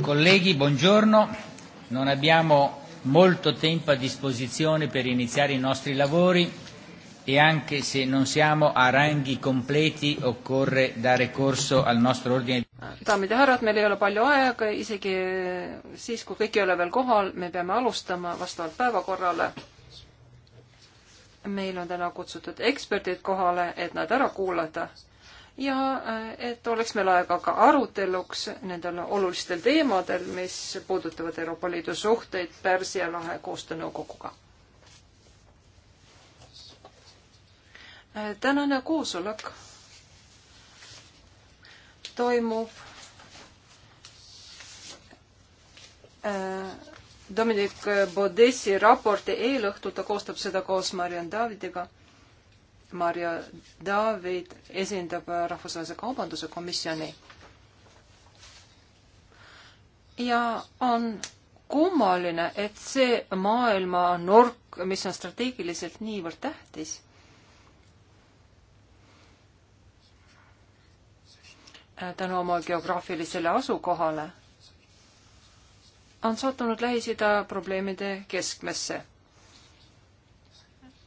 Colleghi, buongiorno. Non abbiamo molto tempo a disposizione per iniziare i nostri lavori e anche se non siamo a ranghi completi occorre dare corso al nostro ordine. daamid ja härrad, meil ei ole palju aega, isegi siis, kui kõik ei ole veel kohal, me peame alustama vastavalt päevakorrale. meil on täna kutsutud eksperdid kohale, et nad ära kuulata ja äh, et oleks meil aega ka aruteluks nendel olulistel teemadel, mis puudutavad Euroopa Liidu suhteid Pärsia lahe koostöönõukoguga. tänane koosolek toimub äh, Dominic Bodessi raporti eelõhtul, ta koostab seda koos Marianne Davidiga Marja David esindab Rahvusvahelise Kaubanduse Komisjoni ja on kummaline, et see maailma nurk, mis on strateegiliselt niivõrd tähtis, tänu oma geograafilisele asukohale, on sattunud Lähis-Ida probleemide keskmesse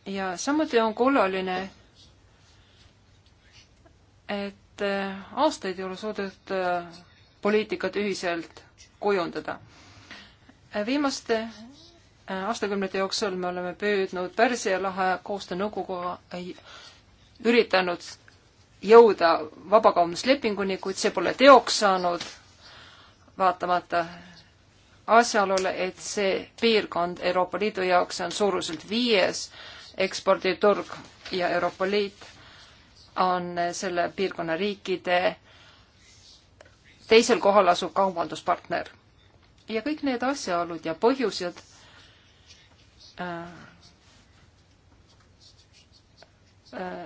ja samuti on kollaline, et äh, aastaid ei ole suudetud äh, poliitikat ühiselt kujundada. Äh, viimaste aastakümnete jooksul me oleme püüdnud Pärsia lahe koostöönõukoguga üritanud jõuda vabakaubanduslepinguni, kuid see pole teoks saanud, vaatamata asjaolule, et see piirkond Euroopa Liidu jaoks on suuruselt viies eksporditurg ja Euroopa Liit on selle piirkonna riikide teisel kohal asuv kaubanduspartner. ja kõik need asjaolud ja põhjused äh, äh,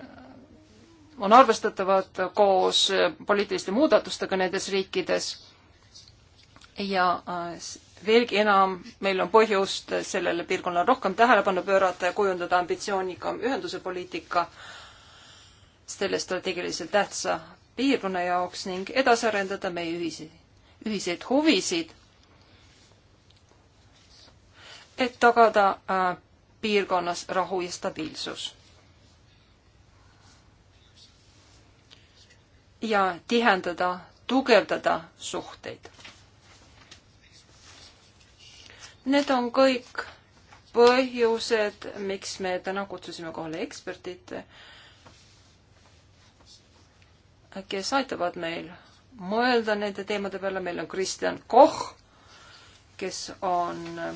on arvestatavad koos poliitiliste muudatustega nendes riikides ja äh, veelgi enam meil on põhjust sellele piirkonnale rohkem tähelepanu pöörata ja kujundada ambitsioonikam ühenduse poliitika selle strateegiliselt tähtsa piirkonna jaoks ning edasi arendada meie ühiseid, ühiseid huvisid, et tagada äh, piirkonnas rahu ja stabiilsus. ja tihendada, tugevdada suhteid Need on kõik põhjused, miks me täna kutsusime kohale eksperdid, kes aitavad meil mõelda nende teemade peale. meil on Kristjan Koch, kes on äh,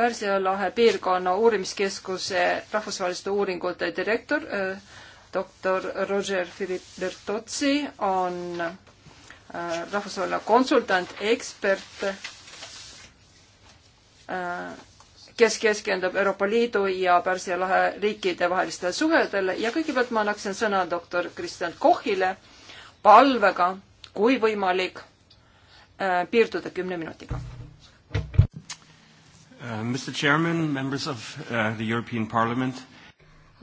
Pärsia lahe piirkonna uurimiskeskuse rahvusvaheliste uuringute direktor. Äh, doktor Roger Philippe Bertozzi on äh, rahvusvaheline konsultant, ekspert Äh, kes keskendub Euroopa Liidu ja Pärsia lahe riikide vahelistele suhedele ja kõigepealt ma annaksin sõna doktor Kristjan Kohile palvega, kui võimalik, äh, piirduda kümne minutiga. Äh, Mr Chairman, members of the European Parliament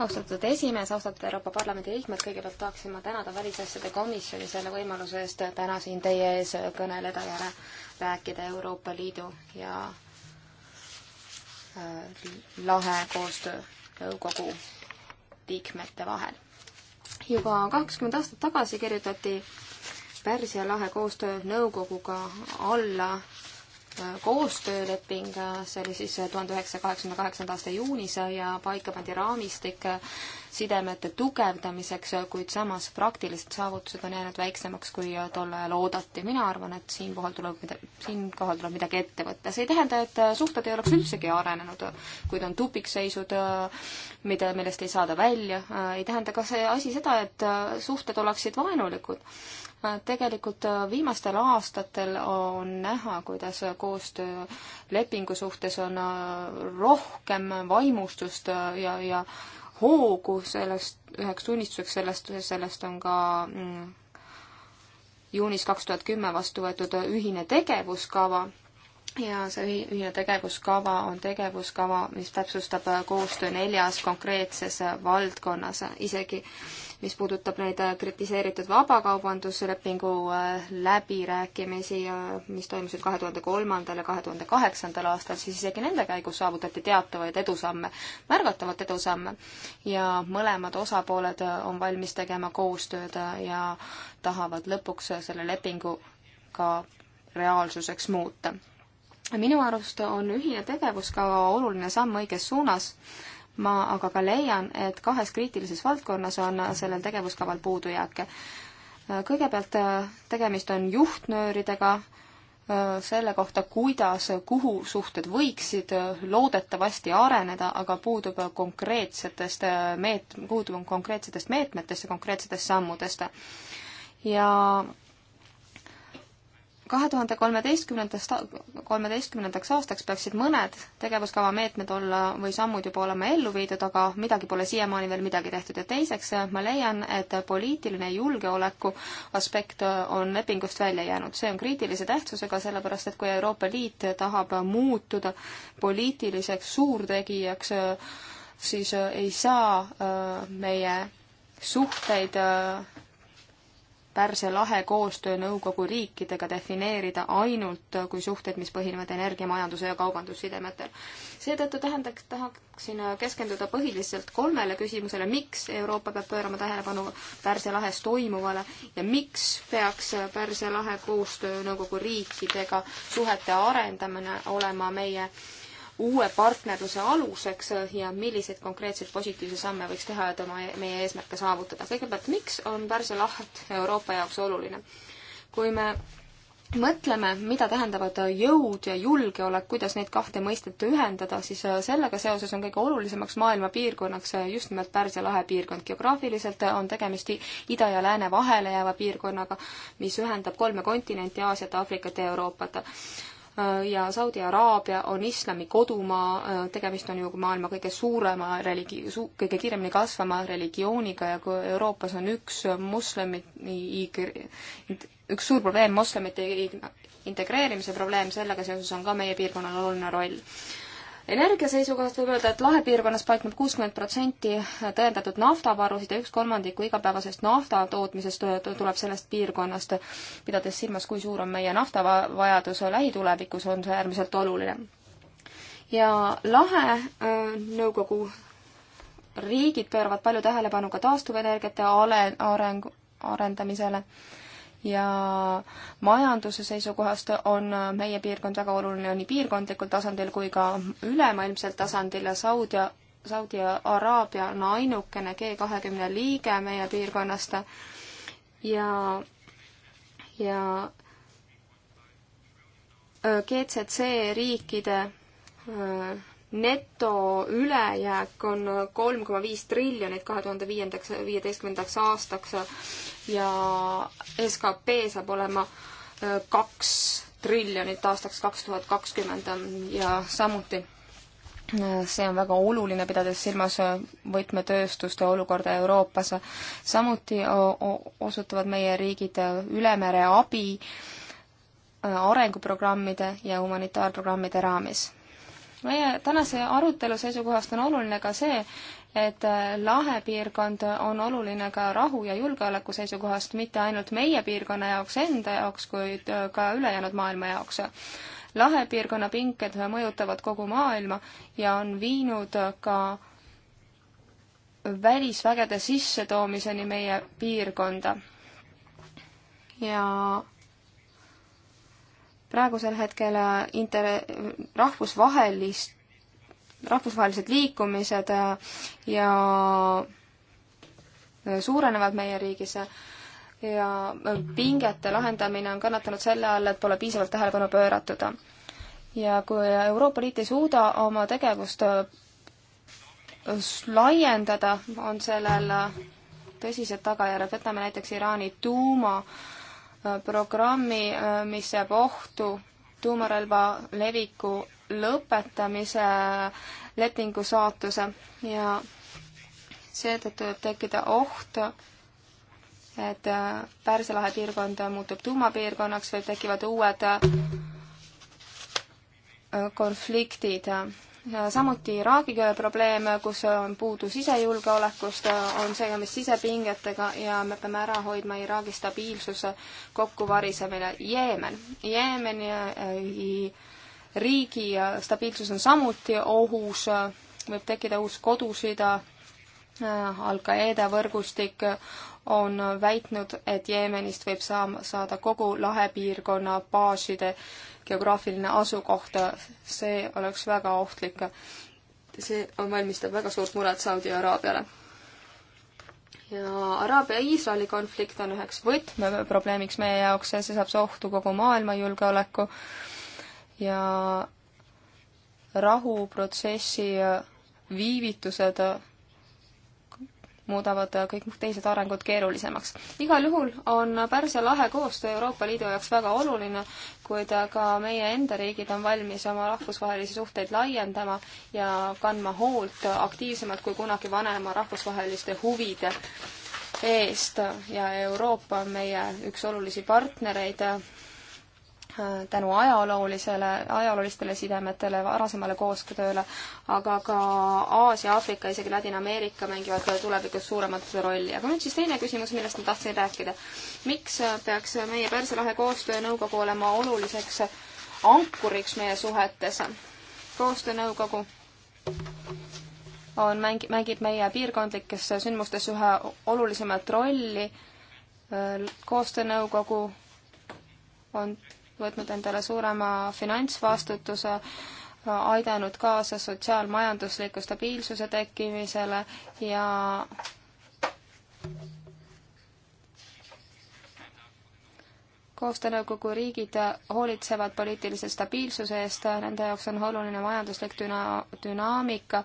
austatud esimees, austatud Euroopa Parlamendi liikmed, kõigepealt tahaksin ma tänada Välisasjade Komisjoni selle võimaluse eest täna siin teie ees kõneleda ja rääkida Euroopa Liidu ja lahe koostöö nõukogu liikmete vahel. juba kakskümmend aastat tagasi kirjutati Pärsia lahe koostöö nõukoguga alla äh, koostööleping, see oli siis äh, tuhande üheksasaja kaheksakümne kaheksanda aasta juunis ja paika pandi raamistik äh, sidemete tugevdamiseks, kuid samas praktilised saavutused on jäänud väiksemaks, kui tol ajal oodati. mina arvan, et siinkohal tuleb mida, siinkohal tuleb midagi ette võtta. see ei tähenda, et suhted ei oleks üldsegi arenenud, kuid on tupikseisud, mida, millest ei saada välja. ei tähenda ka see asi seda, et suhted oleksid vaenulikud tegelikult viimastel aastatel on näha, kuidas koostöölepingu suhtes on rohkem vaimustust ja, ja hoogu sellest, üheks tunnistuseks sellest, sellest on ka mm, juunis kaks tuhat kümme vastu võetud ühine tegevuskava ja see ühine tegevuskava on tegevuskava, mis täpsustab äh, koostöö neljas konkreetses äh, valdkonnas, isegi mis puudutab neid äh, kritiseeritud vabakaubanduslepingu läbirääkimisi, mis toimusid kahe tuhande kolmandal ja kahe tuhande kaheksandal aastal, siis isegi nende käigus saavutati teatavaid edusamme, märgatavat edusamme. ja mõlemad osapooled on valmis tegema koostööd ja tahavad lõpuks selle lepingu ka reaalsuseks muuta minu arust on ühine tegevuskava oluline samm õiges suunas, ma aga ka leian, et kahes kriitilises valdkonnas on sellel tegevuskaval puudujääke. kõigepealt äh, tegemist on juhtnööridega, äh, selle kohta, kuidas, kuhu suhted võiksid äh, loodetavasti areneda, aga puudub konkreetsetest meet-, puudub konkreetsetest meetmetest ja konkreetsetest sammudest. ja kahe tuhande kolmeteistkümnendast, kolmeteistkümnendaks aastaks peaksid mõned tegevuskava meetmed olla või sammud juba olema ellu viidud, aga midagi pole siiamaani veel midagi tehtud. ja teiseks, ma leian, et poliitiline julgeoleku aspekt on lepingust välja jäänud. see on kriitilise tähtsusega, sellepärast et kui Euroopa Liit tahab muutuda poliitiliseks suurtegijaks, siis ei saa äh, meie suhteid äh, Pärsia lahe koostöö nõukogu riikidega defineerida ainult kui suhteid, mis põhinevad energiamajanduse ja kaubandussidemetel. seetõttu tähendaks, tahaksin keskenduda põhiliselt kolmele küsimusele, miks Euroopa peab pöörama tähelepanu Pärsia lahes toimuvale ja miks peaks Pärsia lahe koostöö nõukogu riikidega suhete arendamine olema meie uue partnerluse aluseks ja milliseid konkreetseid positiivseid samme võiks teha, et oma, e-, meie eesmärke saavutada. kõigepealt, miks on Pärsia laht Euroopa jaoks oluline? kui me mõtleme, mida tähendavad jõud ja julgeolek, kuidas neid kahte mõistet ühendada, siis sellega seoses on kõige olulisemaks maailma piirkonnaks just nimelt Pärsia lahe piirkond. geograafiliselt on tegemist ida ja lääne vahele jääva piirkonnaga, mis ühendab kolme kontinenti, Aasiat, Aafrikat ja Euroopat. Äh, ja Saudi Araabia on islami kodumaa, äh, tegemist on ju maailma kõige suurema religi-, su-, kõige kiiremini kasvama religiooniga ja kui Euroopas on üks moslemid, üks suur probleem moslemite integreerimise probleem, sellega seoses on ka meie piirkonnal oluline roll energia seisukohast võib öelda, et lahepiirkonnas paikneb kuuskümmend protsenti tõendatud naftavarusid ja üks kolmandiku igapäevasest naftatootmisest tuleb sellest piirkonnast. pidades silmas, kui suur on meie naftavajadus lähitulevikus, on see äärmiselt oluline. ja lahe äh, nõukogu riigid pööravad palju tähelepanu ka taastuvenergiate ale-, areng, arendamisele ja majanduse seisukohast on meie piirkond väga oluline nii piirkondlikul tasandil kui ka ülemaailmsel tasandil ja Saudi, Saudi Araabia on ainukene G kahekümne liige meie piirkonnast ja, ja äh, GCC riikide äh, netoülejääk on kolm koma viis triljonit kahe tuhande viiendaks, viieteistkümnendaks aastaks ja skp saab olema äh, kaks triljonit aastaks kaks tuhat kakskümmend ja samuti äh, see on väga oluline, pidades silmas äh, võtmetööstuste olukorda Euroopas. samuti osutavad meie riigid üle mere abi arenguprogrammide ja humanitaarprogrammide raames meie tänase arutelu seisukohast on oluline ka see, et äh, lahepiirkond on oluline ka rahu ja julgeoleku seisukohast, mitte ainult meie piirkonna jaoks enda jaoks, kuid äh, ka ülejäänud maailma jaoks. lahepiirkonna pinked mõjutavad kogu maailma ja on viinud ka välisvägede sissetoomiseni meie piirkonda. ja praegusel hetkel äh, inter-, rahvusvahelist, rahvusvahelised liikumised äh, ja äh, suurenevad meie riigis ja pingete lahendamine on kannatanud selle all, et pole piisavalt tähelepanu pööratud. ja kui Euroopa Liit ei suuda oma tegevust laiendada, on sellel tõsised tagajärjed, võtame näiteks Iraani tuuma äh, programmi, äh, mis jääb ohtu tuumarelva leviku lõpetamise lepingu saatuse ja seetõttu võib tekkida oht, et äh, Pärsia lahe piirkond muutub tuumapiirkonnaks või tekivad uued äh, konfliktid samuti Iraagi probleem, kus on puudu sisejulgeolekust, on segamist sisepingetega ja me peame ära hoidma Iraagi stabiilsuse kokkuvarisemine. Jeemen, Jeemeni äh, riigi äh, stabiilsus on samuti ohus, äh, võib tekkida uus kodusõda, Al-Qaeda võrgustik on väitnud, et Jeemenist võib saama, saada kogu lahepiirkonna baaside geograafiline asukoht. see oleks väga ohtlik. see on, valmistab väga suurt muret Saudi Araabiale. ja Araabia-Iisraeli konflikt on üheks võtmeprobleemiks meie jaoks ja see saab ohtu kogu maailma julgeoleku ja rahuprotsessi viivitused muudavad kõik teised arengud keerulisemaks. igal juhul on Pärsia lahe koostöö Euroopa Liidu jaoks väga oluline, kuid ka meie enda riigid on valmis oma rahvusvahelisi suhteid laiendama ja kandma hoolt aktiivsemalt kui kunagi vanema rahvusvaheliste huvide eest ja Euroopa on meie üks olulisi partnereid Äh, tänu ajaloolisele, ajaloolistele sidemetele, varasemale koostööle, aga ka Aasia, Aafrika, isegi Ladina-Ameerika mängivad tulevikus suuremat rolli. aga nüüd siis teine küsimus, millest ma tahtsin rääkida. miks äh, peaks meie Pärsia lahe koostöönõukogu olema oluliseks ankuriks meie suhetes? koostöönõukogu on, mängib, mängib meie piirkondlikes sündmustes ühe olulisemat rolli. Äh, koostöönõukogu on võtnud endale suurema finantsvastutuse, aidanud kaasa sotsiaalmajandusliku stabiilsuse tekkimisele ja koostöönõukogu riigid hoolitsevad poliitilise stabiilsuse eest, nende jaoks on oluline majanduslik düna-, dünaamika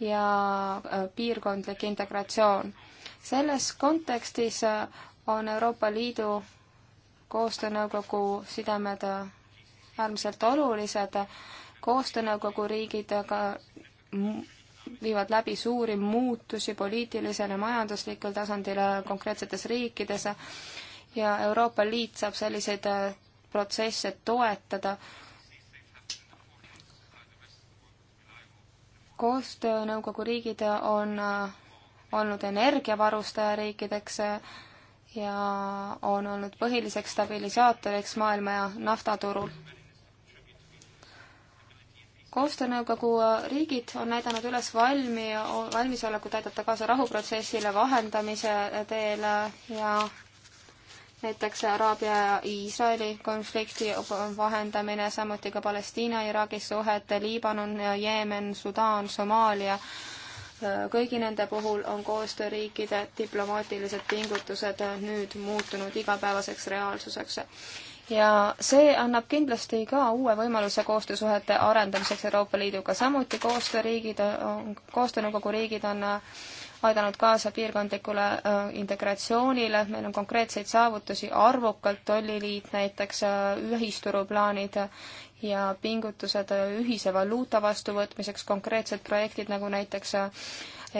ja äh, piirkondlik integratsioon. selles kontekstis äh, on Euroopa Liidu koostöönõukogu sidemed äärmiselt olulised. koostöönõukogu riigid aga viivad läbi suuri muutusi poliitilisel ja majanduslikul tasandil konkreetsetes riikides ja Euroopa Liit saab selliseid äh, protsesse toetada. koostöönõukogu riigid on äh, olnud energiavarustajariikideks äh, ja on olnud põhiliseks stabilisaatoriks maailma ja naftaturul. koostöönõukogu riigid on näidanud üles valmi, valmisolekut aidata kaasa rahuprotsessile vahendamise teel ja näiteks Araabia ja Iisraeli konflikti vahendamine, samuti ka Palestiina-Iraagi suhete, Liibanon, Jeemen, Sudaan, Somaalia kõigi nende puhul on koostööriikide diplomaatilised pingutused nüüd muutunud igapäevaseks reaalsuseks. ja see annab kindlasti ka uue võimaluse koostöösuhete arendamiseks Euroopa Liiduga, samuti koostööriigid, koostöönõukogu riigid on aidanud kaasa piirkondlikule äh, integratsioonile, meil on konkreetseid saavutusi arvukalt, tolliliit näiteks, äh, ühisturuplaanid ja pingutused ühise valuuta vastuvõtmiseks, konkreetsed projektid nagu näiteks äh,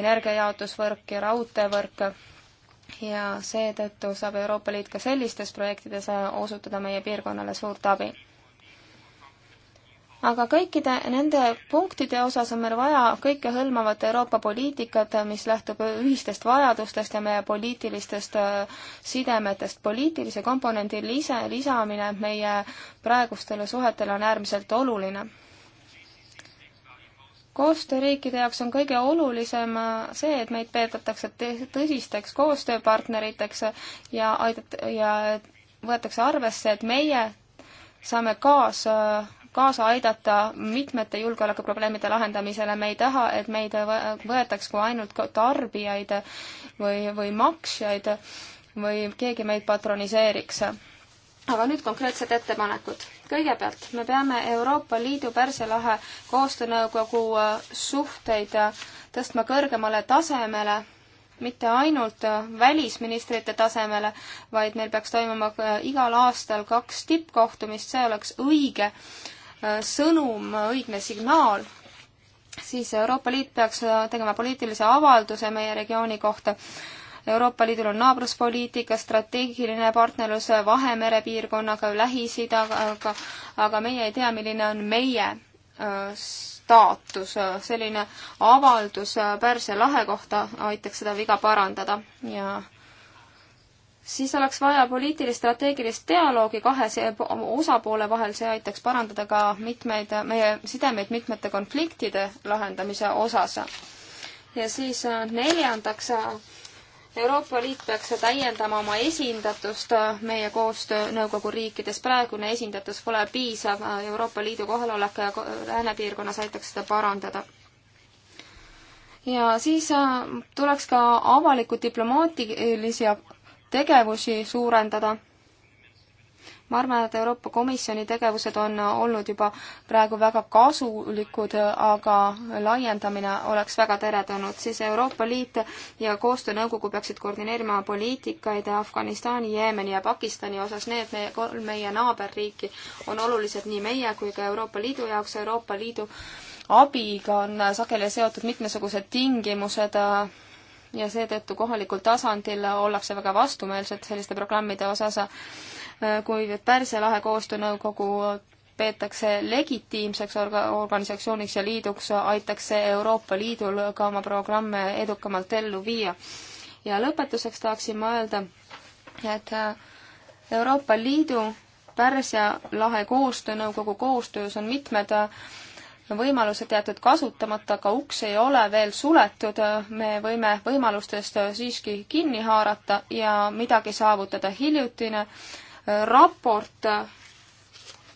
energiajaotusvõrk ja raudteevõrk. ja seetõttu saab Euroopa Liit ka sellistes projektides äh, osutada meie piirkonnale suurt abi aga kõikide nende punktide osas on meil vaja kõikehõlmavat Euroopa poliitikat, mis lähtub ühistest vajadustest ja meie poliitilistest äh, sidemetest. poliitilise komponendi lise, lisamine meie praegustele suhetele on äärmiselt oluline. koostööriikide jaoks on kõige olulisem äh, see, et meid peetatakse tõsisteks koostööpartneriteks ja aidat- ja võetakse arvesse, et meie saame kaasa kaasa aidata mitmete julgeolekuprobleemide lahendamisele, me ei taha, et meid võetaks kui ainult tarbijaid või, või maksjaid või keegi meid patroniseeriks. aga nüüd konkreetsed ettepanekud. kõigepealt me peame Euroopa Liidu Pärsia lahe koostöönõukogu äh, suhteid äh, tõstma kõrgemale tasemele, mitte ainult äh, välisministrite tasemele, vaid meil peaks toimuma igal aastal kaks tippkohtumist, see oleks õige Äh, sõnum, õigne signaal, siis Euroopa Liit peaks äh, tegema poliitilise avalduse meie regiooni kohta. Euroopa Liidul on naabruspoliitika, strateegiline partnerlus Vahemere piirkonnaga, Lähis-Idaga, aga, aga meie ei tea, milline on meie äh, staatus, selline avaldus Pärsia lahe kohta aitaks seda viga parandada ja siis oleks vaja poliitilist strateegilist dialoogi kahe osapoole vahel, see aitaks parandada ka mitmeid, meie sidemeid mitmete konfliktide lahendamise osas. ja siis äh, neljandaks, äh, Euroopa Liit peaks täiendama oma esindatust äh, meie koostöönõukogu riikides, praegune esindatus pole piisav, Euroopa Liidu kohalolek läänepiirkonnas aitaks seda parandada ja siis tuleks ka avaliku diplomaatilisi tegevusi suurendada. ma arvan, et Euroopa Komisjoni tegevused on olnud juba praegu väga kasulikud, aga laiendamine oleks väga teretulnud. siis Euroopa Liit ja Koostöönõukogu peaksid koordineerima poliitikaid Afganistani, Jeemeni ja Pakistani osas. Need meie, kolm meie naaberriiki on olulised nii meie kui ka Euroopa Liidu jaoks. Euroopa Liidu abiga on sageli seotud mitmesugused tingimused ja seetõttu kohalikul tasandil ollakse väga vastumeelsed selliste programmide osas, kui Pärsia lahe koostöönõukogu peetakse legitiimseks orga-, organisatsiooniks ja liiduks, aitaks see Euroopa Liidul ka oma programme edukamalt ellu viia. ja lõpetuseks tahaksin ma öelda, et Euroopa Liidu Pärsia lahe koostöönõukogu koostöös on mitmed äh, võimaluse teatud kasutamata, aga uks ei ole veel suletud, me võime võimalustest siiski kinni haarata ja midagi saavutada. hiljutine raport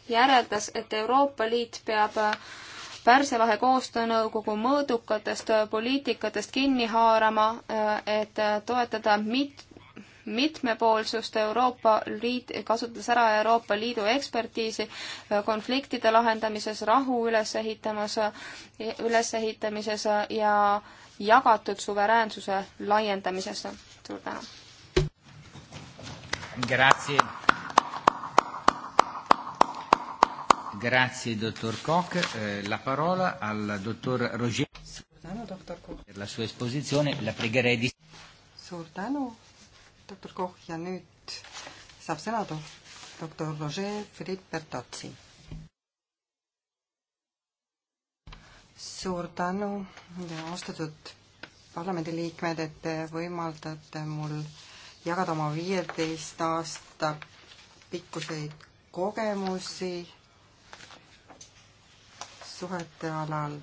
järeldas, et Euroopa Liit peab Pärsialahe koostöönõukogu mõõdukatest poliitikatest kinni haarama, et toetada mit-, mitmepoolsust, Euroopa Liit, kasutades ära Euroopa Liidu ekspertiisi konfliktide lahendamises, rahu ülesehitamas, ülesehitamises ja jagatud suveräänsuse laiendamises. suur tänu! Grazie. Grazie dottor Koch. Eh, la parola al dottor Roger. Suur tänu, doktor Koch. Per la sua esposizione la pregherei di... Suur tänu doktor Koch ja nüüd saab sõna doktor Roger Philippe Bertotsi. suur tänu ja austatud parlamendiliikmed, et te võimaldate mul jagada oma viieteist aasta pikkuseid kogemusi suhete alal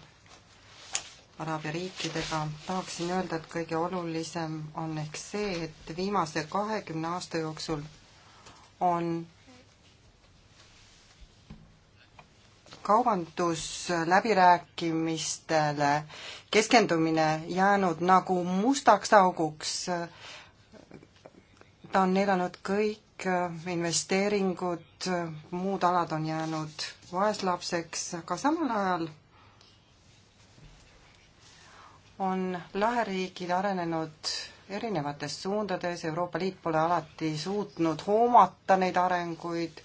araabia riikidega, tahaksin öelda, et kõige olulisem on ehk see, et viimase kahekümne aasta jooksul on kaubandusläbirääkimistele keskendumine jäänud nagu mustaks auguks. ta on neelanud kõik investeeringud, muud alad on jäänud vaeslapseks, aga samal ajal on laheriigid arenenud erinevates suundades, Euroopa Liit pole alati suutnud hoomata neid arenguid.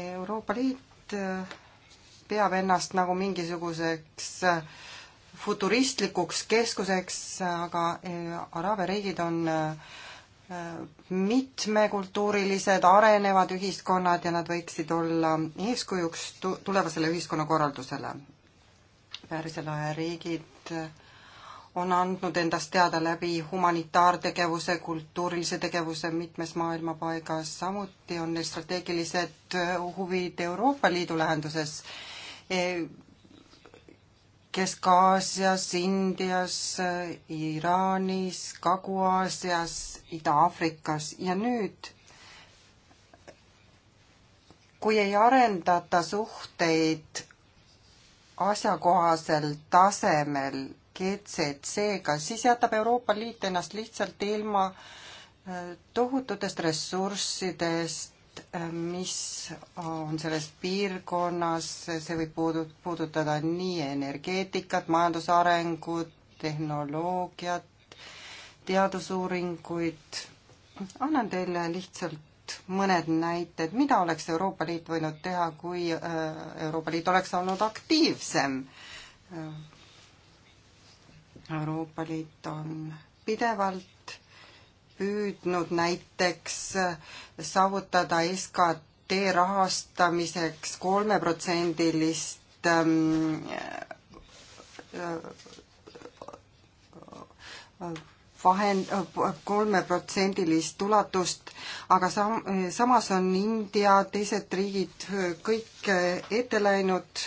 Euroopa Liit äh, peab ennast nagu mingisuguseks äh, futuristlikuks keskuseks, aga äh, araabia riigid on mitmekultuurilised, arenevad ühiskonnad ja nad võiksid olla eeskujuks tulevasele ühiskonnakorraldusele. Pärsia lahe riigid äh, on andnud endast teada läbi humanitaartegevuse, kultuurilise tegevuse mitmes maailmapaigas, samuti on neil strateegilised huvid Euroopa Liidu lähenduses. E, Kesk-Aasias, Indias, Iraanis, Kagu-Aasias, Ida-Aafrikas ja nüüd kui ei arendata suhteid asjakohasel tasemel GCC-ga, siis jätab Euroopa Liit ennast lihtsalt ilma äh, tohututest ressurssidest, äh, mis on selles piirkonnas, see võib puudu-, puudutada nii energeetikat, majandusarengut, tehnoloogiat, teadusuuringuid, annan teile lihtsalt mõned näited, mida oleks Euroopa Liit võinud teha, kui äh, Euroopa Liit oleks olnud aktiivsem Euroopa Liit on pidevalt püüdnud näiteks saavutada SKT rahastamiseks kolmeprotsendilist ähm, äh, vahend, kolmeprotsendilist ulatust, aga sam-, samas on India, teised riigid kõik ette läinud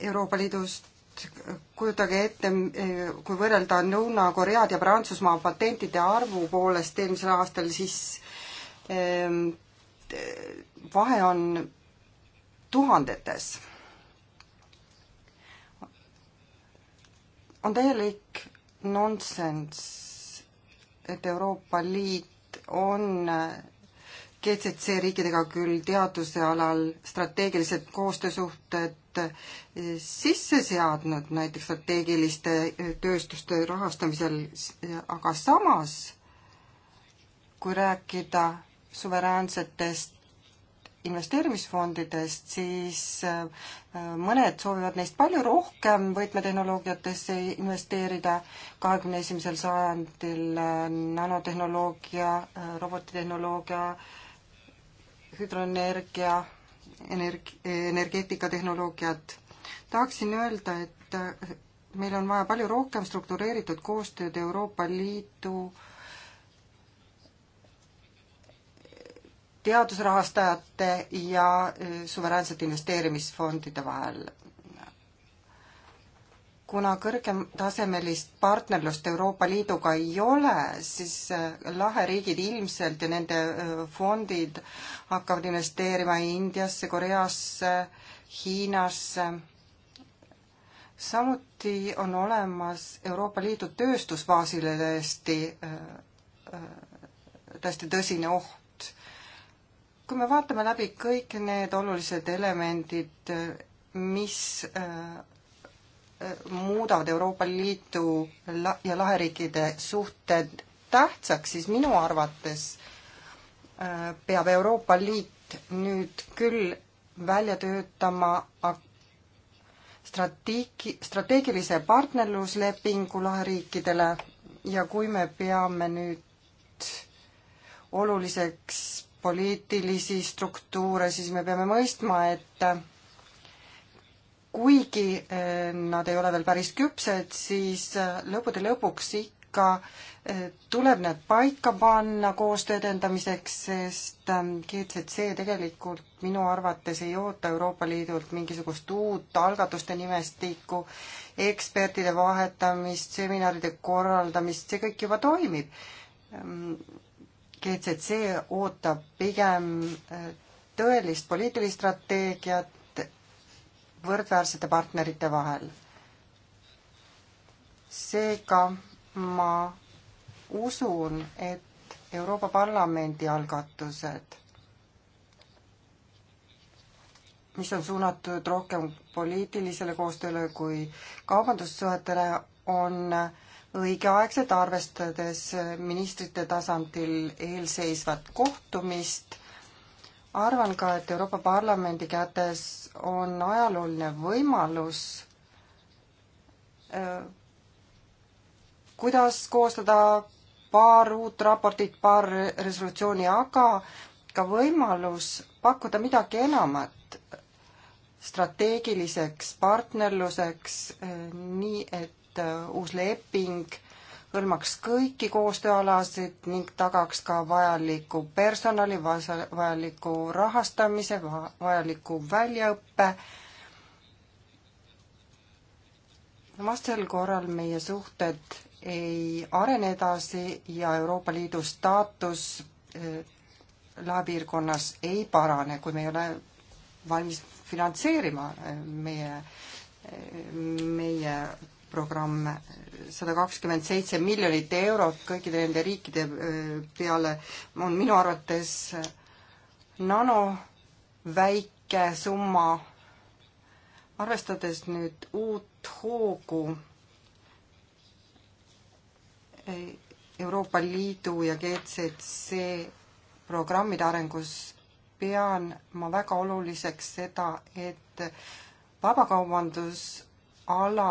Euroopa Liidust kujutage ette, kui võrrelda Lõuna-Koread ja Prantsusmaa patentide arvu poolest eelmisel aastal, siis ehm, vahe on tuhandetes. on täielik nonsenss, et Euroopa Liit on GCC riikidega küll teaduse alal strateegilised koostöösuhted eh, sisse seadnud, näiteks strateegiliste eh, tööstuste rahastamisel, aga samas kui rääkida suveräänsetest investeerimisfondidest, siis eh, mõned soovivad neist palju rohkem võtmetehnoloogiatesse investeerida, kahekümne esimesel sajandil nanotehnoloogia, robotitehnoloogia äh, hüdroenergia, energ-, energeetikatehnoloogiat. tahaksin öelda, et meil on vaja palju rohkem struktureeritud koostööd Euroopa Liidu teadusrahastajate ja eh, suveräänsete investeerimisfondide vahel kuna kõrgetasemelist partnerlust Euroopa Liiduga ei ole, siis äh, laheriigid ilmselt ja nende äh, fondid hakkavad investeerima Indiasse, Koreasse, Hiinasse. samuti on olemas Euroopa Liidu tööstusbaasile täiesti, äh, täiesti tõsine oht. kui me vaatame läbi kõik need olulised elemendid, mis muudavad Euroopa Liidu ja laheriikide suhted tähtsaks, siis minu arvates äh, peab Euroopa Liit nüüd küll välja töötama strateegi-, strateegilise partnerluslepingu laheriikidele ja kui me peame nüüd oluliseks poliitilisi struktuure, siis me peame mõistma, et kuigi eh, nad ei ole veel päris küpsed, siis eh, lõppude lõpuks ikka eh, tuleb need paika panna koostöö edendamiseks, sest GCC tegelikult minu arvates ei oota Euroopa Liidult mingisugust uut algatuste nimestikku, ekspertide vahetamist, seminaride korraldamist, see kõik juba toimib. GCC ootab pigem tõelist poliitilist strateegiat, võrdväärsete partnerite vahel. seega ma usun, et Euroopa Parlamendi algatused, mis on suunatud rohkem poliitilisele koostööle kui kaubandussuhetele, on õigeaegselt, arvestades ministrite tasandil eelseisvat kohtumist, arvan ka, et Euroopa Parlamendi kätes on ajalooline võimalus äh, kuidas koostada paar uut raportit, paar resolutsiooni, aga ka võimalus pakkuda midagi enamat strateegiliseks partnerluseks, äh, nii et äh, uus leping hõlmaks kõiki koostööalasid ning tagaks ka vajaliku personali, vajaliku rahastamise, vajaliku väljaõppe. vastasel korral meie suhted ei arene edasi ja Euroopa Liidu staatus eh, laepiirkonnas ei parane, kui me ei ole valmis finantseerima eh, meie, eh, meie programm, sada kakskümmend seitse miljonit eurot kõikide nende riikide peale on minu arvates nano väike summa. arvestades nüüd uut hoogu Euroopa Liidu ja GCC programmide arengus pean ma väga oluliseks seda, et vabakaubandusala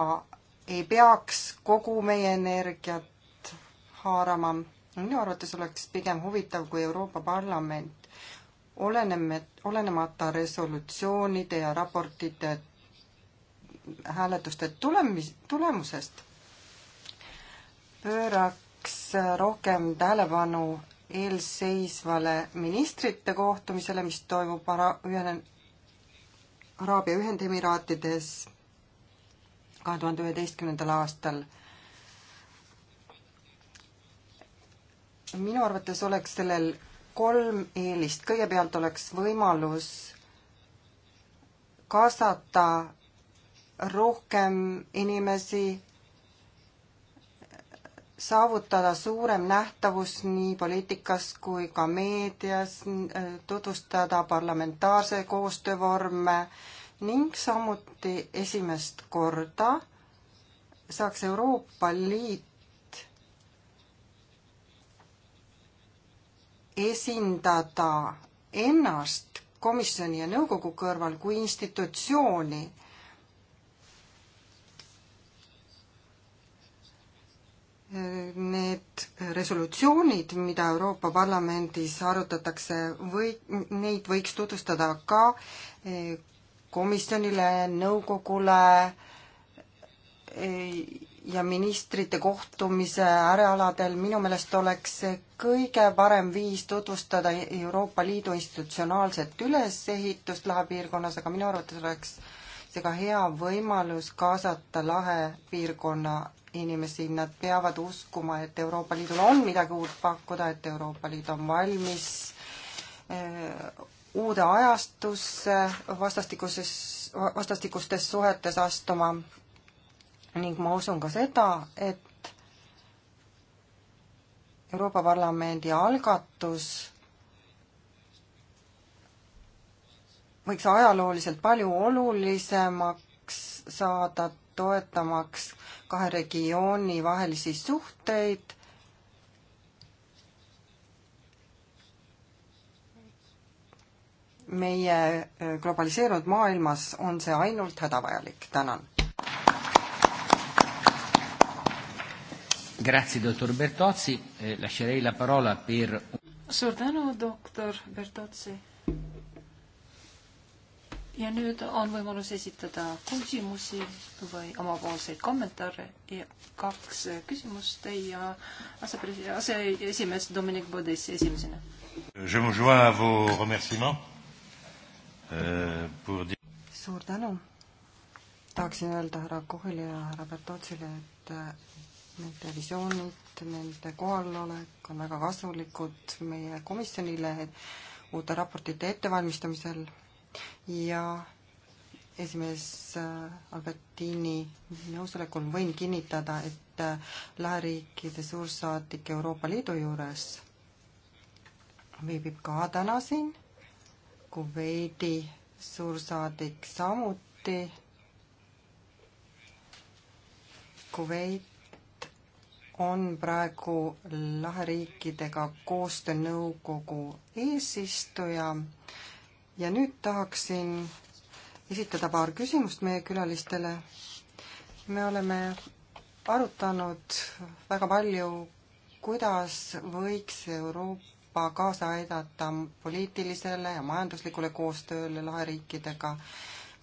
ei peaks kogu meie energiat haarama. minu arvates oleks pigem huvitav, kui Euroopa Parlament oleneme, olenemata resolutsioonide ja raportite hääletuste tulemis, tulemusest pööraks rohkem tähelepanu eelseisvale ministrite kohtumisele, mis toimub Ara-, Ühene-, Araabia Ühendemiraatides kahe tuhande üheteistkümnendal aastal. minu arvates oleks sellel kolm eelist, kõigepealt oleks võimalus kaasata rohkem inimesi, saavutada suurem nähtavus nii poliitikas kui ka meedias, tutvustada parlamentaarse koostöövorme äh,, ning samuti esimest korda saaks Euroopa Liit esindada ennast komisjoni ja nõukogu kõrval kui institutsiooni. Need resolutsioonid, mida Euroopa Parlamendis arutatakse, või neid võiks tutvustada ka komisjonile, nõukogule eh, ja ministrite kohtumise äärealadel, minu meelest oleks see kõige parem viis tutvustada Euroopa Liidu institutsionaalset ülesehitust lahepiirkonnas, aga minu arvates oleks see ka hea võimalus kaasata lahepiirkonna inimesi, nad peavad uskuma, et Euroopa Liidul on midagi uut pakkuda, et Euroopa Liit on valmis eh, uude ajastusse vastastikuses, vastastikustes suhetes astuma ning ma usun ka seda, et Euroopa Parlamendi algatus võiks ajalooliselt palju olulisemaks saada, toetamaks kahe regiooni vahelisi suhteid meie äh, globaliseerunud maailmas on see ainult hädavajalik, tänan. Grazie, doktor Bertozzi, eh, lascerei la parola per. suur tänu, doktor Bertozzi. ja nüüd on võimalus esitada küsimusi või omapoolseid kommentaare ja kaks küsimust ja aseesimees Dominic Bodis esimesena. Je vous joins à vos remerciements suur tänu. tahaksin öelda härra Kohile ja härra Bertotsile, et äh, nende visioonid, nende kohalolek on väga kasulikud meie komisjonile uute raportite ettevalmistamisel ja esimees äh, Albertini nõusolekul võin kinnitada, et äh, läheriikide suursaadik Euroopa Liidu juures viibib ka täna siin Kuveidi suursaadik samuti. Kuveit on praegu laheriikidega koostöönõukogu eesistuja ja nüüd tahaksin esitada paar küsimust meie külalistele. me oleme arutanud väga palju, kuidas võiks Euroopa Euroopa kaasa aidata poliitilisele ja majanduslikule koostööle laheriikidega.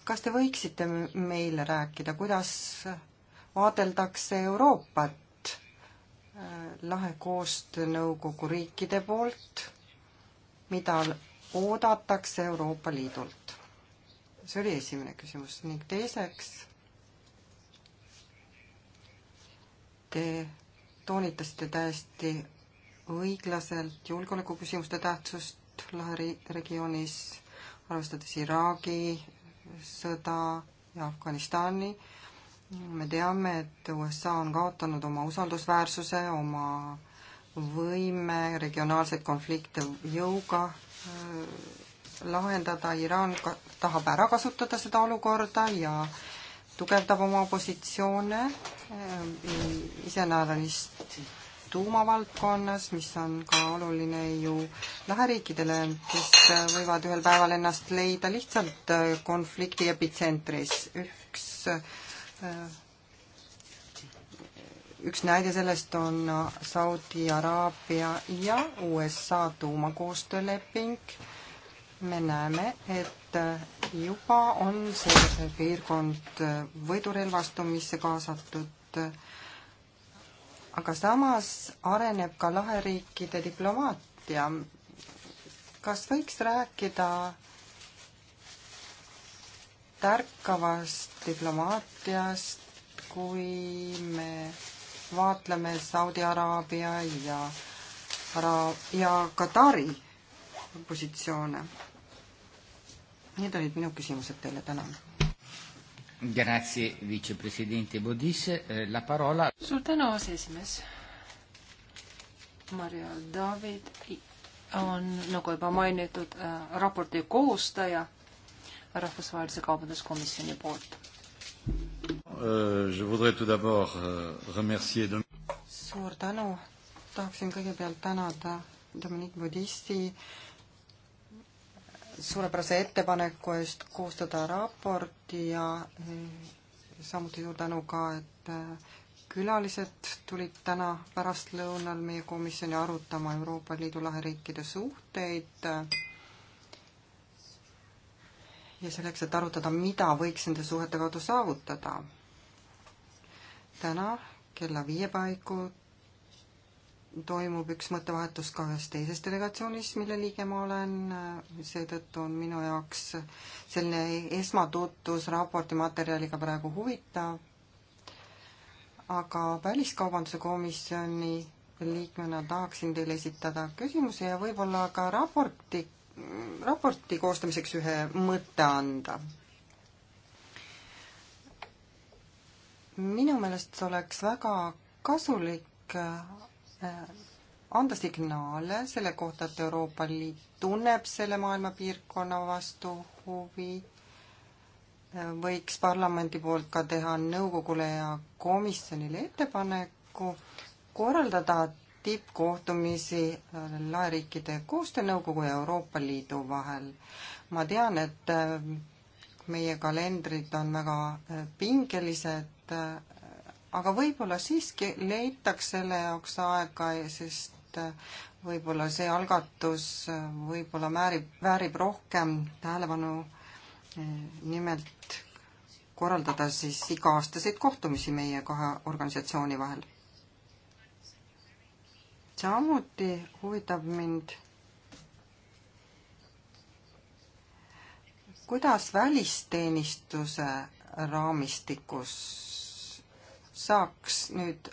kas te võiksite meile rääkida, kuidas vaadeldakse Euroopat äh, lahe koostöönõukogu riikide poolt, mida oodatakse Euroopa Liidult? see oli esimene küsimus ning teiseks, te toonitasite täiesti õiglaselt julgeolekuküsimuste tähtsust Lahe regioonis, arvestades Iraagi sõda ja Afganistani. me teame, et USA on kaotanud oma usaldusväärsuse, oma võime regionaalseid konflikte jõuga äh, lahendada, Iraan ka-, tahab ära kasutada seda olukorda ja tugevdab oma positsioone, äh, isenäranist tuumavaldkonnas, mis on ka oluline ju läheriikidele, kes võivad ühel päeval ennast leida lihtsalt äh, konflikti epitsentris. üks, äh, üks näide sellest on äh, Saudi Araabia ja USA tuumakoostööleping. me näeme, et juba on see piirkond võidurelvastumisse kaasatud aga samas areneb ka laheriikide diplomaatia. kas võiks rääkida tärkavast diplomaatiast, kui me vaatleme Saudi Araabia ja Ara- ja Katari positsioone? Need olid minu küsimused teile, tänan Grazie, vicepresidente Bodis. Eh, la parola. suur tänu, aseesimees. Marju David on, nagu juba mainitud, äh, raporti koostaja Rahvusvahelise Kaubanduskomisjoni poolt. Euh, euh, suur tänu, tahaksin kõigepealt tänada Dominique Bodisti äh, suurepärase ettepaneku eest koostada raporti ja eh, samuti suur tänu ka, et eh, külalised tulid täna pärastlõunal meie komisjoni arutama Euroopa Liidu laheriikide suhteid. Eh, ja selleks, et arutada, mida võiks nende suhete kaudu saavutada. täna kella viie paiku toimub üks mõttevahetus ka ühes teises delegatsioonis, mille liige ma olen, seetõttu on minu jaoks selline esmatutvus raporti materjaliga praegu huvitav, aga Väliskaubanduse Komisjoni liikmena tahaksin teile esitada küsimuse ja võib-olla ka raporti, raporti koostamiseks ühe mõtte anda. minu meelest oleks väga kasulik Äh, anda signaale selle kohta, et Euroopa Liit tunneb selle maailmapiirkonna vastu huvi, äh, võiks parlamendi poolt ka teha nõukogule ja komisjonile ettepaneku korraldada tippkohtumisi äh, laeriikide koostöönõukogu ja Euroopa Liidu vahel. ma tean, et meie kalendrid on väga pingelised, aga võib-olla siiski leitaks selle jaoks aega, sest äh, võib-olla see algatus äh, võib-olla määrib, väärib rohkem tähelepanu. Äh, nimelt korraldada siis iga-aastaseid kohtumisi meie kahe organisatsiooni vahel. samuti huvitab mind kuidas välisteenistuse raamistikus saaks nüüd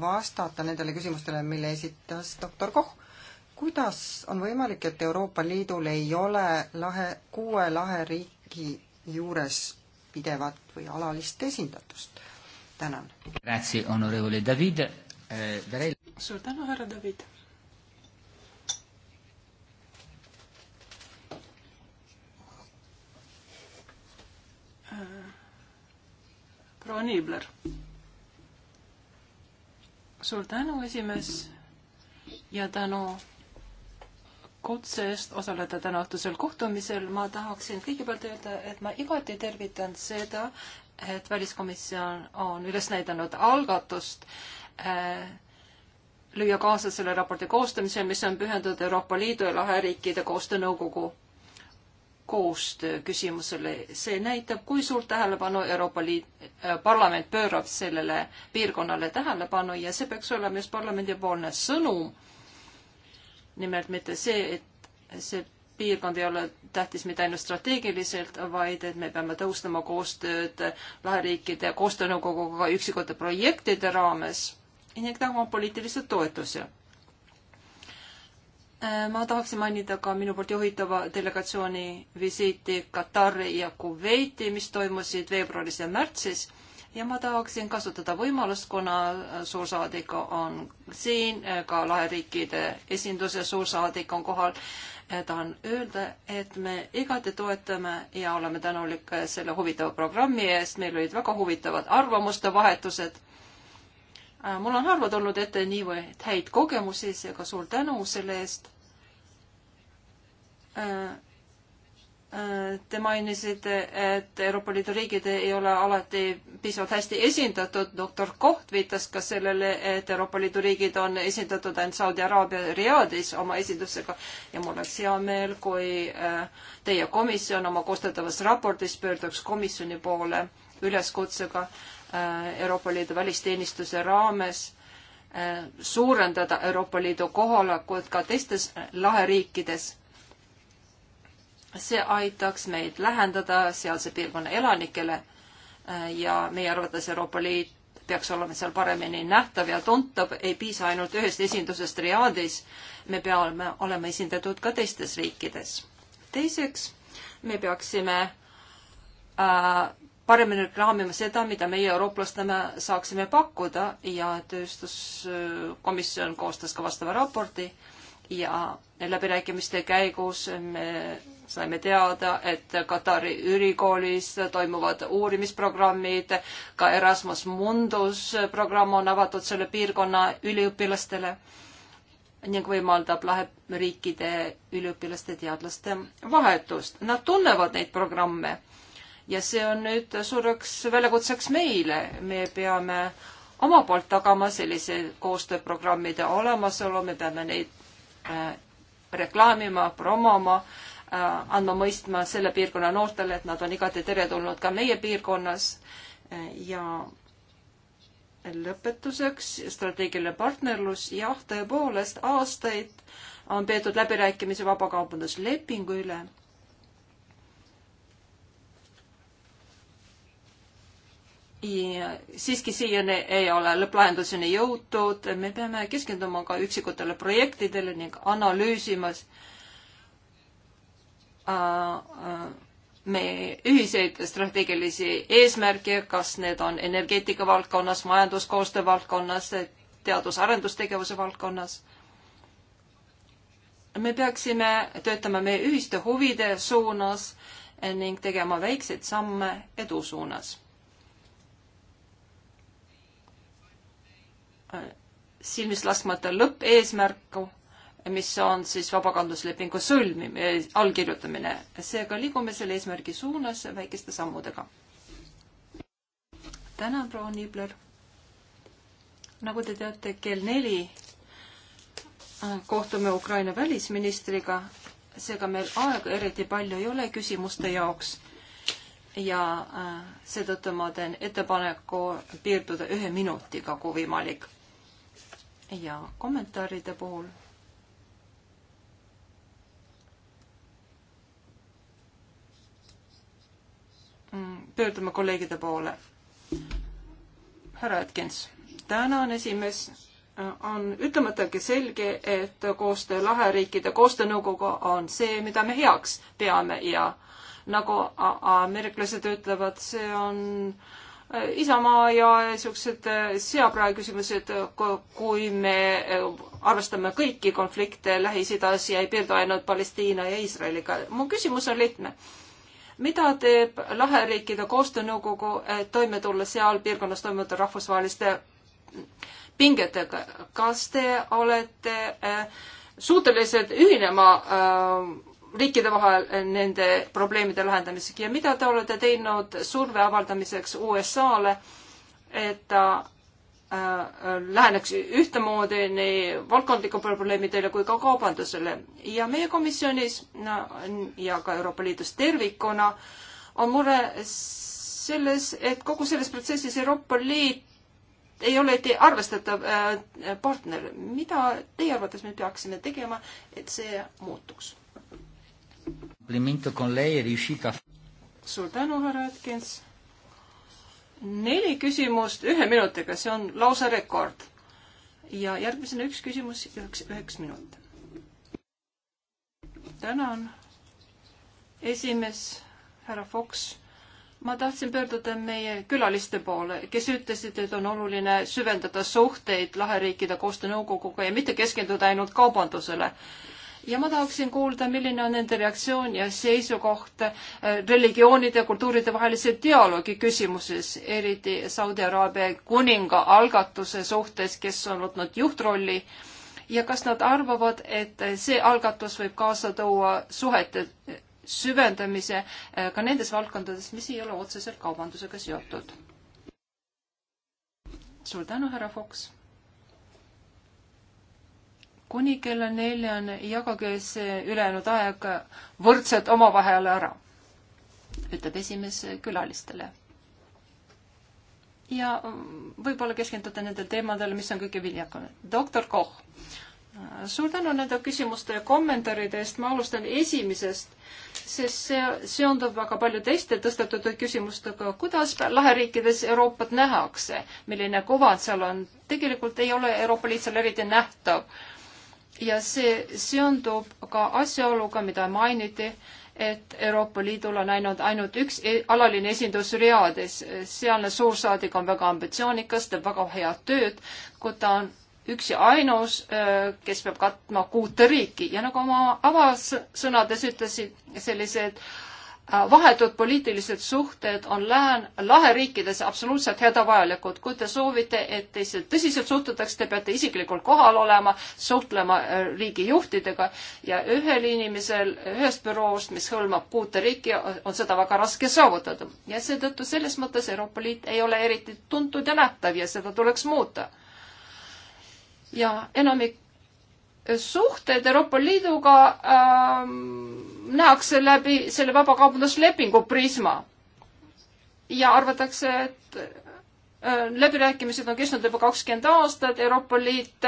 vastata nendele küsimustele, mille esitas doktor Koch. kuidas on võimalik, et Euroopa Liidul ei ole lahe, kuue laheriigi juures pidevat või alalist esindatust? tänan. Eh, suur tänu, härra David. Eh, proua Niibler suur tänu, esimees ja tänu kutse eest osaleda täna õhtusel kohtumisel. ma tahaksin kõigepealt öelda, et ma igati tervitan seda, et väliskomisjon on üles näidanud algatust äh, lüüa kaasa selle raporti koostamisel, mis on pühendatud Euroopa Liidu ja Laheriikide Koostöönõukogu koostöö küsimusele. see näitab, kui suurt tähelepanu Euroopa Liit äh,, parlament pöörab sellele piirkonnale tähelepanu ja see peaks olema just parlamendipoolne sõnum. nimelt mitte see, et see piirkond ei ole tähtis mitte ainult strateegiliselt, vaid et me peame tõustama koostööd laheriikide koostöönõukoguga üksikute projektide raames ning tagama poliitilise toetuse Äh, ma tahaksin mainida ka minu poolt juhitava delegatsiooni visiiti Katari ja Kuveiti, mis toimusid veebruaris ja märtsis ja ma tahaksin kasutada võimalust, kuna äh, suursaadik on siin, äh, ka laheriikide esinduse suursaadik on kohal, tahan öelda, et me igati toetame ja oleme tänulik selle huvitava programmi eest, meil olid väga huvitavad arvamuste vahetused. mul on harva tulnud ette niivõrd häid kogemusi, seega suur tänu selle eest Te mainisite, et Euroopa Liidu riigid ei ole alati piisavalt hästi esindatud. doktor Koht viitas ka sellele, et Euroopa Liidu riigid on esindatud ainult Saudi Araabia Riadis oma esindusega ja mul oleks hea meel, kui äh, teie komisjon oma koostatavas raportis pöörduks komisjoni poole üleskutsega äh, Euroopa Liidu välisteenistuse raames äh, suurendada Euroopa Liidu kohalolekut ka teistes laheriikides see aitaks meid lähendada sealse piirkonna elanikele äh, ja meie arvates Euroopa Liit peaks olema seal paremini nähtav ja tuntav, ei piisa ainult ühest esindusest Riadis, me peame olema esindatud ka teistes riikides. teiseks, me peaksime äh, paremini reklaamima seda, mida meie eurooplastena saaksime pakkuda ja tööstuskomisjon koostas ka vastava raporti äh, ja läbirääkimiste käigus me saime teada, et Katari ülikoolis toimuvad uurimisprogrammid, ka Erasmus Mundus programm on avatud selle piirkonna üliõpilastele ning võimaldab laheriikide üliõpilaste teadlaste vahetust. Nad tunnevad neid programme ja see on nüüd suureks väljakutseks meile, me peame oma poolt tagama sellise koostööprogrammide olemasolu, me peame neid Äh, reklaamima, promoma, äh, andma mõistma selle piirkonna noortele, et nad on igati teretulnud ka meie piirkonnas äh, ja lõpetuseks strateegiline partnerlus, jah, tõepoolest aastaid on peetud läbirääkimisi vabakaubanduslepingu üle siiski siiani ei ole lõpplahenduseni jõutud, me peame keskenduma ka üksikutele projektidele ning analüüsimas äh, äh, meie ühiseid strateegilisi eesmärke, kas need on energeetika valdkonnas, majanduskoostöö valdkonnas, teadus-arendustegevuse valdkonnas. me peaksime töötama meie ühiste huvide suunas ning tegema väikseid samme edu suunas silmist laskmata lõppeesmärku, mis on siis vabakandluslepingu sõlmimine, allkirjutamine. seega liigume selle eesmärgi suunas väikeste sammudega. tänan, proua Niibler. nagu te teate, kell neli kohtume Ukraina välisministriga, seega meil aega eriti palju ei ole küsimuste jaoks ja äh, seetõttu ma teen ettepaneku piirduda ühe minutiga, kui võimalik ja kommentaaride puhul. Mm, pöördume kolleegide poole. härra Atkins, tänan, esimees. Äh, on ütlematagi selge, et koostöö Laheriikide koostöönõukoguga on see, mida me heaks peame ja nagu ameeriklased ütlevad, see on äh, Isamaa ja niisugused äh, seaprae küsimused, kui me äh, arvestame kõiki konflikte Lähis-Idas ja ei piirdu ainult Palestiina ja Iisraeliga. mu küsimus on lihtne. mida teeb Laheriikide Koostöönõukogu, et äh, toime tulla seal piirkonnas toimuvate rahvusvaheliste pingetega? kas te olete suutelised ühinema äh, riikide vahel nende probleemide lahendamiseks ja mida te olete teinud surve avaldamiseks USA-le, et ta äh, läheneks ühtemoodi nii valdkondliku probleemidele kui ka kaubandusele. ja meie komisjonis no, ja ka Euroopa Liidus tervikuna on mure selles, et kogu selles protsessis Euroopa Liit ei ole arvestatav äh, partner. mida teie arvates me peaksime tegema, et see muutuks? suur tänu, härra Atkins. neli küsimust ühe minutiga, see on lausa rekord. ja järgmisena üks küsimus üheks, üheks minut. tänan, esimees härra Fox ma tahtsin pöörduda meie külaliste poole, kes ütlesid, et on oluline süvendada suhteid laheriikide koostöönõukoguga ja mitte keskenduda ainult kaubandusele ja ma tahaksin kuulda, milline on nende reaktsioon ja seisukoht äh, religioonide ja kultuuride vahelise dialoogi küsimuses, eriti Saudi Araabia kuninga algatuse suhtes, kes on võtnud juhtrolli ja kas nad arvavad, et see algatus võib kaasa tuua suhete äh, süvendamise äh, ka nendes valdkondades, mis ei ole otseselt kaubandusega seotud. suur tänu, härra Fox kuni kella neljani, jagage see ülejäänud aeg võrdselt omavahel ära, ütleb esimees külalistele. ja võib-olla keskenduda nendele teemadele, mis on kõige viljakamad. doktor Koch, suur tänu nende küsimuste ja kommentaaride eest, ma alustan esimesest, sest see seondub väga palju teiste tõstatatud küsimustega, kuidas laheriikides Euroopat nähakse, milline kuvand seal on, tegelikult ei ole Euroopa Liit seal eriti nähtav ja see seondub ka asjaoluga, mida mainiti, et Euroopa Liidul on ainult, ainult üks e-, alaline esindus Riades. sealne suursaadik on väga ambitsioonikas, teeb väga head tööd, kui ta on üks ja ainus, äh, kes peab katma kuute riiki ja nagu oma avasõnades ütlesid, sellised äh, Äh, vahetud poliitilised suhted on lään, laheriikides absoluutselt hädavajalikud. kui te soovite, et teisse tõsiselt suhtutaks, te peate isiklikult kohal olema, suhtlema äh, riigijuhtidega ja ühel inimesel ühest büroost, mis hõlmab kuute riiki, on seda väga raske saavutada. ja seetõttu selles mõttes Euroopa Liit ei ole eriti tuntud ja nähtav ja seda tuleks muuta. ja enamik äh, suhted Euroopa Liiduga ähm, nähakse läbi selle vabakaubanduslepingu prisma. ja arvatakse, et äh, läbirääkimised on kestnud juba kakskümmend aastat, Euroopa Liit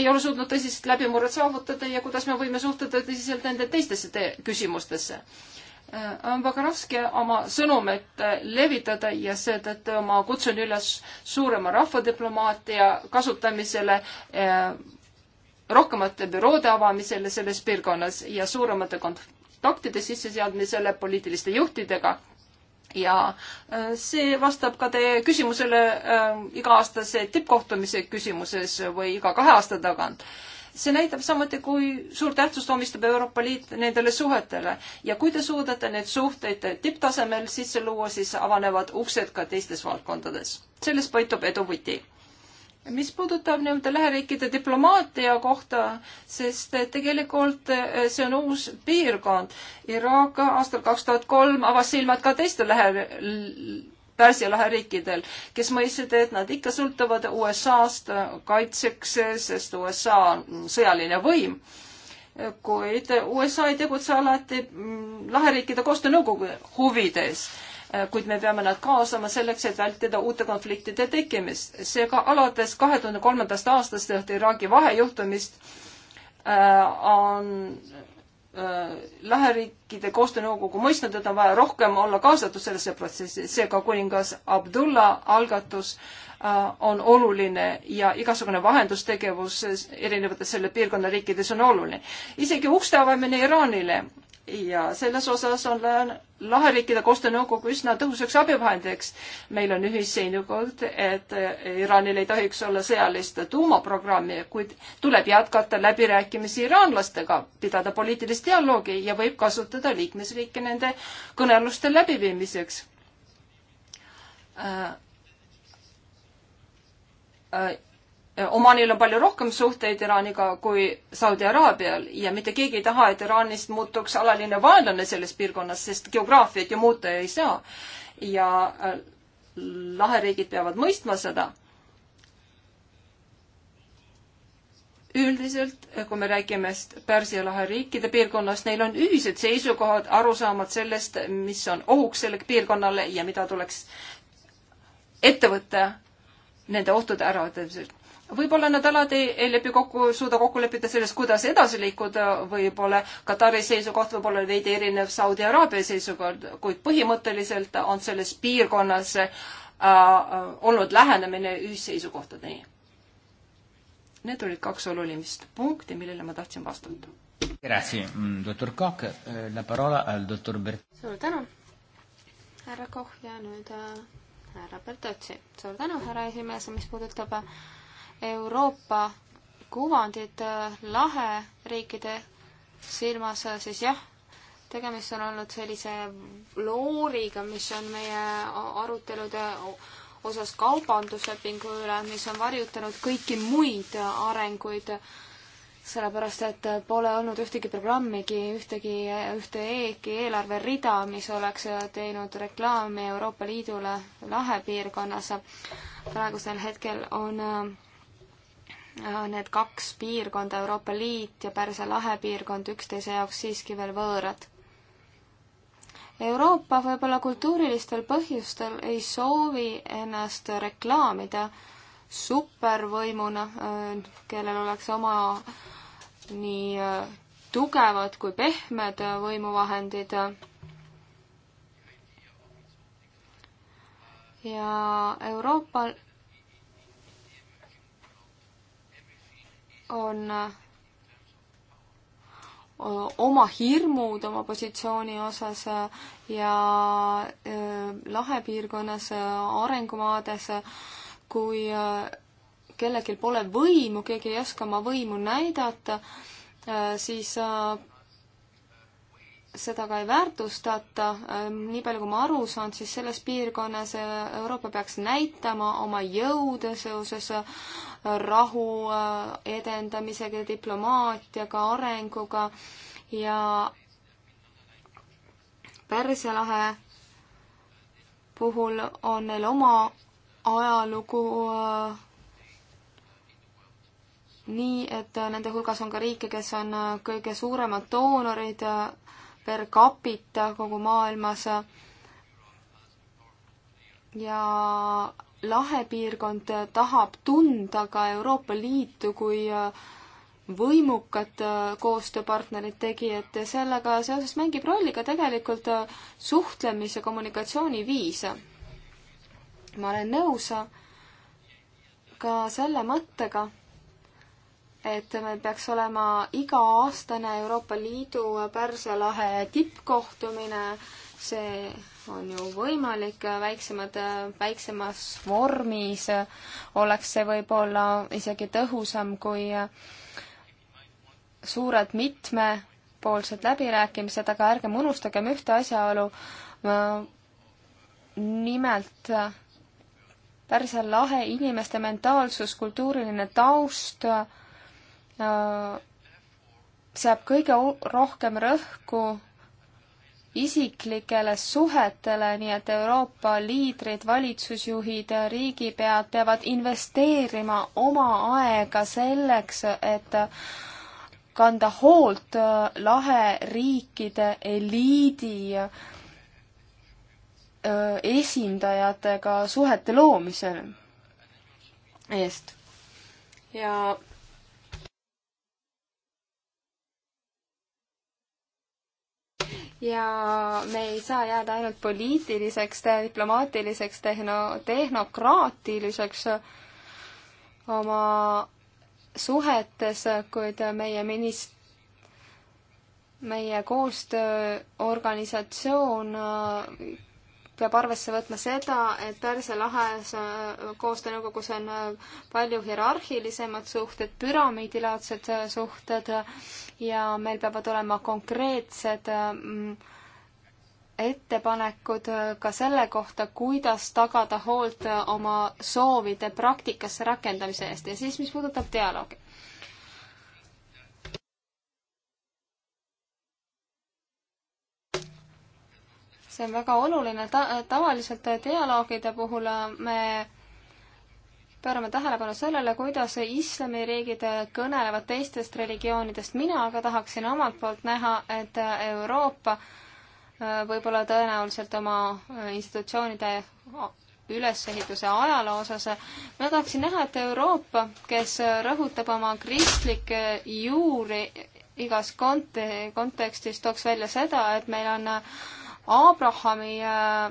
ei ole suutnud tõsist läbimurret saavutada ja kuidas me võime suhtuda tõsiselt nende teistesse küsimustesse. Äh, Vakarovski oma sõnumit äh, levitada ja seetõttu ma kutsun üles suurema rahvadiplomaatia kasutamisele rohkemate büroode avamisele selles piirkonnas ja suuremate kont-, kontaktide sisseseadmisele poliitiliste juhtidega ja äh, see vastab ka teie küsimusele äh, iga-aastase tippkohtumise küsimuses või iga kahe aasta tagant. see näitab samuti, kui suurt tähtsust omistab Euroopa Liit nendele suhetele ja kui te suudate need suhteid tipptasemel sisse luua, siis avanevad uksed ka teistes valdkondades. selles peitub edu võti mis puudutab nii-öelda läheriikide diplomaatia kohta, sest eh, tegelikult eh, see on uus piirkond. Iraak aastal kaks tuhat kolm avas silmad ka teistel lähe-, Pärsia lahe riikidel, kes mõistsid, et nad ikka sõltuvad USA-st eh, kaitseks, sest USA on sõjaline võim. kuid USA ei tegutse alati mm, laheriikide koostöönõukogu huvides Äh, kuid me peame nad kaasama selleks, et vältida uute konfliktide tekkimist. seega alates kahe tuhande kolmandast aastast ehk Iraagi vahejuhtumist äh, on äh, Läheriikide Koostöönõukogu mõistnud, et on vaja rohkem olla kaasatud sellesse protsessi, seega kuningas Abdullah algatus on oluline ja igasugune vahendustegevus erinevates selle piirkonna riikides on oluline. isegi ukste avamine Iraanile ja selles osas on laheriikide koostöönõukogu üsna tõhusaks abivahendiks. meil on ühisseisukoht, et Iraanil ei tohiks olla sõjalist tuumaprogrammi, kuid tuleb jätkata läbirääkimisi iraanlastega, pidada poliitilist dialoogi ja võib kasutada liikmesriike nende kõneluste läbiviimiseks äh, äh, Äh, Omanil on palju rohkem suhteid Iraaniga kui Saudi Araabial ja mitte keegi ei taha, et Iraanist muutuks alaline vaenlane selles piirkonnas, sest geograafiat ju muuta ei saa. ja äh, laheriigid peavad mõistma seda. üldiselt, äh, kui me räägime Pärsia lahe riikide piirkonnast, neil on ühised seisukohad, arusaamad sellest, mis on ohuks sellele piirkonnale ja mida tuleks ette võtta nende ohtude äraütlemisel võib-olla nad alati ei lepi kokku, suuda kokku leppida selles, kuidas edasi liikuda, võib-olla Katari seisukoht võib olla veidi erinev Saudi Araabia seisukohalt, kuid põhimõtteliselt on selles piirkonnas äh, äh, olnud lähenemine ühisseisukohtadeni. Need olid kaks olulist punkti, millele ma tahtsin vastata. Grazie, mm, doktor Kak, eh, la parola al doktor Bert-. suur tänu, härra Koch ja nüüd äh, härra Bertotsi. suur tänu, härra esimees, mis puudutab äh, Euroopa kuvandit äh, laheriikide silmas, äh, siis jah, tegemist on olnud sellise looriga, mis on meie arutelude osas kaubanduslepingu üle, mis on varjutanud kõiki muid äh, arenguid, sellepärast et pole olnud ühtegi programmigi, ühtegi, ühte e-gi eelarverida, mis oleks teinud reklaami Euroopa Liidule lahepiirkonnas. praegusel hetkel on äh, Äh, need kaks piirkonda, Euroopa Liit ja Pärsia lahe piirkond, üksteise jaoks siiski veel võõrad. Euroopa võib-olla kultuurilistel põhjustel ei soovi ennast reklaamida supervõimuna, äh, kellel oleks oma nii äh, tugevad kui pehmed võimuvahendid ja Euroopal on oma hirmud oma positsiooni osas ja lahepiirkonnas, arengumaades, kui kellelgi pole võimu, keegi ei oska oma võimu näidata, siis seda ka ei väärtustata, nii palju kui ma aru saan, siis selles piirkonnas Euroopa peaks näitama oma jõude seoses rahu äh, edendamisega, diplomaatiaga, arenguga ja Pärsia lahe puhul on neil oma ajalugu äh, nii, et nende hulgas on ka riike, kes on äh, kõige suuremad doonorid per capita kogu maailmas. ja lahepiirkond tahab tunda ka Euroopa Liitu kui äh, võimukat äh, koostööpartnerit tegijat ja sellega seoses mängib rolli ka tegelikult äh, suhtlemise kommunikatsiooniviis. ma olen nõus ka selle mõttega, et meil peaks olema iga-aastane Euroopa Liidu Pärsia lahe tippkohtumine, see on ju võimalik, väiksemad, väiksemas vormis oleks see võib-olla isegi tõhusam kui suured mitmepoolsed läbirääkimised, aga ärgem unustagem ühte asjaolu, nimelt Pärsia lahe inimeste mentaalsus, kultuuriline taust äh, seab kõige rohkem rõhku isiklikele suhetele, nii et Euroopa liidrid, valitsusjuhid, riigipead peavad investeerima oma aega selleks, et kanda hoolt äh, laheriikide eliidi äh, esindajatega suhete loomisel eest. ja ja me ei saa jääda ainult poliitiliseks, diplomaatiliseks, tehno-, tehnokraatiliseks oma suhetes, kuid meie minist-, meie koostööorganisatsioon peab arvesse võtma seda, et Pärsia lahes äh, koostöönõukogus on äh, palju hierarhilisemad suhted, püramiidilaadsed äh, suhted ja meil peavad olema konkreetsed ettepanekud ka selle kohta, kuidas tagada hoolt oma soovide praktikasse rakendamise eest ja siis, mis puudutab dialoogi see on väga oluline Ta, tavaliselt dialoogide puhul me pöörame tähelepanu sellele, kuidas islamiriigid kõnelevad teistest religioonidest, mina aga tahaksin omalt poolt näha, et Euroopa äh, võib-olla tõenäoliselt oma äh, institutsioonide ülesehituse ajaloo osas. ma tahaksin näha, et Euroopa, kes rõhutab oma kristlikke juuri igas kont-, kontekstis, tooks välja seda, et meil on Abrahami äh,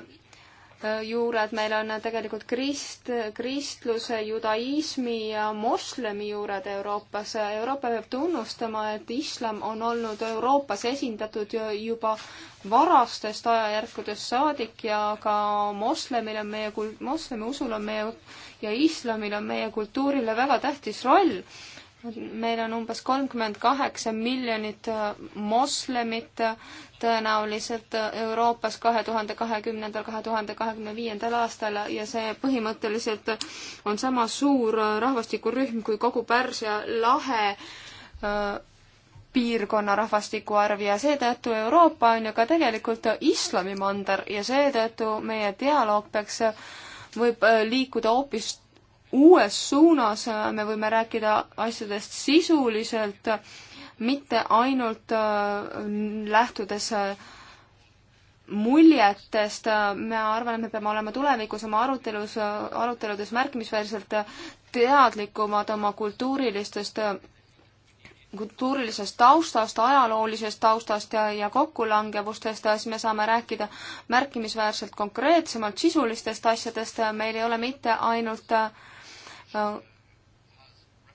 äh, juured, meil on tegelikult krist, kristluse, judaismi ja moslemi juured Euroopas. Euroopa peab tunnustama, et islam on olnud Euroopas esindatud juba varastest ajajärkudest saadik ja ka moslemil on meie kul-, moslemi usul on meie ja islamil on meie kultuurile väga tähtis roll meil on umbes kolmkümmend kaheksa miljonit äh, moslemit äh, tõenäoliselt äh, Euroopas kahe tuhande kahekümnendal, kahe tuhande kahekümne viiendal aastal ja see põhimõtteliselt on sama suur rahvastikurühm kui kogu Pärsia lahe piirkonna rahvastiku arv ja seetõttu Euroopa on ju ka tegelikult islamimander ja seetõttu meie dialoog peaks, võib liikuda hoopis uues suunas, äh, me võime rääkida asjadest sisuliselt, mitte ainult äh, lähtudes äh, muljetest, ma arvan, et me peame olema tulevikus oma arutelus, aruteludes märkimisväärselt teadlikumad oma kultuurilistest, kultuurilisest taustast, ajaloolisest taustast ja, ja kokkulangevustest, siis me saame rääkida märkimisväärselt konkreetsemalt sisulistest asjadest, meil ei ole mitte ainult äh, Äh,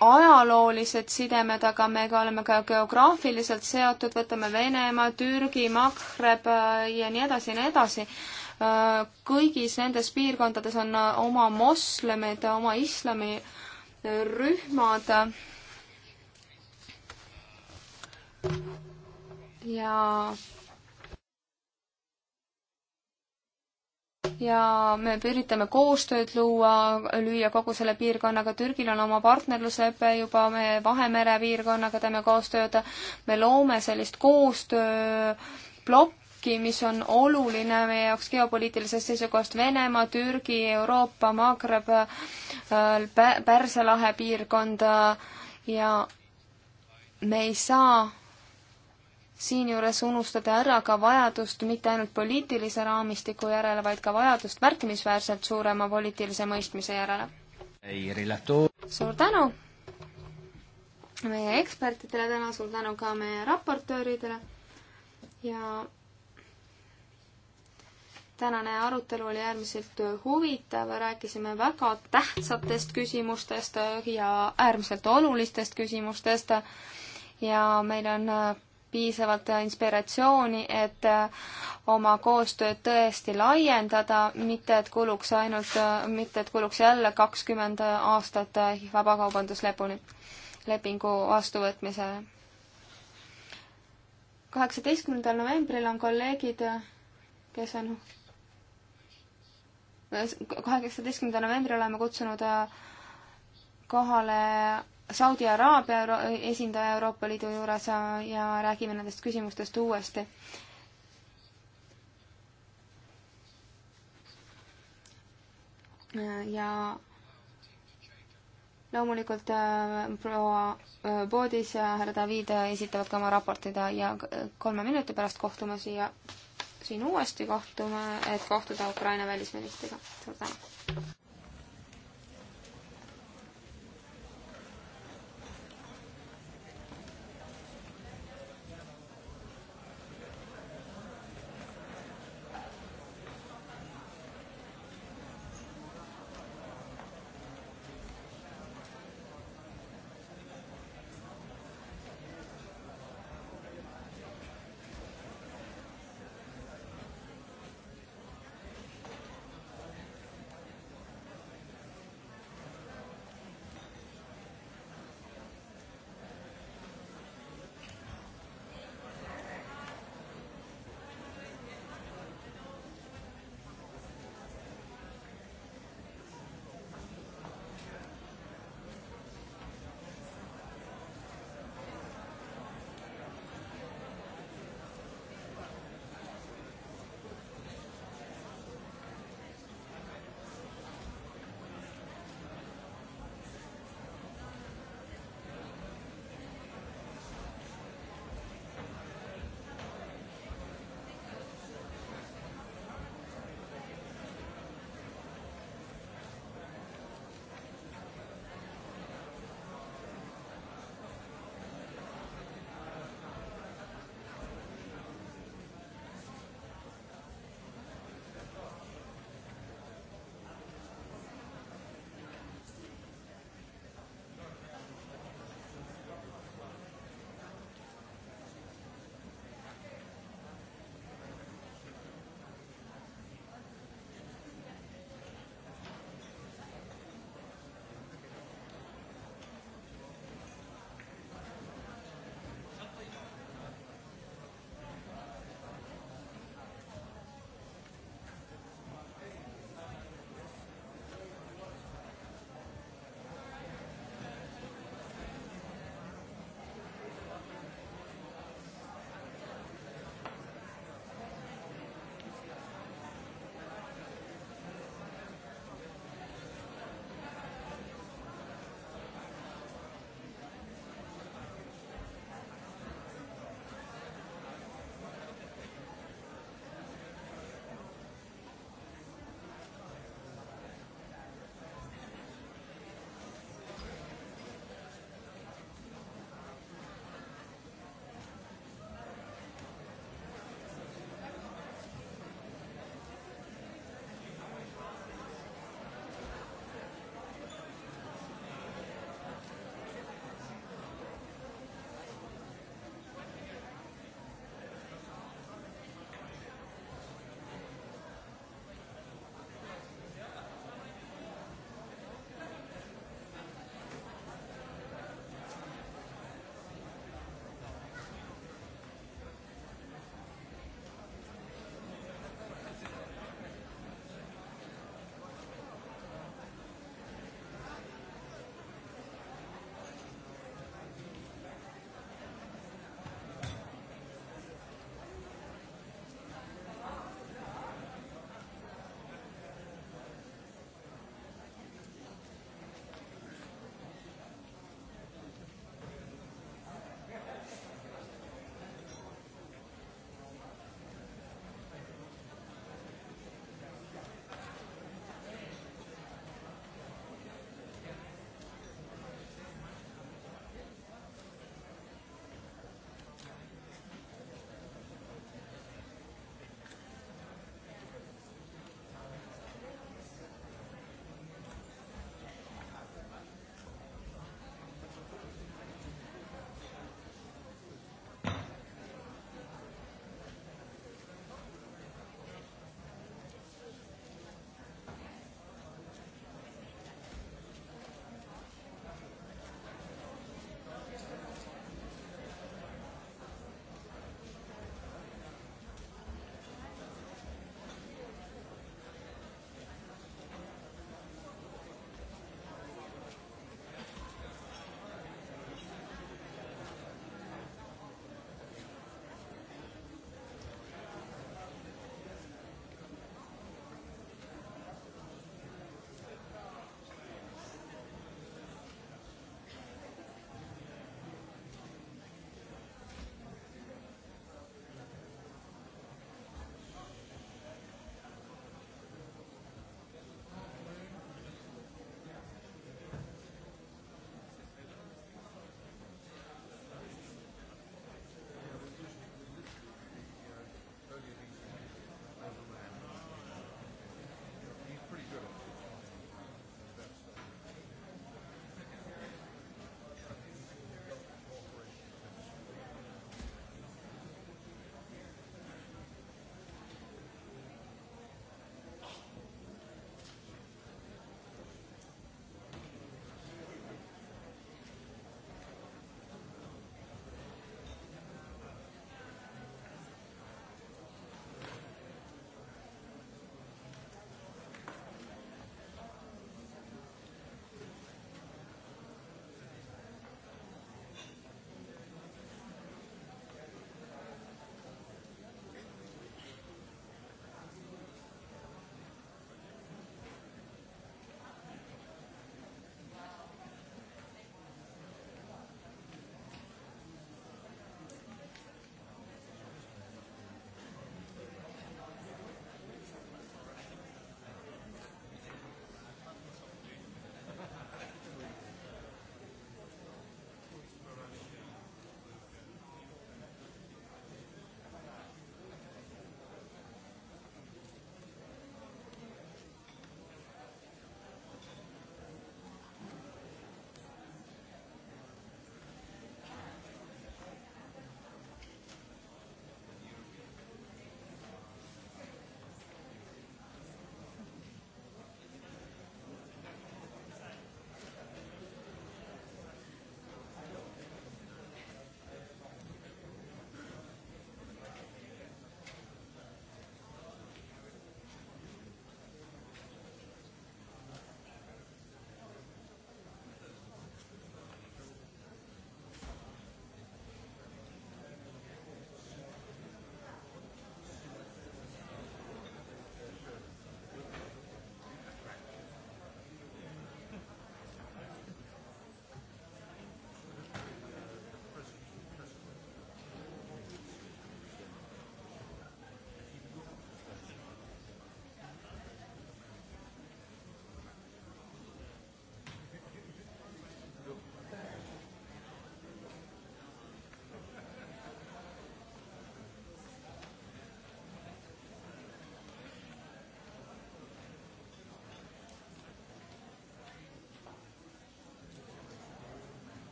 ajaloolised sidemed, aga me ka oleme ka geograafiliselt seotud, võtame Venemaa, Türgi, Mahreb äh, ja nii edasi ja nii edasi. Äh, kõigis nendes piirkondades on oma moslemid, oma islamirühmad. ja ja me üritame koostööd luua, lüüa kogu selle piirkonnaga, Türgil on oma partnerluslepe juba, me Vahemere piirkonnaga teeme koostööd, me loome sellist koostööplokki, mis on oluline meie jaoks geopoliitilisest seisukohast Venemaa, Türgi, Euroopa, Maghreb, äh, Pärsia lahe piirkond ja me ei saa siinjuures unustada ära ka vajadust mitte ainult poliitilise raamistiku järele, vaid ka vajadust märkimisväärselt suurema poliitilise mõistmise järele. suur tänu meie ekspertidele täna, suur tänu ka meie raportööridele ja tänane arutelu oli äärmiselt huvitav, rääkisime väga tähtsatest küsimustest ja äärmiselt olulistest küsimustest ja meil on piisavalt inspiratsiooni, et äh, oma koostööd tõesti laiendada, mitte et kuluks ainult, äh, mitte et kuluks jälle kakskümmend aastat äh, vabakaubanduslepuni, lepingu vastuvõtmisele. kaheksateistkümnendal novembril on kolleegid, kes on kaheksateistkümnenda novembri oleme kutsunud kohale Saudi Araabia Euro esindaja Euroopa Liidu juures ja räägime nendest küsimustest uuesti. ja loomulikult äh, proua äh, Boodis ja härra David esitavad ka oma raportid ja kolme minuti pärast kohtume siia, siin uuesti kohtume, et kohtuda Ukraina välisministriga. suur tänu!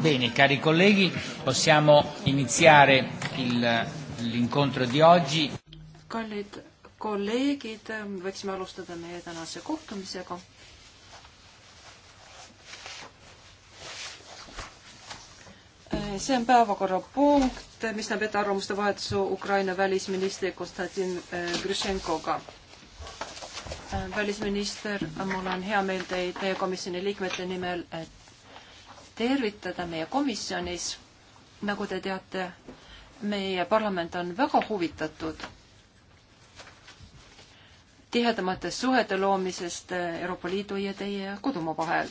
Bene, cari colleghi, possiamo iniziare l'incontro di oggi. Kallid kolleegid, võiksime alustada meie tänase kohtumisega. see on päevakorrapunkt, mis näeb ette arvamuste vahetuse Ukraina välisministri Konstantin eh, Grüšenkoga eh, välisminister, mul on hea meel teid, teie komisjoni liikmete nimel tervitada meie komisjonis. nagu te teate, meie parlament on väga huvitatud tihedamate suhete loomisest Euroopa Liidu ja teie kodumaa vahel.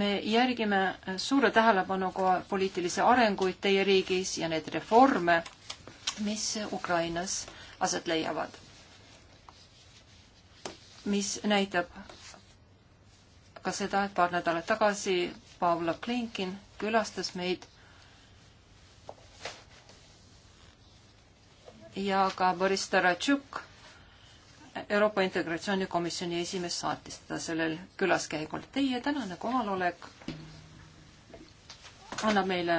me järgime suure tähelepanuga poliitilisi arenguid teie riigis ja neid reforme, mis Ukrainas aset leiavad. mis näitab ka seda, et paar nädalat tagasi Pavlo Klinkin külastas meid ja ka Boris Taratšuk, Euroopa Integratsioonikomisjoni esimees, saatis teda sellel külaskäigul. Teie tänane kohalolek annab meile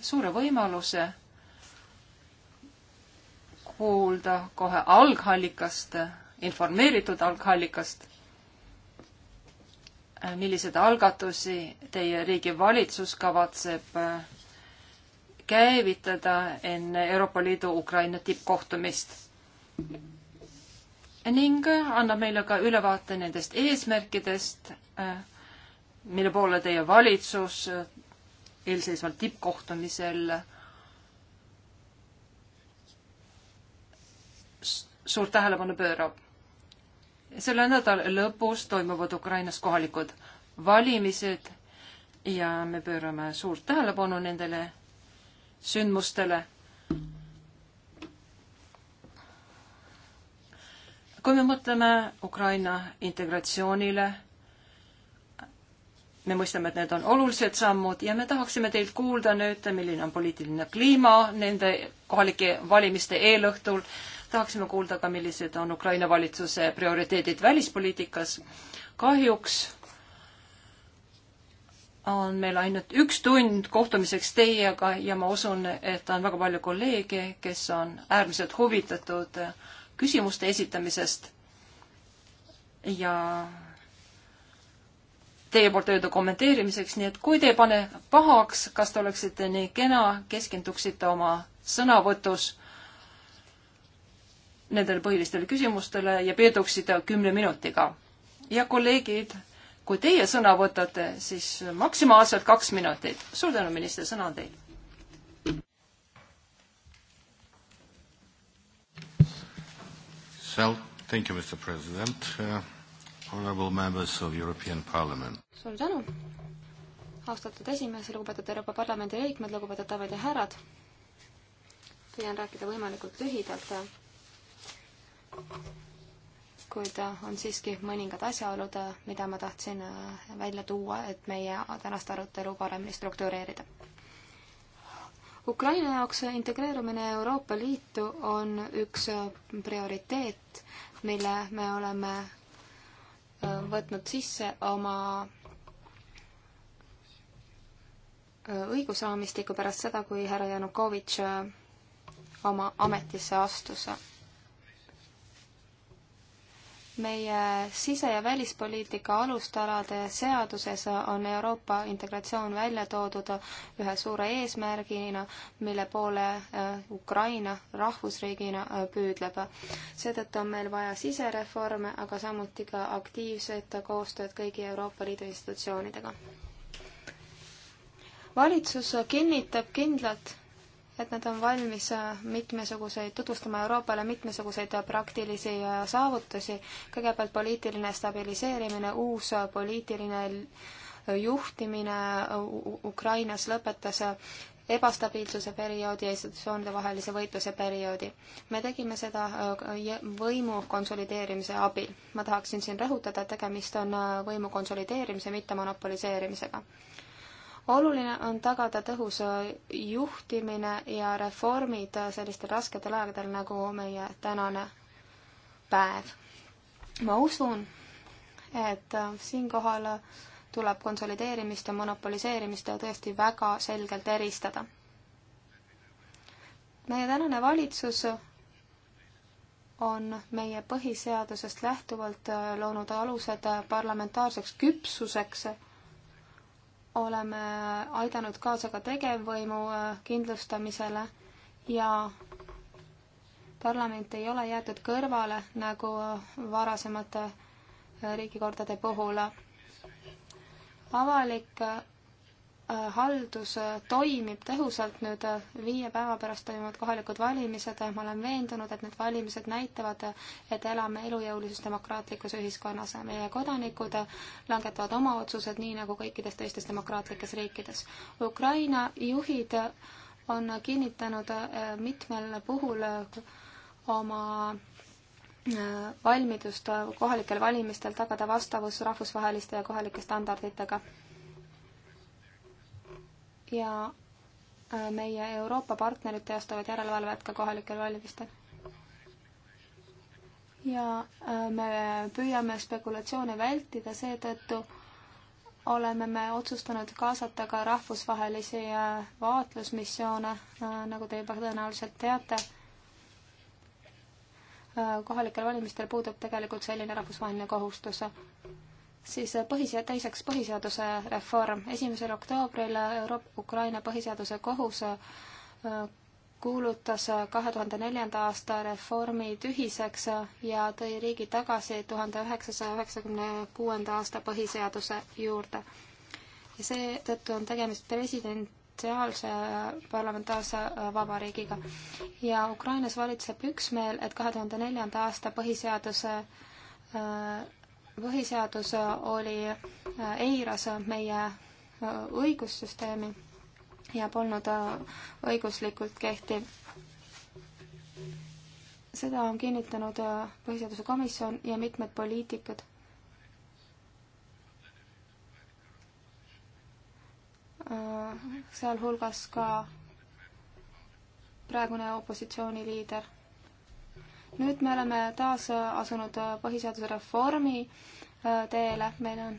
suure võimaluse kuulda kohe algallikast, informeeritud algallikast Äh, milliseid algatusi teie riigi valitsus kavatseb äh, käivitada enne Euroopa Liidu Ukraina tippkohtumist ning äh, annab meile ka ülevaate nendest eesmärkidest, mille poole teie valitsus eelseisval tippkohtumisel suurt tähelepanu pöörab selle nädala lõpus toimuvad Ukrainas kohalikud valimised ja me pöörame suurt tähelepanu nendele sündmustele. kui me mõtleme Ukraina integratsioonile, me mõistame, et need on olulised sammud ja me tahaksime teilt kuulda nüüd, milline on poliitiline kliima nende kohalike valimiste eelõhtul tahaksime kuulda ka, millised on Ukraina valitsuse prioriteedid välispoliitikas. kahjuks on meil ainult üks tund kohtumiseks teiega ja ma usun, et on väga palju kolleege, kes on äärmiselt huvitatud küsimuste esitamisest ja teie poolt öelda kommenteerimiseks, nii et kui te ei pane pahaks, kas te oleksite nii kena, keskenduksite oma sõnavõtus nendele põhilistele küsimustele ja piirduksite kümne minutiga. ja kolleegid, kui teie sõna võtate, siis maksimaalselt kaks minutit. suur tänu, minister, sõna on teil. So, thank you, Mr President uh,, honorable members of European Parliament. suur tänu, austatud esimees, lugupeetud Euroopa Parlamendi liikmed, lugupeetud daamid ja härrad. püüan rääkida võimalikult lühidalt kuid äh, on siiski mõningad asjaolud, äh, mida ma tahtsin äh, välja tuua, et meie tänast arutelu paremini struktureerida. Ukraina jaoks integreerumine Euroopa Liitu on üks prioriteet, mille me oleme võtnud sisse oma õigusraamistiku pärast seda, kui härra Janukovitš oma ametisse astus meie sise- ja välispoliitika alustalade seaduses on Euroopa integratsioon välja toodud ühe suure eesmärgina, mille poole äh, Ukraina rahvusriigina äh, püüdleb. seetõttu on meil vaja sisereforme, aga samuti ka aktiivset koostööd kõigi Euroopa Liidu institutsioonidega. valitsus kinnitab kindlalt, et nad on valmis äh, mitmesuguseid, tutvustama Euroopale mitmesuguseid äh, praktilisi äh, saavutusi. kõigepealt poliitiline stabiliseerimine, uus poliitiline juhtimine Ukrainas lõpetas ebastabiilsuse perioodi ja institutsioonide vahelise võitluse perioodi. me tegime seda võimu konsolideerimise abil. ma tahaksin siin rõhutada, et tegemist on võimu konsolideerimise, mitte monopoliseerimisega oluline on tagada tõhus juhtimine ja reformid sellistel rasketel aegadel, nagu meie tänane päev. ma usun, et siinkohal tuleb konsolideerimist ja monopoliseerimist tõesti väga selgelt eristada. meie tänane valitsus on meie põhiseadusest lähtuvalt loonud alused parlamentaarseks küpsuseks oleme aidanud kaasa ka tegevvõimu äh, kindlustamisele ja parlament ei ole jäetud kõrvale nagu äh, varasemate äh, riigikordade puhul. avalik Äh, haldus äh, toimib tõhusalt nüüd äh, viie päeva pärast toimuvad kohalikud valimised. ma olen veendunud, et need valimised näitavad, et elame elujõulises demokraatlikus ühiskonnas. meie kodanikud langetavad oma otsused nii nagu kõikides teistes demokraatlikes riikides. Ukraina juhid on kinnitanud mitmel puhul oma valmidust kohalikel valimistel tagada vastavus rahvusvaheliste ja kohalike standarditega ja äh, meie Euroopa partnerid teostavad järelevalvet ka kohalikel valimistel. ja äh, me püüame spekulatsioone vältida, seetõttu oleme me otsustanud kaasata ka rahvusvahelisi äh, vaatlusmissioone, nagu te juba tõenäoliselt teate. kohalikel valimistel puudub tegelikult selline rahvusvaheline kohustus siis põhise-, teiseks põhiseaduse reform. esimesel oktoobril Euroop-, Ukraina põhiseaduse kohus äh, kuulutas kahe tuhande neljanda aasta reformi tühiseks ja tõi riigi tagasi tuhande üheksasaja üheksakümne kuuenda aasta põhiseaduse juurde. ja seetõttu on tegemist president sotsiaalse äh, parlamentaarse äh, vabariigiga. ja Ukrainas valitseb üksmeel, et kahe tuhande neljanda aasta põhiseaduse äh, põhiseadus oli, äh, eiras meie äh, õigussüsteemi ja polnud äh, õiguslikult kehtiv. seda on kinnitanud Põhiseaduse Komisjon ja mitmed poliitikud. sealhulgas ka praegune opositsiooniliider nüüd me oleme taas asunud põhiseaduse reformi äh, teele, meil on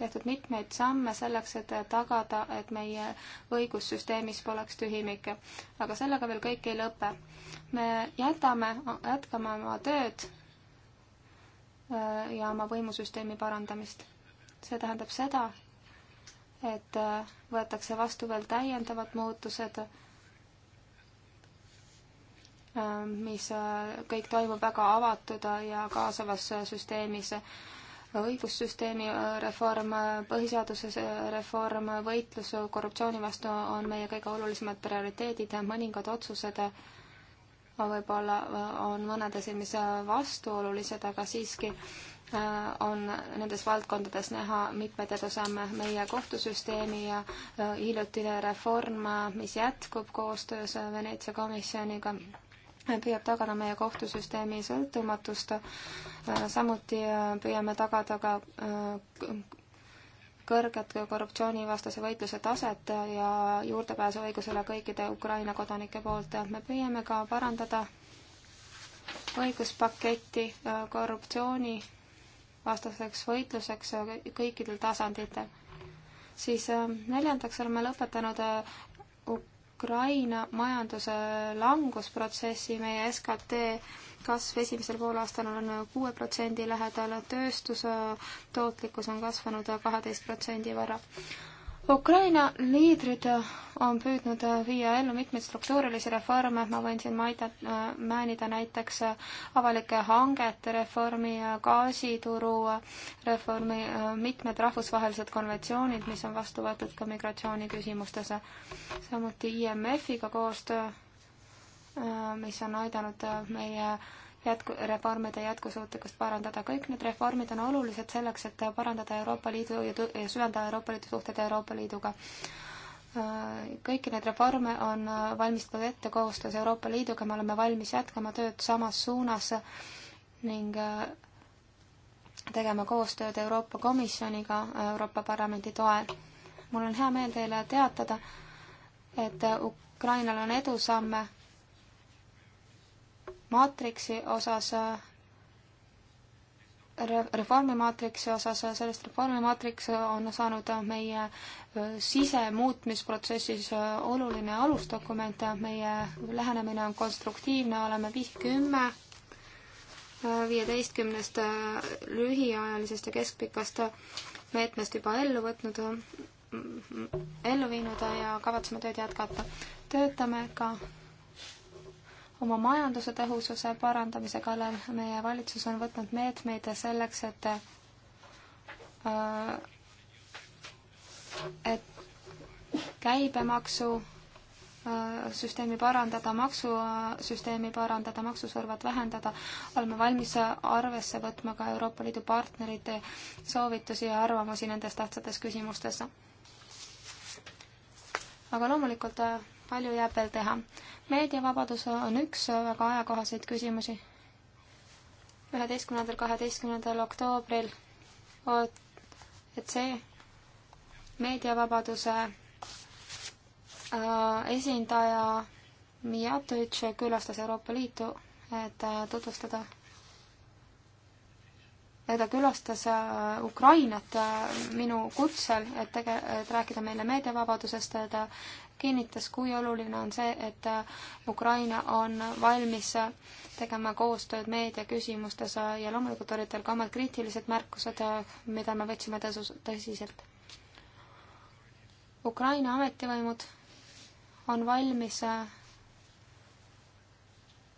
tehtud mitmeid samme selleks, et tagada, et meie õigussüsteemis poleks tühimikke. aga sellega veel kõik ei lõpe. me jätame, jätkame oma tööd äh, ja oma võimusüsteemi parandamist. see tähendab seda, et äh, võetakse vastu veel täiendavad muutused mis äh, kõik toimub väga avatud ja kaasavas süsteemis. õigussüsteemi äh, reform, põhiseaduse äh, reform, võitlus korruptsiooni vastu on meie kõige olulisemad prioriteedid, mõningad otsused võib-olla on mõnede silmis vastuolulised, aga siiski on nendes valdkondades näha mitmeid edusamme meie kohtusüsteemi ja hiljutine reform, mis jätkub koostöös Veneetsia komisjoniga püüab tagada meie kohtusüsteemi sõltumatust, äh, samuti äh, püüame tagada ka äh, kõrget korruptsioonivastase võitluse taset ja juurdepääsu õigusele kõikide Ukraina kodanike poolt. me püüame ka parandada õiguspaketti korruptsioonivastaseks võitluseks kõikidel tasanditel. siis neljandaks oleme lõpetanud Ukraina majanduse langusprotsessi, meie SKT kasv esimesel poolaastal on kuue protsendi lähedal, tööstuse tootlikkus on kasvanud kaheteist protsendi võrra. Varra. Ukraina liidrid äh, on püüdnud äh, viia ellu mitmeid struktuurilisi reforme, ma võin siin maida, äh, mainida näiteks avalike hangete reformi, gaasituru reformi, mitmed rahvusvahelised konventsioonid, mis on vastu võetud ka migratsiooniküsimustes, samuti IMF-iga koostöö, mis on aidanud meie jätku, reformide jätkusuutlikkust parandada. kõik need reformid on olulised selleks, et parandada Euroopa Liidu ja, ja süvendada Euroopa Liidu suhted Euroopa Liiduga. Äh, kõiki neid reforme on äh, valmistatud ette koostöös Euroopa Liiduga, me oleme valmis jätkama tööd samas suunas ning äh, tegema koostööd Euroopa Komisjoniga Euroopa Parlamendi toel. mul on hea meel teile teatada, et Ukrainal on edusamme maatriksi osas reformimaatriksi osas, sellest reformimaatriks on saanud meie sisemuutmisprotsessis oluline alusdokument, meie lähenemine on konstruktiivne, oleme vih-, kümme viieteistkümnest lühiajalisest ja keskpikast meetmest juba ellu võtnud, ellu viinud ja kavatseme tööd jätkata. töötame ka oma majanduse tõhususe parandamise kallal. meie valitsus on võtnud meetmeid selleks, et äh, et käibemaksu äh, süsteemi parandada, maksusüsteemi äh, parandada, maksusurvet vähendada, oleme valmis arvesse võtma ka Euroopa Liidu partnerite soovitusi ja arvamusi nendes tähtsates küsimustes. aga loomulikult palju jääb veel teha. meediavabadus on üks väga ajakohaseid küsimusi. üheteistkümnendal, kaheteistkümnendal oktoobril, et see meediavabaduse äh, esindaja Mijatovic külastas Euroopa Liitu, et äh, tutvustada ta külastas äh, Ukrainat minu kutsel, et tege-, et rääkida meile meediavabadusest, ta kinnitas, kui oluline on see, et äh, Ukraina on valmis äh, tegema koostööd meediaküsimustes äh, ja loomulikult olid tal ka omad kriitilised märkused, mida me võtsime tõsus, tõsiselt. Ukraina ametivõimud on valmis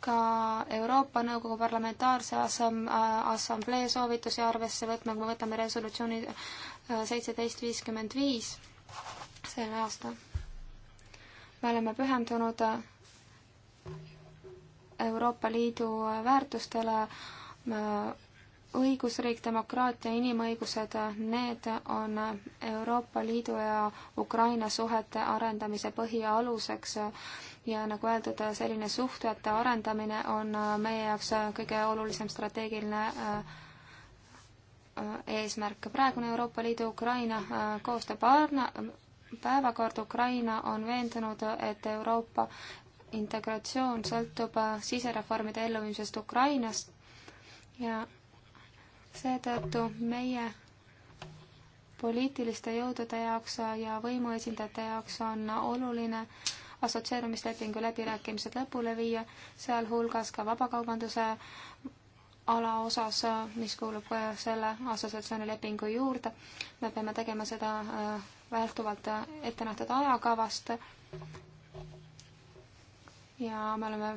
ka Euroopa Nõukogu Parlamentaarse Assam-, Assamblee soovitusi arvesse võtma, kui me võtame resolutsiooni seitseteist viiskümmend viis selle aasta me oleme pühendunud äh, Euroopa Liidu väärtustele, äh, õigusriik, demokraatia, inimõigused, äh, need on Euroopa Liidu ja Ukraina suhete arendamise põhialuseks ja nagu öeldud, selline suhtlejate arendamine on meie jaoks kõige olulisem strateegiline eesmärk. praegune Euroopa Liidu Ukraina koostööpartner, päevakord Ukraina on veendunud, et Euroopa integratsioon sõltub sisereformide elluviimisest Ukrainast ja seetõttu meie poliitiliste jõudude jaoks ja võimuesindajate jaoks on oluline assotsieerumislepingu läbirääkimised lõpule viia, sealhulgas ka vabakaubanduse ala osas, mis kuulub selle assotsiatsioonilepingu juurde. me peame tegema seda äh, lähtuvalt ette nähtud ajakavast. ja me oleme,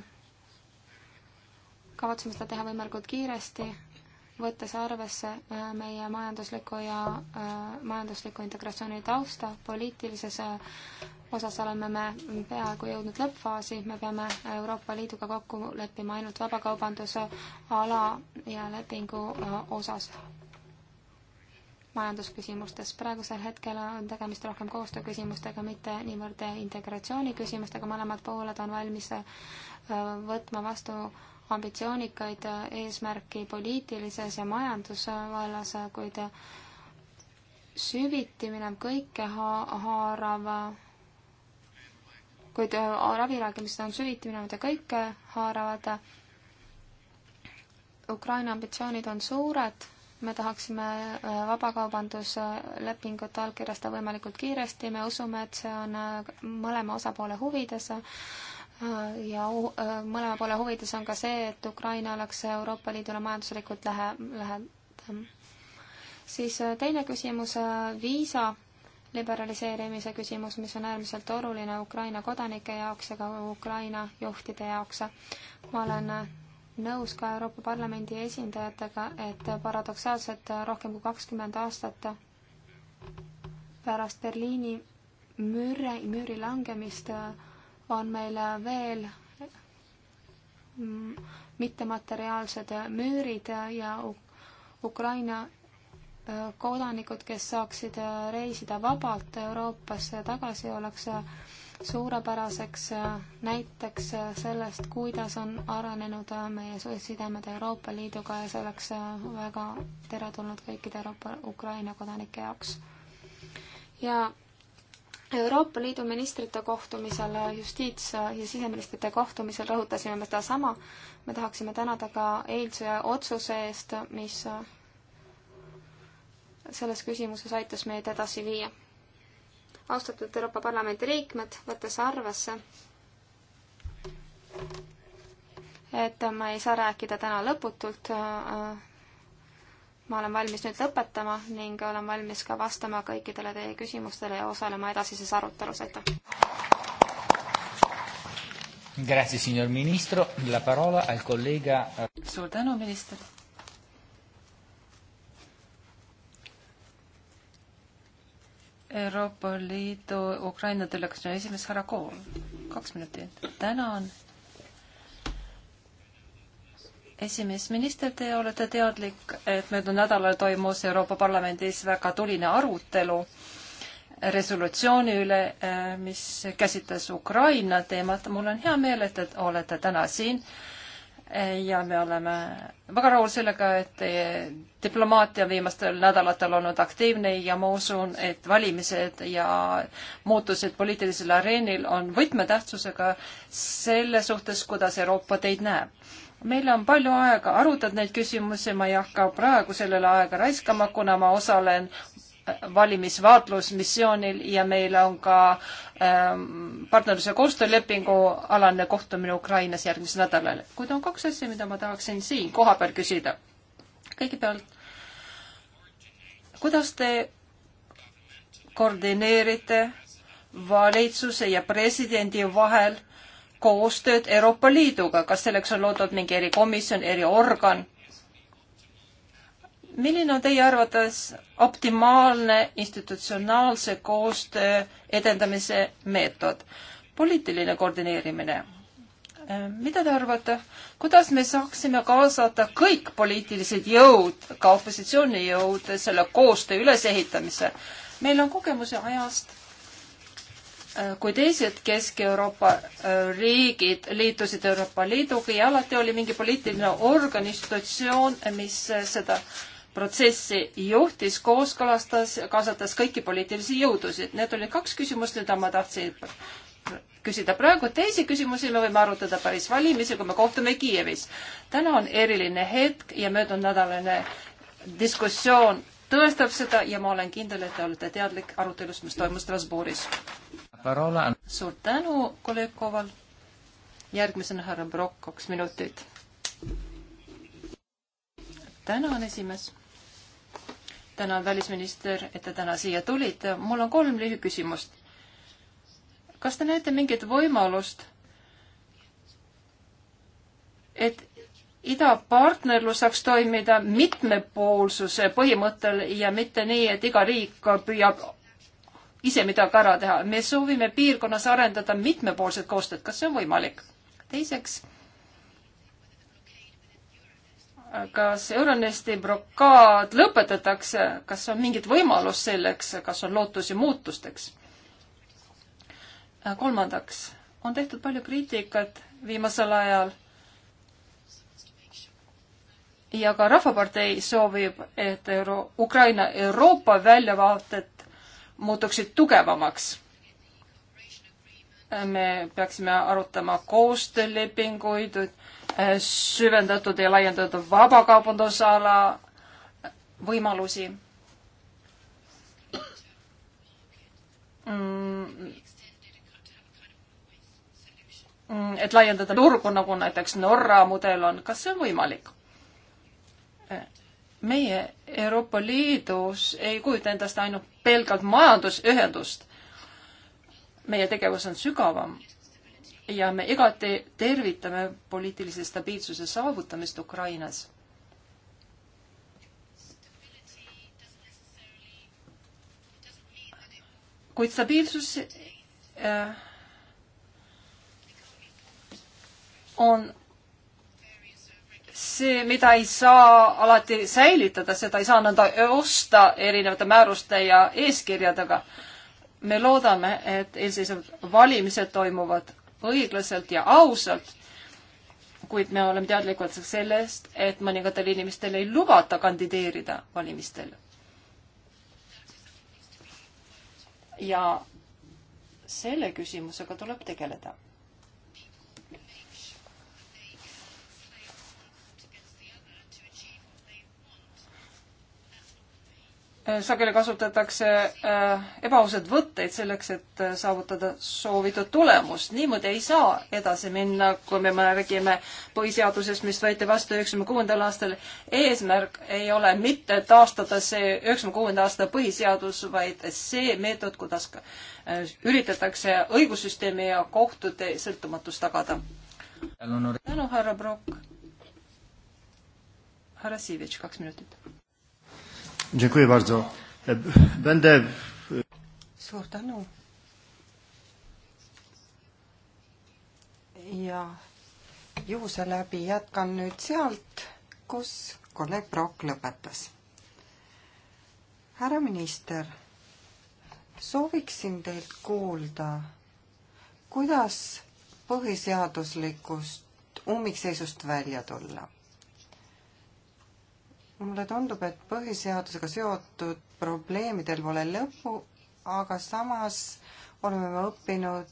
kavatseme seda teha võimalikult kiiresti, võttes arvesse äh, meie majandusliku ja äh, majandusliku integratsiooni tausta, poliitilises äh, osas oleme me peaaegu jõudnud lõppfaasi, me peame Euroopa Liiduga kokku leppima ainult vabakaubanduse ala ja lepingu äh, osas majandusküsimustes. praegusel hetkel on tegemist rohkem koostööküsimustega, mitte niivõrd integratsiooni küsimustega, mõlemad pooled on valmis äh, võtma vastu ambitsioonikaid äh, eesmärki poliitilises ja majandusvallas, äh, kuid süviti minev kõike ha haarav kuid läbirääkimised on süviti minevad ja kõike haaravad. Ukraina ambitsioonid on suured me tahaksime äh, vabakaubanduslepingut allkirjastada võimalikult kiiresti, me usume, et see on äh, mõlema osapoole huvides äh, ja mõlema poole huvides on ka see, et Ukraina oleks Euroopa Liidule majanduslikult lähe, lähedam. siis teine küsimus, viisa liberaliseerimise küsimus, mis on äärmiselt oluline Ukraina kodanike jaoks ja ka Ukraina juhtide jaoks. ma olen nõus ka Euroopa Parlamendi esindajatega, et paradoksaalselt rohkem kui kakskümmend aastat pärast Berliini müüri, müüri langemist on meil veel mittemateriaalsed müürid ja Ukraina kodanikud, kes saaksid reisida vabalt Euroopasse tagasi, oleks suurepäraseks äh, näiteks äh, sellest, kuidas on arenenud äh, meie sidemed Euroopa Liiduga ja see oleks väga teretulnud kõikide Euroopa Ukraina kodanike jaoks. ja Euroopa Liidu ministrite kohtumisel, justiits- ja siseministrite kohtumisel rõhutasime me sedasama, me tahaksime tänada ka eilse otsuse eest, mis selles küsimuses aitas meid edasi viia austatud Euroopa Parlamendi liikmed, võttes arvesse, et ma ei saa rääkida täna lõputult, ma olen valmis nüüd lõpetama ning olen valmis ka vastama kõikidele teie küsimustele ja osalema edasises arutelus, aitäh! Grazie signor Ministro, la parola al collega... Eh, Suur tänu, minister! Euroopa Liidu Ukraina delegatsiooni esimees härra Kool, kaks minutit. tänan. esimees minister, te olete teadlik, et möödunud nädalal toimus Euroopa Parlamendis väga tuline arutelu resolutsiooni üle, eh, mis käsitles Ukraina teemat. mul on hea meel, et te olete täna siin ja me oleme väga rahul sellega, et teie diplomaatia viimastel nädalatel olnud aktiivne ja ma usun, et valimised ja muutused poliitilisel areenil on võtmetähtsusega selle suhtes, kuidas Euroopa teid näeb. meil on palju aega arutada neid küsimusi, ma ei hakka praegu sellele aega raiskama, kuna ma osalen valimisvaatlusmissioonil ja meil on ka ähm, partnerluse koostöölepingu alane kohtumine Ukrainas järgmisel nädalal. kuid on kaks asja, mida ma tahaksin siin kohapeal küsida. kõigepealt, kuidas te koordineerite valitsuse ja presidendi vahel koostööd Euroopa Liiduga, kas selleks on loodud mingi erikomisjon, eriorgan? milline on teie arvates optimaalne institutsionaalse koostöö edendamise meetod? poliitiline koordineerimine. Äh, mida te arvate, kuidas me saaksime kaasata kõik poliitilised jõud, ka opositsioonijõud selle koostöö ülesehitamisse? meil on kogemuse ajast, äh, kui teised Kesk-Euroopa äh, riigid liitusid Euroopa Liiduga ja alati oli mingi poliitiline organ, institutsioon, mis seda äh, protsessi juhtis, kooskõlastas, kaasates kõiki poliitilisi jõudusid. Need olid kaks küsimust, mida ma tahtsin küsida praegu. teisi küsimusi me võime arutada päris valimisi, kui me kohtume Kiievis. täna on eriline hetk ja möödunud nädalane diskussioon tõestab seda ja ma olen kindel, et te olete teadlik arutelust, mis toimus Strasbourgis. suur tänu, kolleeg Koval. järgmisena härra Brock, kaks minutit. tänan, esimees tänan, välisminister, et te täna siia tulite. mul on kolm lühiküsimust. kas te näete mingit võimalust, et idapartnerlus saaks toimida mitmepoolsuse põhimõttel ja mitte nii, et iga riik püüab ise midagi ära teha. me soovime piirkonnas arendada mitmepoolset koostööd, kas see on võimalik? teiseks kas Euronesti blokaad lõpetatakse, kas on mingit võimalust selleks, kas on lootusi muutusteks? kolmandaks, on tehtud palju kriitikat viimasel ajal ja ka Rahvapartei soovib, et Euro-, Ukraina Euroopa väljavaated muutuksid tugevamaks. me peaksime arutama koostöölepinguid süvendatud ja laiendatud vabakaubandusala võimalusi. Mm, et laiendada turgu, nagu näiteks Norra mudel on, kas see on võimalik? meie Euroopa Liidus ei kujuta endast ainult pelgalt majandusühendust. meie tegevus on sügavam ja me igati tervitame poliitilise stabiilsuse saavutamist Ukrainas. kuid stabiilsus äh, on see, mida ei saa alati säilitada, seda ei saa nõnda osta erinevate määruste ja eeskirjadega. me loodame, et eelseisvad valimised toimuvad õiglaselt ja ausalt, kuid me oleme teadlikud sellest, et mõningatel inimestel ei lubata kandideerida valimistel. ja selle küsimusega tuleb tegeleda Äh, sageli kasutatakse äh, ebaausad võtteid selleks, et äh, saavutada soovitud tulemust. niimoodi ei saa edasi minna, kui me räägime põhiseadusest, mis võeti vastu üheksakümne kuuendal aastal. eesmärk ei ole mitte taastada see üheksakümne kuuenda aasta põhiseadus, vaid see meetod, kuidas üritatakse õigussüsteemi ja kohtute sõltumatust tagada. tänu, härra Brock. härra Siivitš, kaks minutit Dziękuję bardzo. E, będę... Suur tänu. ja juhuse läbi jätkan nüüd sealt, kus kolleeg Brock lõpetas. härra minister, sooviksin teilt kuulda, kuidas põhiseaduslikust ummikseisust välja tulla mulle tundub, et põhiseadusega seotud probleemidel pole lõpu, aga samas oleme me õppinud,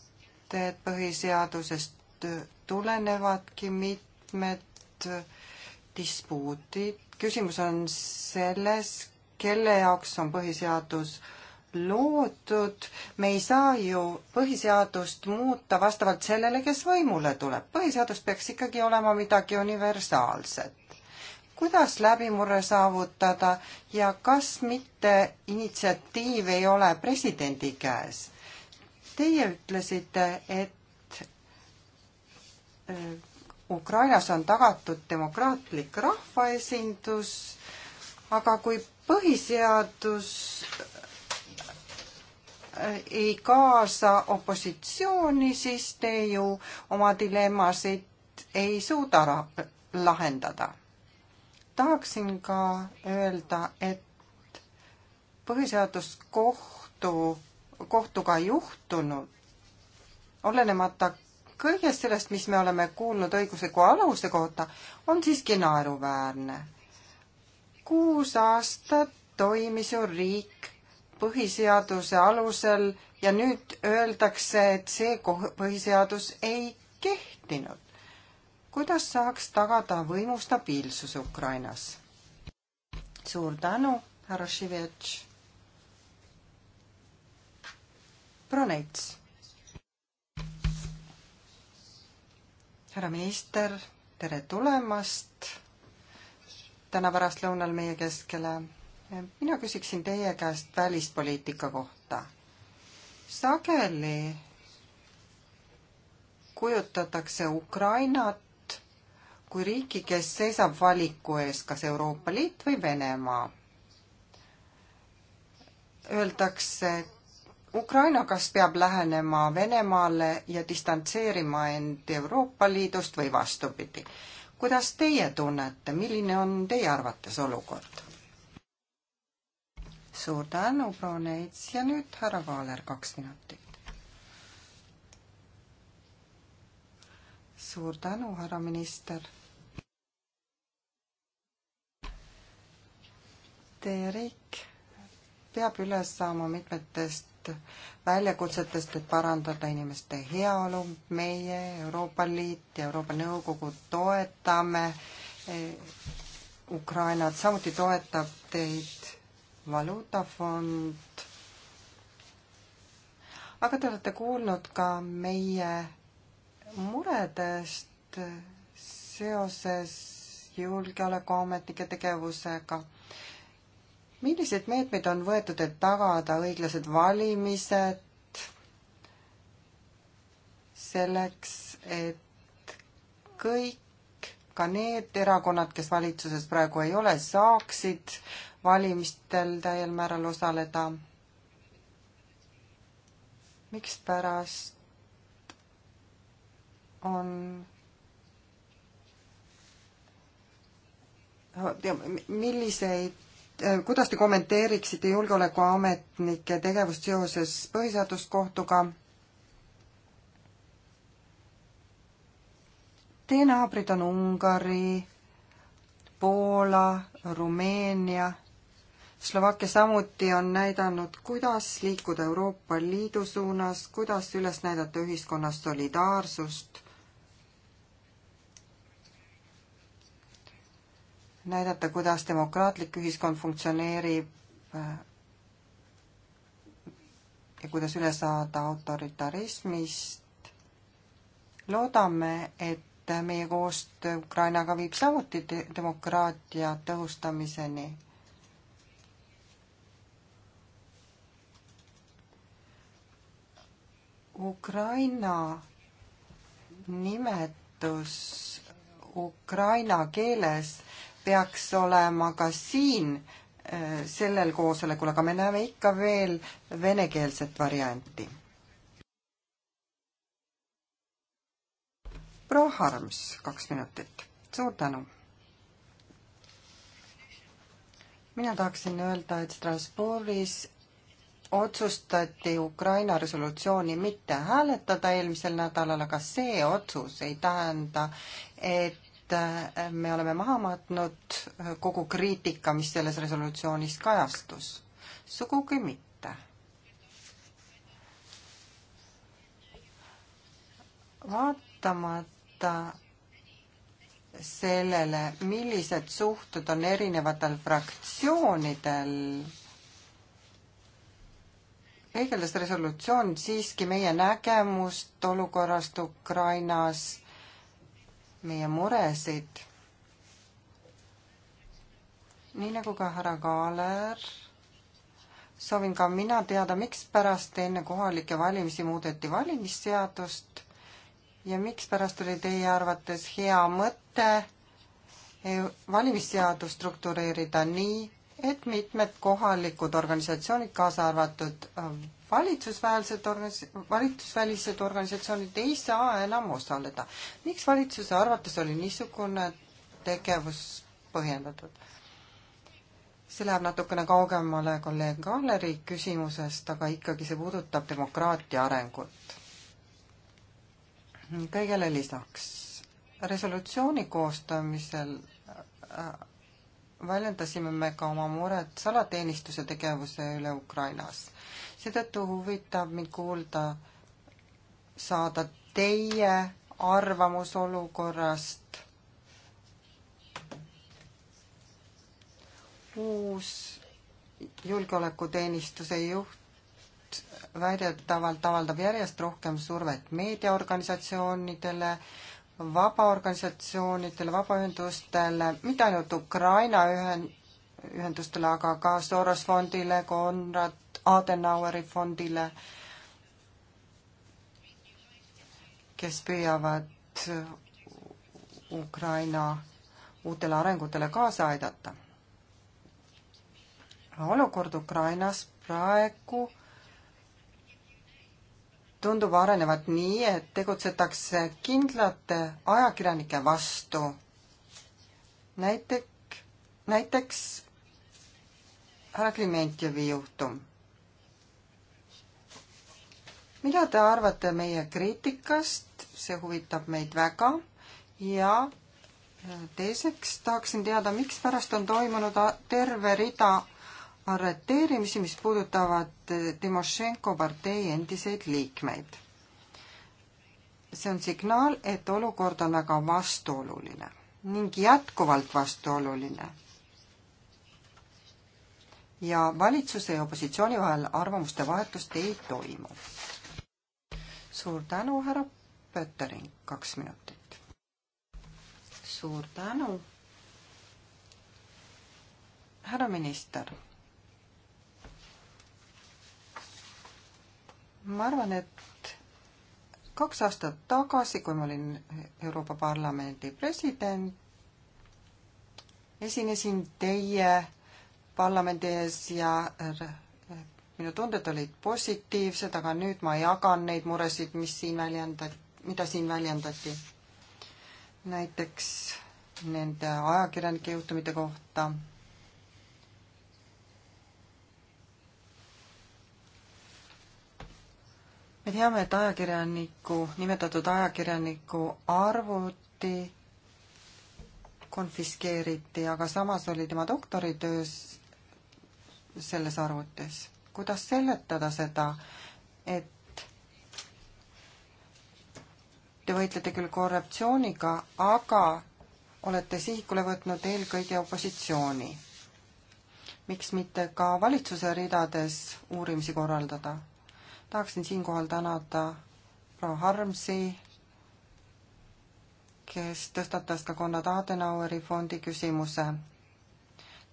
et põhiseadusest tulenevadki mitmed dispuutid. küsimus on selles, kelle jaoks on põhiseadus loodud, me ei saa ju põhiseadust muuta vastavalt sellele, kes võimule tuleb. põhiseadus peaks ikkagi olema midagi universaalset kuidas läbimurre saavutada ja kas mitte initsiatiiv ei ole presidendi käes? Teie ütlesite, et äh, Ukrainas on tagatud demokraatlik rahvaesindus, aga kui põhiseadus äh, ei kaasa opositsiooni, siis te ju oma dilemmasid ei suuda lahendada tahaksin ka öelda, et põhiseaduskohtu, kohtuga juhtunu, olenemata kõigest sellest, mis me oleme kuulnud õigusliku aluse kohta, on siiski naeruväärne. kuus aastat toimis ju riik põhiseaduse alusel ja nüüd öeldakse, et see põhiseadus ei kehtinud kuidas saaks tagada võimu stabiilsuse Ukrainas? suur tänu, härra Šivetš. Brunets. härra minister, tere tulemast täna pärastlõunal meie keskele. mina küsiksin teie käest välispoliitika kohta. sageli kujutatakse Ukrainat kui riiki, kes seisab valiku ees, kas Euroopa Liit või Venemaa. Öeldakse, Ukraina kas peab lähenema Venemaale ja distantseerima end Euroopa Liidust või vastupidi. kuidas teie tunnete, milline on teie arvates olukord? suur tänu, proua Neits ja nüüd härra Kaaler, kaks minutit. suur tänu, härra minister teie riik peab üle saama mitmetest väljakutsetest, et parandada inimeste heaolu. meie, Euroopa Liit ja Euroopa Nõukogu toetame eh, Ukrainat, samuti toetab teid Valuutafond. aga te olete kuulnud ka meie muredest seoses julgeolekuametnike tegevusega milliseid meetmeid on võetud, et tagada õiglased valimised selleks, et kõik, ka need erakonnad, kes valitsuses praegu ei ole, saaksid valimistel täiel määral osaleda? mikspärast on milliseid Äh, kuidas te kommenteeriksite julgeolekuametnike tegevust seoses Põhiseaduskohtuga? Teie naabrid on Ungari, Poola, Rumeenia, Slovakkia samuti on näidanud, kuidas liikuda Euroopa Liidu suunas, kuidas üles näidata ühiskonna solidaarsust näidata, kuidas demokraatlik ühiskond funktsioneerib äh, ja kuidas üle saada autoritarismist. loodame, et meie koostöö Ukrainaga viib samuti demokraatia tõhustamiseni. Ukraina nimetus ukraina keeles peaks olema ka siin äh, sellel koosolekul, aga me näeme ikka veel venekeelset varianti. proua Harms, kaks minutit. suur tänu. mina tahaksin öelda, et Strasbourgis otsustati Ukraina resolutsiooni mitte hääletada eelmisel nädalal, aga see otsus ei tähenda, et Äh, me oleme maha matnud äh, kogu kriitika, mis selles resolutsioonis kajastus. sugugi mitte. vaatamata sellele, millised suhted on erinevatel fraktsioonidel, peegeldas resolutsioon siiski meie nägemust olukorrast Ukrainas meie muresid. nii nagu ka härra Kaaler, soovin ka mina teada, mikspärast enne kohalikke valimisi muudeti valimisseadust ja mikspärast oli teie arvates hea mõte e-, valimisseadust struktureerida nii, et mitmed kohalikud organisatsioonid, kaasa arvatud valitsusväelised organis-, valitsusvälised organisatsioonid ei saa enam osaleda. miks valitsuse arvates oli niisugune tegevus põhjendatud? see läheb natukene kaugemale kolleeg Alleri küsimusest, aga ikkagi see puudutab demokraatia arengut. kõigele lisaks, resolutsiooni koostamisel äh, väljendasime me ka oma muret salateenistuse tegevuse üle Ukrainas seetõttu huvitab mind kuulda, saada teie arvamus olukorrast. uus julgeolekuteenistuse juht väidetavalt avaldab järjest rohkem survet meediaorganisatsioonidele, vabaorganisatsioonidele, vabaühendustele, mitte ainult Ukraina ühen-, ühendustele, aga ka Soros fondile, Konrad Adenaueri fondile, kes püüavad Ukraina uutele arengutele kaasa aidata. olukord Ukrainas praegu tundub arenevat nii, et tegutsetakse kindlate ajakirjanike vastu. näitek, näiteks härra Klimentjevi juhtum mida te arvate meie kriitikast, see huvitab meid väga ja äh, teiseks tahaksin teada, mikspärast on toimunud äh, terve rida arreteerimisi, mis puudutavad äh, Timošenko partei endiseid liikmeid. see on signaal, et olukord on väga vastuoluline ning jätkuvalt vastuoluline. ja valitsuse ja opositsiooni vahel arvamuste vahetust ei toimu suur tänu, härra Pöttering, kaks minutit. suur tänu. härra minister. ma arvan, et kaks aastat tagasi, kui ma olin Euroopa Parlamendi president, esinesin teie parlamendi ees ja minu tunded olid positiivsed, aga nüüd ma jagan neid muresid, mis siin väljendati, mida siin väljendati. näiteks nende ajakirjanike juhtumite kohta me teame, et ajakirjaniku, nimetatud ajakirjaniku arvuti konfiskeeriti, aga samas oli tema doktoritöös selles arvutis kuidas seletada seda, et te võitlete küll korruptsiooniga, aga olete sihikule võtnud eelkõige opositsiooni. miks mitte ka valitsuse ridades uurimisi korraldada? tahaksin siinkohal tänada proua Harmsi, kes tõstatas ka Konrad Adenaueri fondi küsimuse.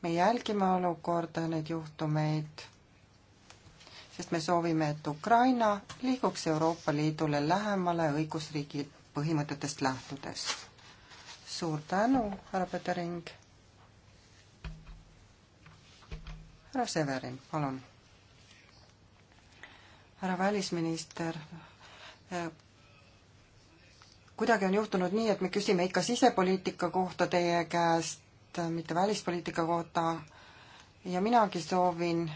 me jälgime olukorda, neid juhtumeid sest me soovime, et Ukraina liiguks Euroopa Liidule lähemale õigusriigi põhimõtetest lähtudes. suur tänu, härra Petering. härra Severin, palun. härra välisminister, kuidagi on juhtunud nii, et me küsime ikka sisepoliitika kohta teie käest, mitte välispoliitika kohta ja minagi soovin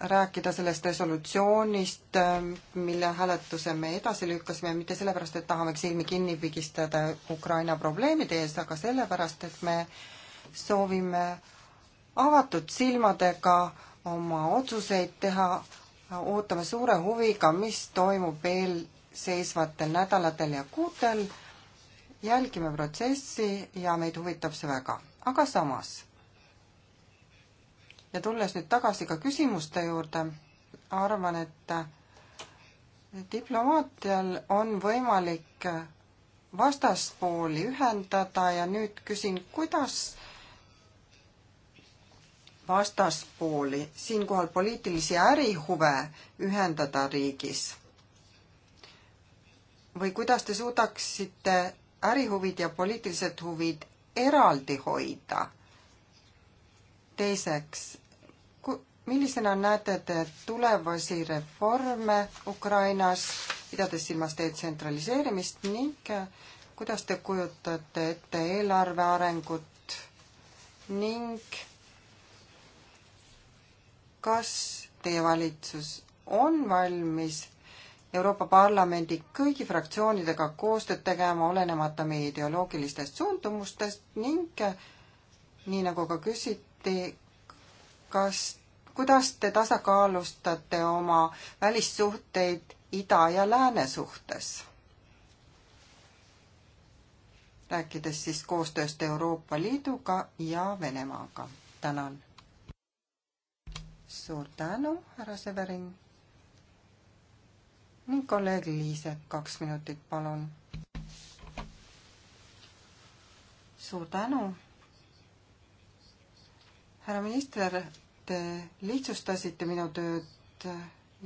rääkida sellest resolutsioonist, mille hääletuse me edasi lükkasime, mitte sellepärast, et tahame silmi kinni pigistada Ukraina probleemide ees, aga sellepärast, et me soovime avatud silmadega oma otsuseid teha, ootame suure huviga, mis toimub eelseisvatel nädalatel ja kuudel, jälgime protsessi ja meid huvitab see väga. aga samas ja tulles nüüd tagasi ka küsimuste juurde, arvan, et diplomaatial on võimalik vastaspooli ühendada ja nüüd küsin, kuidas vastaspooli, siinkohal poliitilisi ärihuve ühendada riigis? või kuidas te suudaksite ärihuvid ja poliitilised huvid eraldi hoida? teiseks, millisena näete te tulevasi reforme Ukrainas, pidades silmas detsentraliseerimist ning äh, kuidas te kujutate ette eelarve arengut ning kas teie valitsus on valmis Euroopa Parlamendi kõigi fraktsioonidega koostööd tegema, olenemata meie ideoloogilistest suundumustest ning äh, nii nagu ka küsiti, kas kuidas te tasakaalustate oma välissuhteid ida ja lääne suhtes? rääkides siis koostööst Euroopa Liiduga ja Venemaaga. tänan. suur tänu, härra Severin. ning kolleeg Liise, kaks minutit, palun. suur tänu härra minister, te lihtsustasite minu tööd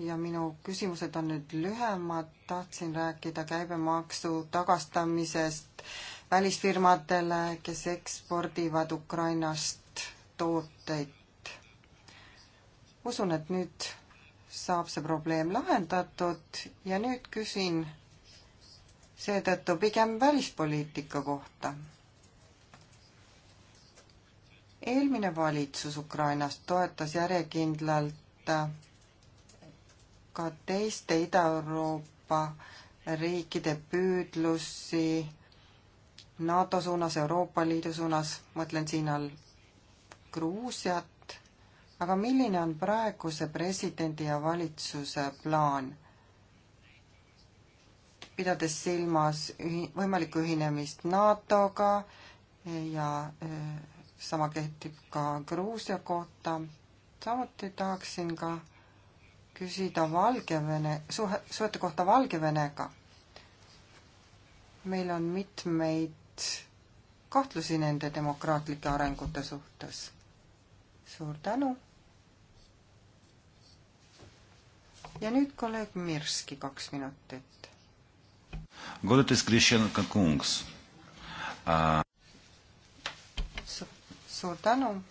ja minu küsimused on nüüd lühemad, tahtsin rääkida käibemaksu tagastamisest välisfirmadele, kes ekspordivad Ukrainast tooteid. usun, et nüüd saab see probleem lahendatud ja nüüd küsin seetõttu pigem välispoliitika kohta eelmine valitsus Ukrainas toetas järjekindlalt ka teiste Ida-Euroopa riikide püüdlusi NATO suunas, Euroopa Liidu suunas, mõtlen siin all Gruusiat, aga milline on praeguse presidendi ja valitsuse plaan, pidades silmas ühi-, võimalikku ühinemist NATO-ga ja äh, sama kehtib ka Gruusia kohta. samuti tahaksin ka küsida Valgevene, suhe, suhete kohta Valgevenega. meil on mitmeid kahtlusi nende demokraatlike arengute suhtes. suur tänu. ja nüüd kolleeg Mirski, kaks minutit. Город Искрещен как Унгс suur tänu.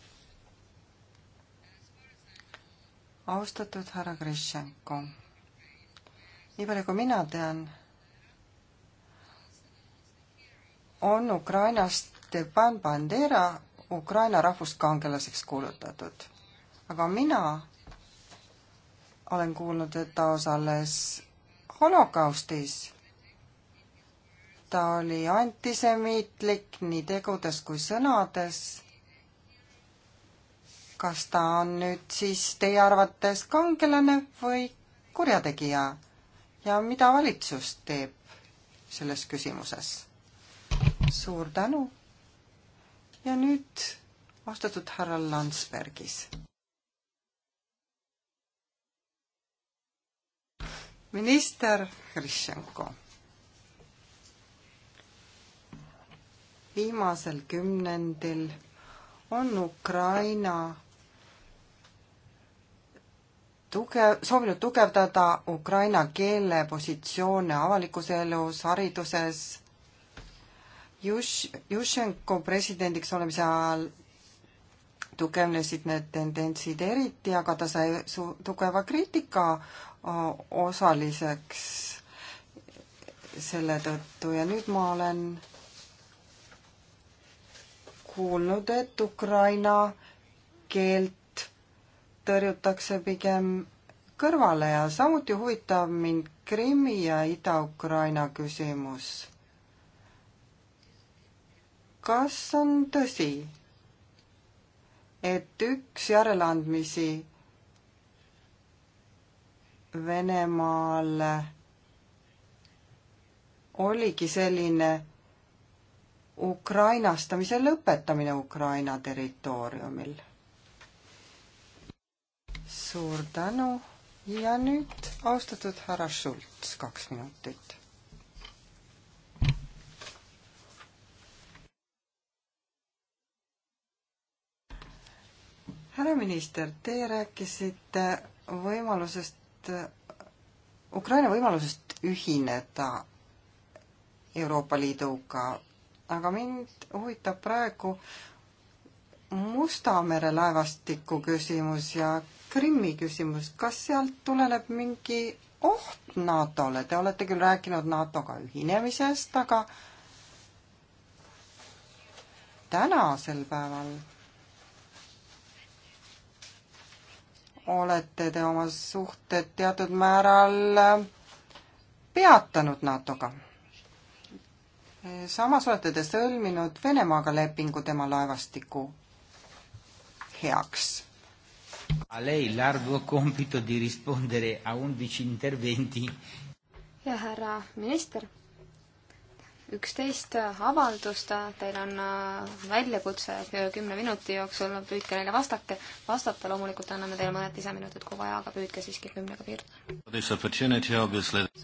austatud härra Grishenko. nii palju, kui mina tean, on Ukrainas Stepan Bandera Ukraina rahvuskangelaseks kuulutatud. aga mina olen kuulnud, et ta osales holokaustis. ta oli antisemiitlik nii tegudes kui sõnades kas ta on nüüd siis teie arvates kangelane või kurjategija ja mida valitsus teeb selles küsimuses? suur tänu. ja nüüd austatud härra Landsbergis. minister Hrishenko. viimasel kümnendil on Ukraina tugev, soovinud tugevdada ukraina keele positsioone avalikus elus, hariduses. Juš-, Jušenko presidendiks olemise ajal tugevnesid need tendentsid eriti, aga ta sai su-, tugeva kriitika osaliseks selle tõttu ja nüüd ma olen kuulnud, et ukraina keelt tõrjutakse pigem kõrvale ja samuti huvitab mind Krimmi ja Ida-Ukraina küsimus. kas on tõsi, et üks järeleandmisi Venemaale oligi selline ukrainastamise lõpetamine Ukraina territooriumil suur tänu ja nüüd austatud härra Schultz, kaks minutit. härra minister, teie rääkisite võimalusest, Ukraina võimalusest ühineda Euroopa Liiduga, aga mind huvitab praegu, Musta mere laevastiku küsimus ja Krimmi küsimus, kas sealt tuleneb mingi oht NATO-le, te olete küll rääkinud NATO-ga ühinemisest, aga tänasel päeval olete te oma suhted teatud määral äh, peatanud NATO-ga. samas olete te sõlminud Venemaaga lepingu tema laevastiku heaks. A lei l'arduo compito di rispondere a undici interventi. ja härra minister, üksteist avaldust, teil on äh, väljakutse kümne minuti jooksul, püüdke neile vastake, vastata, loomulikult anname teile mõned lisaminutid, kui vaja, aga püüdke siiski kümnega piirduda.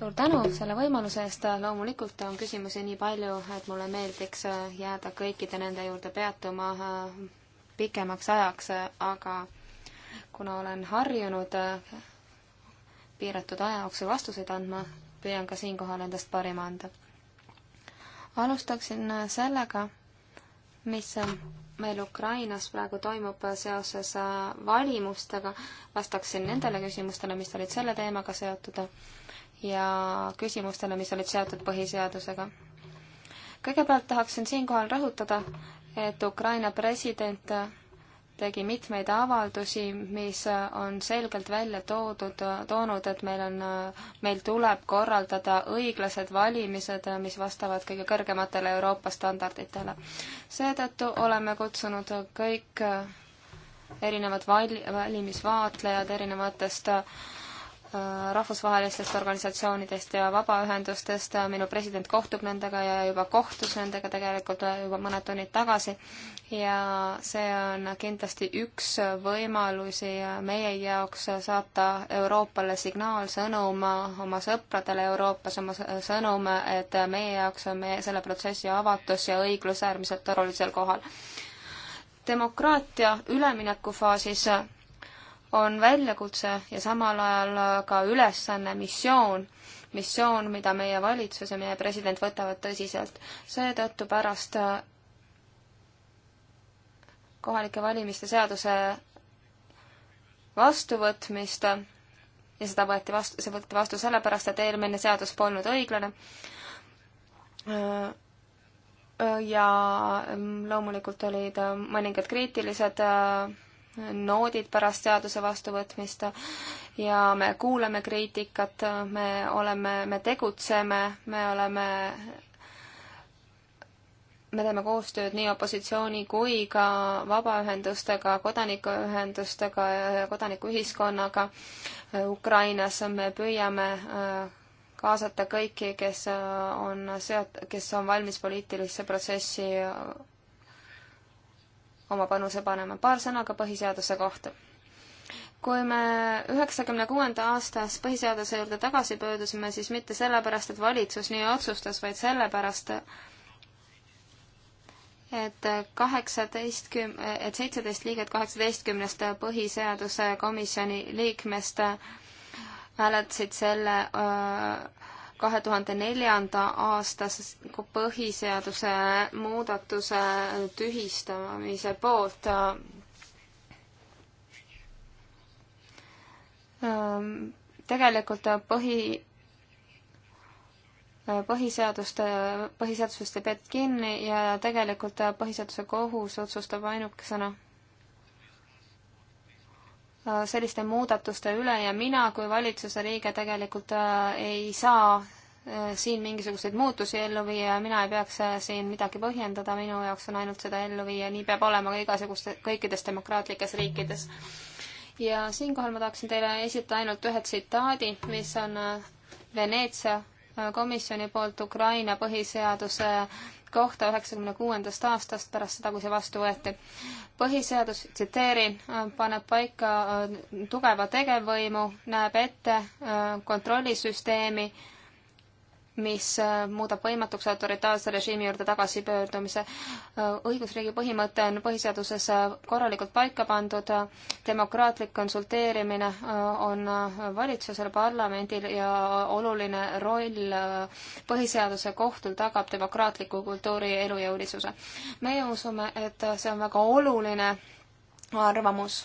suur tänu selle võimaluse eest, loomulikult on küsimusi nii palju, et mulle meeldiks äh, jääda kõikide nende juurde peatuma äh, pikemaks ajaks, aga kuna olen harjunud äh, piiratud aja jooksul vastuseid andma, püüan ka siinkohal endast parima anda. alustaksin äh, sellega, mis äh, meil Ukrainas praegu toimub seoses valimustega, vastaksin nendele küsimustele, mis olid selle teemaga seotud ja küsimustele, mis olid seotud põhiseadusega. kõigepealt tahaksin siinkohal rõhutada, et Ukraina president tegi mitmeid avaldusi, mis on selgelt välja toodud, toonud, et meil on, meil tuleb korraldada õiglased valimised, mis vastavad kõige kõrgematele Euroopa standarditele. seetõttu oleme kutsunud kõik erinevad val-, valimisvaatlejad erinevatest äh, Äh, rahvusvahelistest organisatsioonidest ja vabaühendustest, minu president kohtub nendega ja juba kohtus nendega tegelikult äh, juba mõned tunnid tagasi ja see on kindlasti üks võimalusi meie jaoks saata Euroopale signaal, sõnum oma sõpradele Euroopas, oma sõnum, et meie jaoks on meie selle protsessi avatus ja õiglus äärmiselt olulisel kohal. demokraatia üleminekufaasis on väljakutse ja samal ajal ka ülesanne, missioon, missioon, mida meie valitsus ja meie president võtavad tõsiselt. seetõttu pärast äh, kohalike valimiste seaduse vastuvõtmist ja seda võeti vastu, see võeti vastu sellepärast, et eelmine seadus polnud õiglane. Äh, ja loomulikult olid mõningad kriitilised äh, noodid pärast seaduse vastuvõtmist ja me kuuleme kriitikat, me oleme, me tegutseme, me oleme, me teeme koostööd nii opositsiooni kui ka vabaühendustega, kodanikuühendustega ja kodanikuühiskonnaga Ukrainas, me püüame äh, kaasata kõiki, kes äh, on seot-, kes on valmis poliitilisse protsessi oma panuse panema. paar sõna ka põhiseaduse kohta. kui me üheksakümne kuuenda aastas põhiseaduse juurde tagasi pöördusime, siis mitte sellepärast, et valitsus nii otsustas, vaid sellepärast, et kaheksateistküm-, et seitseteist liiget kaheksateistkümnest põhiseaduse komisjoni liikmest hääletasid selle öö, äh, kahe tuhande neljanda aasta põhiseaduse muudatuse tühistamise poolt. Ähm, tegelikult põhi, põhiseadust, põhiseadusest ei peetud kinni ja tegelikult põhiseaduse kohus otsustab ainukesena Äh, selliste muudatuste üle ja mina kui valitsuse liige tegelikult äh, ei saa äh, siin mingisuguseid muutusi ellu viia ja mina ei peaks siin midagi põhjendada, minu jaoks on ainult seda ellu viia, nii peab olema ka igasuguste, kõikides demokraatlikes riikides. ja siinkohal ma tahaksin teile esitada ainult ühe tsitaadi, mis on Veneetsia komisjoni poolt Ukraina põhiseaduse kohta üheksakümne kuuendast aastast pärast seda, kui see vastu võeti. põhiseadus, tsiteerin, paneb paika äh, tugeva tegevvõimu, näeb ette äh, kontrollisüsteemi äh, mis äh, muudab võimatuks autoritaarse režiimi juurde tagasipöördumise. Äh, õigusriigi põhimõte on põhiseaduses äh, korralikult paika pandud, demokraatlik konsulteerimine on valitsusel, parlamendil ja oluline roll põhiseaduse kohtul tagab demokraatliku kultuuri elujõulisuse. meie usume, et see on väga oluline arvamus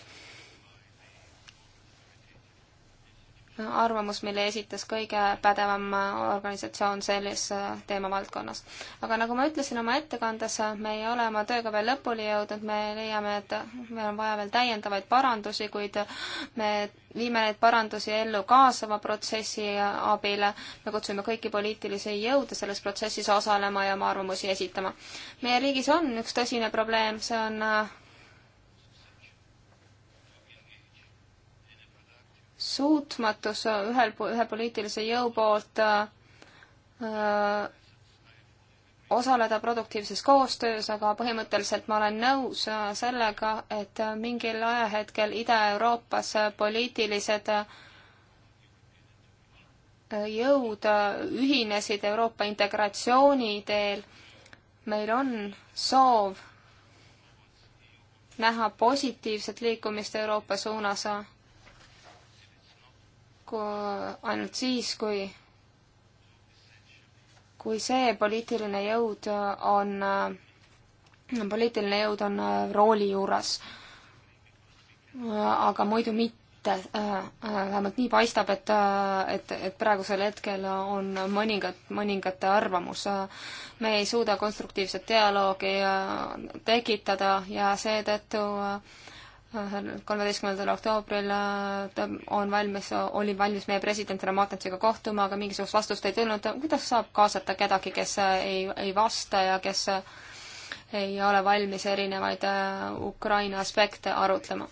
arvamus, mille esitas kõige pädevam organisatsioon selles äh, teemavaldkonnas. aga nagu ma ütlesin oma ettekandes, me ei ole oma tööga veel lõpuni jõudnud, me leiame, et meil on vaja veel täiendavaid parandusi, kuid me viime neid parandusi ellu kaasava protsessi abil. me kutsume kõiki poliitilisi jõude selles protsessis osalema ja oma arvamusi esitama. meie riigis on üks tõsine probleem, see on äh, suutmatus ühel, ühe poliitilise jõu poolt öö, äh, osaleda produktiivses koostöös, aga põhimõtteliselt ma olen nõus äh, sellega, et mingil ajahetkel Ida-Euroopas poliitilised äh, jõud ühinesid Euroopa integratsiooni teel. meil on soov näha positiivset liikumist Euroopa suunas ainult siis, kui, kui see poliitiline jõud on, poliitiline jõud on äh, rooli juures. aga muidu mitte, äh, äh, vähemalt nii paistab, et, et, et praegusel hetkel on mõningad, mõningate arvamus. me ei suuda konstruktiivset dialoogi tekitada ja seetõttu kolmeteistkümnendal oktoobril äh, ta on valmis, oli valmis meie president Ramatantsiga kohtuma, aga mingisugust vastust ei tulnud. kuidas saab kaasata kedagi, kes äh, ei, ei vasta ja kes äh, ei ole valmis erinevaid Ukraina aspekte arutlema?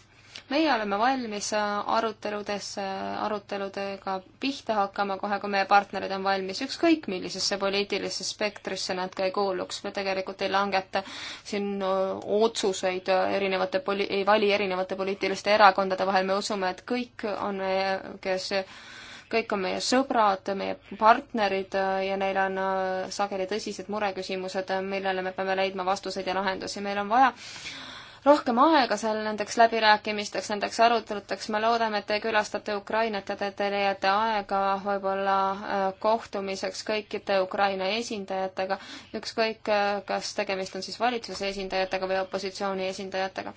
meie oleme valmis äh, aruteludesse, äh, aruteludega pihta hakkama kohe, kui meie partnerid on valmis, ükskõik millisesse poliitilisse spektrisse nad ka ei kuuluks. me tegelikult ei langeta siin äh, otsuseid erinevate poli-, ei vali erinevate poliitiliste erakondade vahel, me usume, et kõik on meie, kes kõik on meie sõbrad, meie partnerid ja neil on sageli tõsised mureküsimused, millele me peame leidma vastuseid ja lahendusi. meil on vaja rohkem aega seal nendeks läbirääkimisteks, nendeks aruteluteks, me loodame, et te külastate Ukrainat ja te, te leiate aega võib-olla äh, kohtumiseks kõikide Ukraina esindajatega, ükskõik, äh, kas tegemist on siis valitsuse esindajatega või opositsiooni esindajatega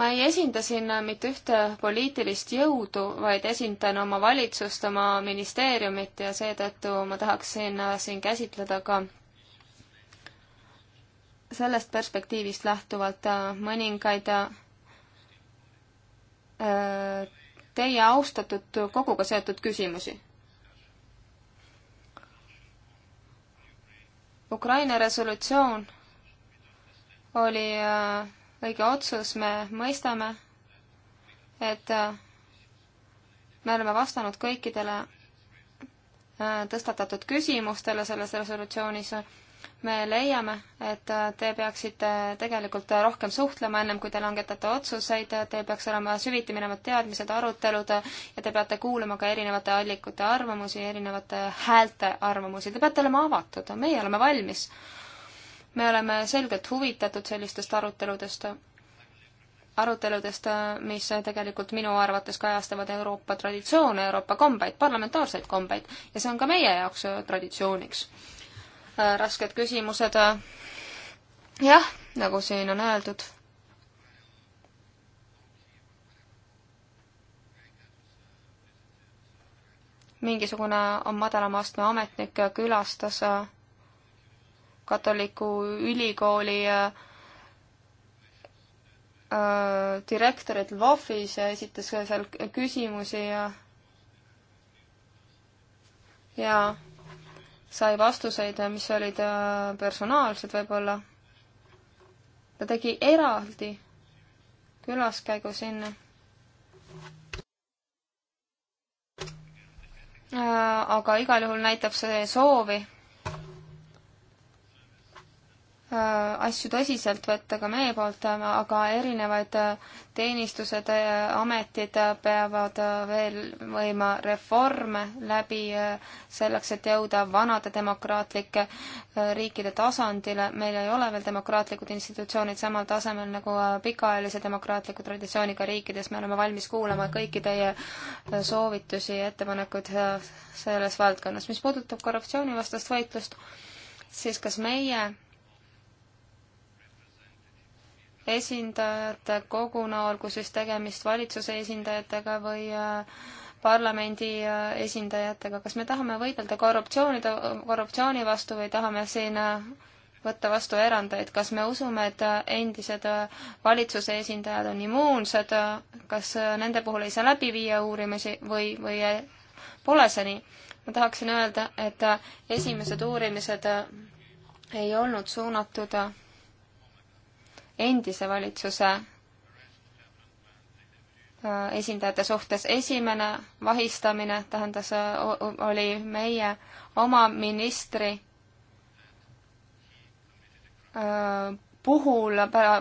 ma ei esinda siin äh, mitte ühte poliitilist jõudu, vaid esindan oma valitsust, oma ministeeriumit ja seetõttu ma tahaksin siin käsitleda ka sellest perspektiivist lähtuvalt äh, mõningaid äh, teie austatud koguga seotud küsimusi. Ukraina resolutsioon oli äh, õige otsus, me mõistame, et me oleme vastanud kõikidele tõstatatud küsimustele selles resolutsioonis me leiame, et te peaksite tegelikult rohkem suhtlema ennem, kui te langetate otsuseid, teil peaks olema süviti minevad teadmised, arutelud ja te peate kuulama ka erinevate allikute arvamusi, erinevate häälte arvamusi, te peate olema avatud, meie oleme valmis. me oleme selgelt huvitatud sellistest aruteludest, aruteludest, mis tegelikult minu arvates kajastavad Euroopa traditsioone, Euroopa kombeid, parlamentaarseid kombeid ja see on ka meie jaoks traditsiooniks Äh, rasked küsimused. Äh, jah, nagu siin on öeldud. mingisugune on madalama astme ametnik külastas äh, katoliku ülikooli direktorit Lvovis ja esitas seal küsimusi ja ja sai vastuseid, mis olid äh, personaalsed võib-olla. ta tegi eraldi külaskäigu sinna. Äh, aga igal juhul näitab see soovi Äh, asju tõsiselt võtta ka meie poolt, äh, aga erinevad äh, teenistused, ametid peavad veel võima reforme läbi selleks, et jõuda vanade demokraatlike riikide tasandile. meil ei ole veel demokraatlikud institutsioonid samal tasemel nagu pikaajalise demokraatliku traditsiooniga riikides. me oleme valmis kuulama kõiki teie soovitusi ja ettepanekuid selles valdkonnas. mis puudutab korruptsioonivastast võitlust, siis kas meie esindajate kogu näol, kus siis tegemist valitsuse esindajatega või äh, parlamendi äh, esindajatega, kas me tahame võidelda korruptsiooni, korruptsiooni vastu või tahame siin äh, võtta vastu erandeid, kas me usume, et endised valitsuse esindajad on immuunsed, kas nende puhul ei saa läbi viia uurimisi või, või pole see nii? ma tahaksin öelda, et esimesed uurimised ei olnud suunatud endise valitsuse äh, esindajate suhtes. esimene vahistamine tähendas, äh, oli meie oma ministri äh, puhul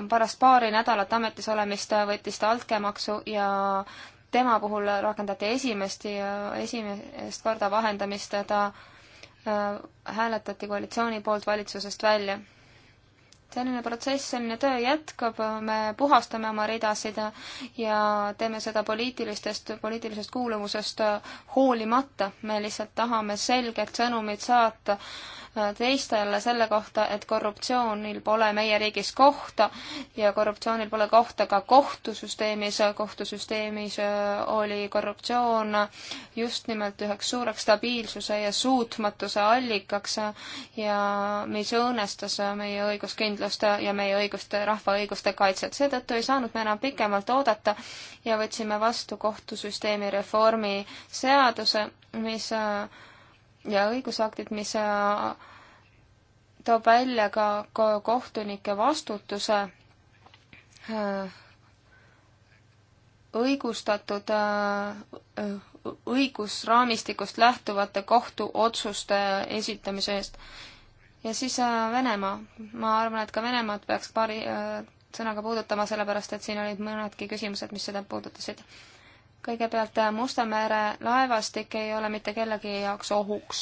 pärast paari nädalat ametis olemist võttis ta altkäemaksu ja tema puhul rakendati esimest ja esimest korda vahendamist, ta hääletati koalitsiooni poolt valitsusest välja selline protsess, selline töö jätkub, me puhastame oma ridasid ja teeme seda poliitilistest, poliitilisest kuuluvusest hoolimata. me lihtsalt tahame selget sõnumit saata teistele selle kohta, et korruptsioonil pole meie riigis kohta ja korruptsioonil pole kohta ka kohtusüsteemis. kohtusüsteemis äh, oli korruptsioon just nimelt üheks suureks stabiilsuse ja suutmatuse allikaks ja mis õõnestas meie õiguskindlust ja meie õiguste, rahva õiguste kaitset. seetõttu ei saanud me enam pikemalt oodata ja võtsime vastu kohtusüsteemi reformi seaduse, mis äh, ja õigusaktid, mis äh, toob välja ka kohtunike vastutuse äh, õigustatud äh, õigusraamistikust lähtuvate kohtuotsuste esitamise eest. ja siis Venemaa. ma arvan, et ka Venemaad peaks paari sõnaga puudutama, sellepärast et siin olid mõnedki küsimused, mis seda puudutasid kõigepealt äh, Musta mere laevastik ei ole mitte kellegi jaoks ohuks.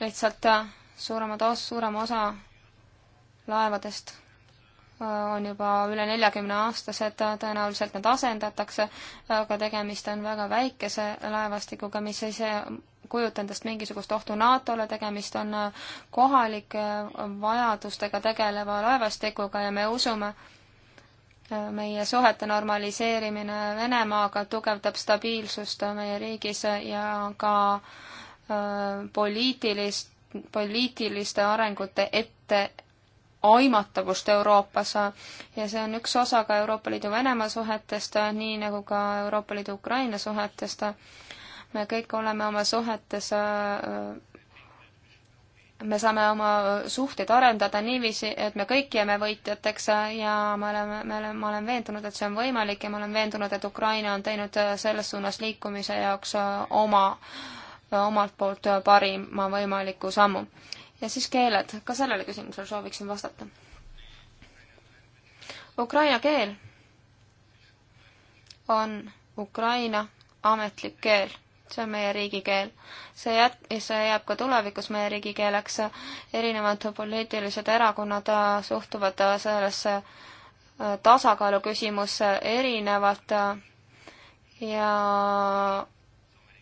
lihtsalt äh, suuremad os-, suurem osa laevadest äh, on juba üle neljakümne aastased, tõenäoliselt nad asendatakse, aga tegemist on väga väikese laevastikuga, mis ise kujuta endast mingisugust ohtu NATO-le, tegemist on kohalike vajadustega tegeleva laevastikuga ja me usume, meie suhete normaliseerimine Venemaaga tugevdab stabiilsust meie riigis ja ka äh, poliitilist, poliitiliste arengute etteaimatavust Euroopas. ja see on üks osa ka Euroopa Liidu Venemaa suhetest, nii nagu ka Euroopa Liidu Ukraina suhetest. me kõik oleme oma suhetes äh, me saame oma suhteid arendada niiviisi, et me kõik jääme võitjateks ja me oleme, me oleme, ma olen veendunud, et see on võimalik ja ma olen veendunud, et Ukraina on teinud selles suunas liikumise jaoks oma, omalt poolt parima võimaliku sammu. ja siis keeled, ka sellele küsimusele sooviksin vastata. Ukraina keel on Ukraina ametlik keel see on meie riigikeel. see jät-, see jääb ka tulevikus meie riigikeeleks, erinevad poliitilised erakonnad äh, suhtuvad äh, sellesse äh, tasakaalu küsimusse erinevalt ja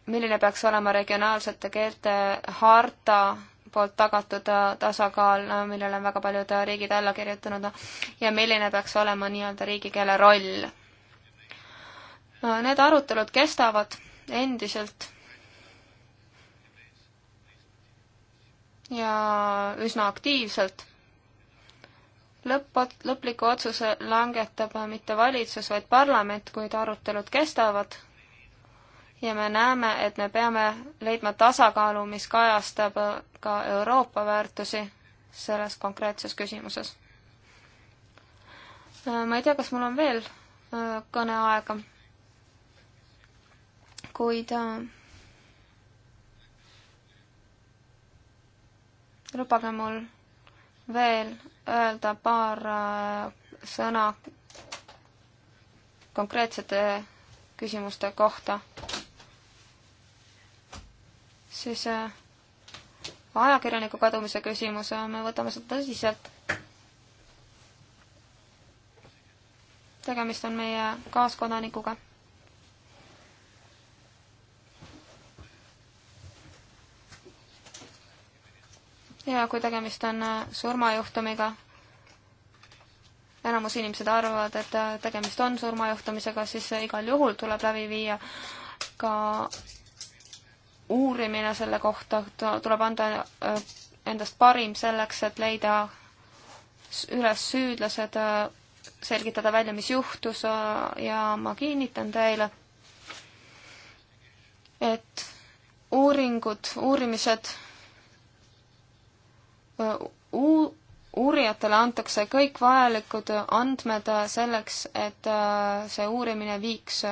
milline peaks olema regionaalsete keelte harta poolt tagatud tasakaal, millele on väga paljud riigid alla kirjutanud, ja milline peaks olema nii-öelda riigikeele roll. Need arutelud kestavad endiselt. ja üsna aktiivselt. lõpp, lõpliku otsuse langetab mitte valitsus, vaid parlament, kuid arutelud kestavad. ja me näeme, et me peame leidma tasakaalu, mis kajastab ka Euroopa väärtusi selles konkreetses küsimuses äh, ma ei tea, kas mul on veel äh, kõneaega kuid äh, lubage mul veel öelda paar äh, sõna konkreetsete küsimuste kohta. siis äh, ajakirjaniku kadumise küsimus, me võtame seda tõsiselt. tegemist on meie kaaskodanikuga ja kui tegemist on äh, surmajuhtumiga, enamus inimesed arvavad, et äh, tegemist on surmajuhtumisega, siis äh, igal juhul tuleb läbi viia ka uurimine selle kohta, tuleb anda endast parim selleks, et leida üles süüdlased, selgitada välja, mis juhtus ja ma kinnitan teile, et uuringud, uurimised Äh, uurijatele antakse kõik vajalikud andmed äh, selleks, et äh, see uurimine viiks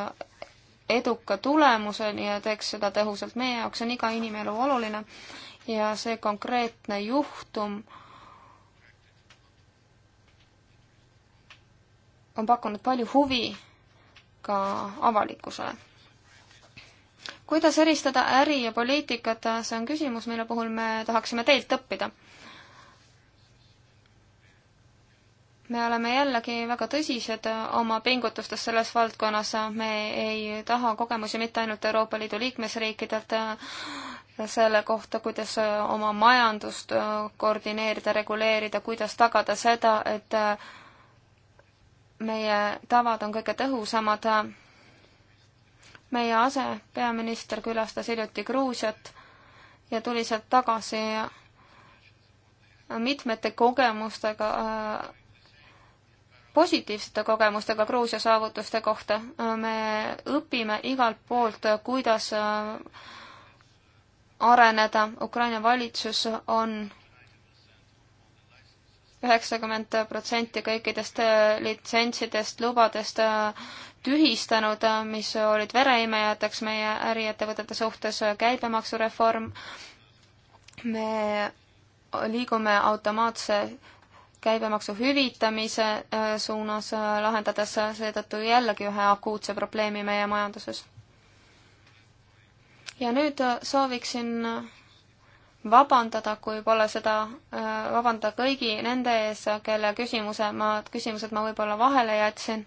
eduka tulemuseni ja teeks seda tõhusalt. meie jaoks on iga inimelu oluline ja see konkreetne juhtum on pakkunud palju huvi ka avalikkusele. kuidas eristada äri ja poliitikat, see on küsimus, mille puhul me tahaksime teilt õppida me oleme jällegi väga tõsised oma pingutustes selles valdkonnas, me ei taha kogemusi mitte ainult Euroopa Liidu liikmesriikidelt selle kohta, kuidas oma majandust koordineerida, reguleerida, kuidas tagada seda, et meie tavad on kõige tõhusamad. meie asepeaminister külastas hiljuti Gruusiat ja tuli sealt tagasi mitmete kogemustega äh, positiivsete kogemustega Gruusia saavutuste kohta. me õpime igalt poolt, kuidas äh, areneda. Ukraina valitsus on üheksakümmend protsenti kõikidest äh, litsentsidest, lubadest äh, tühistanud, mis olid vereimejateks meie äriettevõtete suhtes, käibemaksureform. me liigume automaatse käibemaksu hüvitamise äh, suunas, äh, lahendades äh, seetõttu jällegi ühe akuutse probleemi meie majanduses. ja nüüd sooviksin vabandada, kui pole seda, vabandada kõigi nende ees, kelle küsimuse ma, küsimused ma võib-olla vahele jätsin.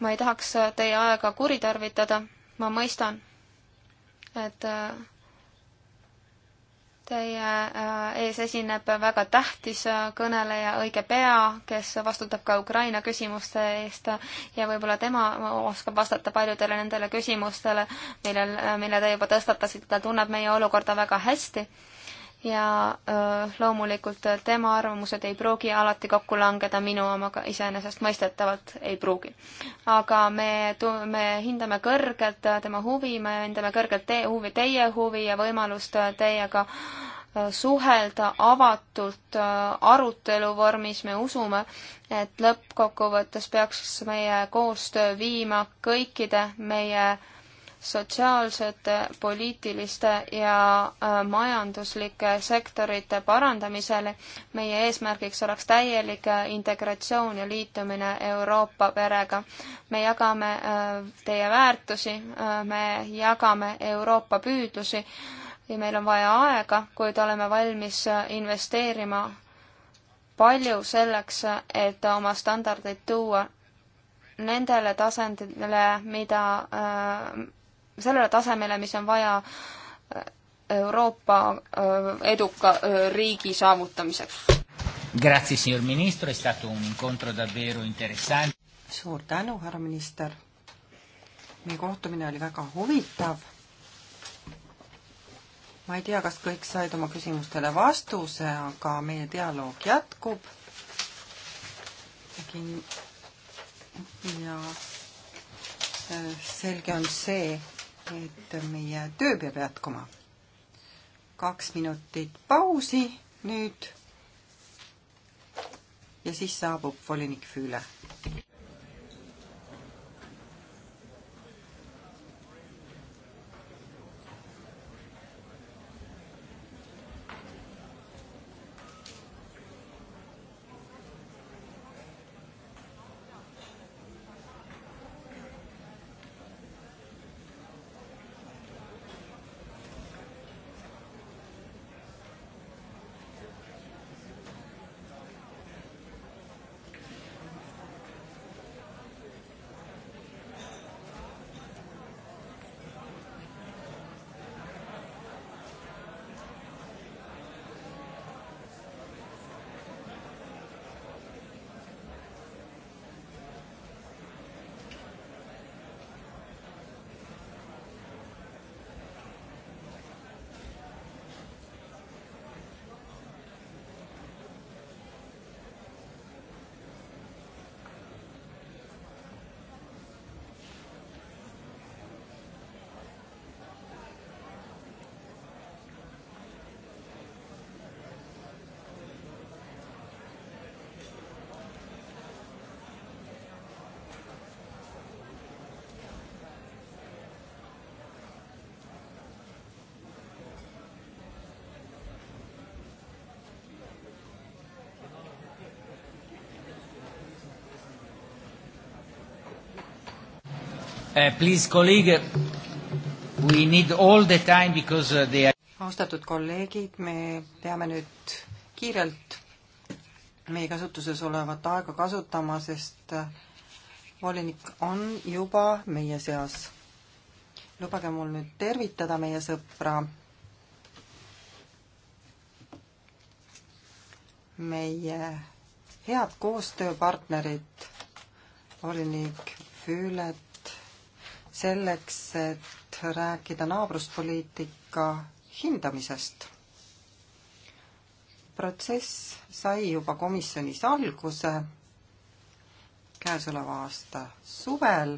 ma ei tahaks teie aega kuritarvitada, ma mõistan, et Teie äh, ees esineb väga tähtis äh, kõneleja õige pea, kes vastutab ka Ukraina küsimuste eest ja võib-olla tema oskab vastata paljudele nendele küsimustele, millel, äh, mille te juba tõstatasite, ta tunneb meie olukorda väga hästi ja öö, äh, loomulikult äh, tema arvamused ei pruugi alati kokku langeda minu omaga, iseenesestmõistetavalt ei pruugi. aga me tu-, me hindame kõrgelt äh, tema huvi, me hindame kõrgelt te-, huvi, teie huvi ja võimalust teiega suhelda avatult arutelu vormis, me usume, et lõppkokkuvõttes peaks meie koostöö viima kõikide meie äh, sotsiaalsete, poliitiliste ja äh, majanduslike sektorite parandamisele. meie eesmärgiks oleks täielik äh, integratsioon ja liitumine Euroopa perega. me jagame äh, teie väärtusi, me jagame Euroopa püüdlusi ja meil on vaja aega, kuid oleme valmis investeerima palju selleks, et oma standardeid tuua nendele tasandile, mida äh, sellele tasemele, mis on vaja äh, Euroopa äh, eduka äh, riigi saavutamiseks. Grazie, signor ministro, è stato un incontro davvero interessante. suur tänu, härra minister. meie kohtumine oli väga huvitav. ma ei tea, kas kõik said oma küsimustele vastuse, aga meie dialoog jätkub. ja selge on see, et meie töö peab jätkuma. kaks minutit pausi nüüd. ja siis saabub volinik Füüle Uh, please, colleague, we need all the time because uh, they are austatud kolleegid, me peame nüüd kiirelt meie kasutuses olevat aega kasutama, sest uh, volinik on juba meie seas. lubage mul nüüd tervitada meie sõpra, meie head koostööpartnerit, volinik Füület, selleks, et rääkida naabruspoliitika hindamisest. protsess sai juba komisjonis alguse käesoleva aasta suvel.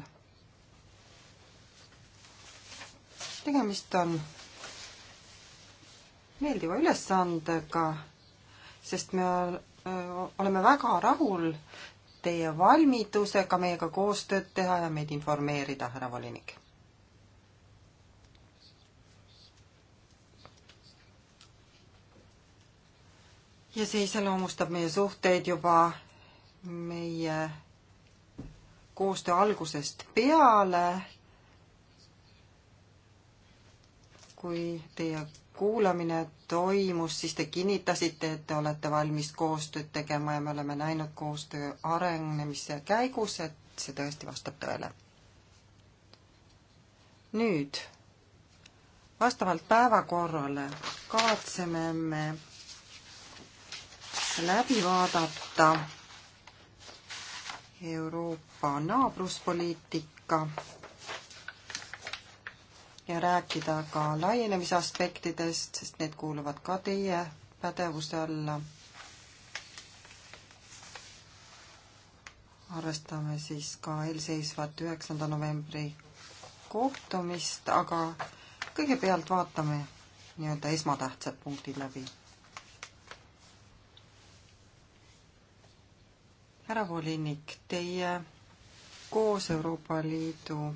tegemist on meeldiva ülesandega, sest me oleme väga rahul teie valmidusega meiega koostööd teha ja meid informeerida, härra volinik. ja see iseloomustab meie suhteid juba meie koostöö algusest peale, kui teie kuulamine toimus, siis te kinnitasite, et te olete valmis koostööd tegema ja me oleme näinud koostöö arenemise käigus, et see tõesti vastab tõele. nüüd, vastavalt päevakorrale kavatseme me läbi vaadata Euroopa naabruspoliitika ja rääkida ka laienemise aspektidest, sest need kuuluvad ka teie pädevuse alla. arvestame siis ka eelseisvat üheksanda novembri kohtumist, aga kõigepealt vaatame nii-öelda esmatähtsad punktid läbi. härra volinik, teie koos Euroopa Liidu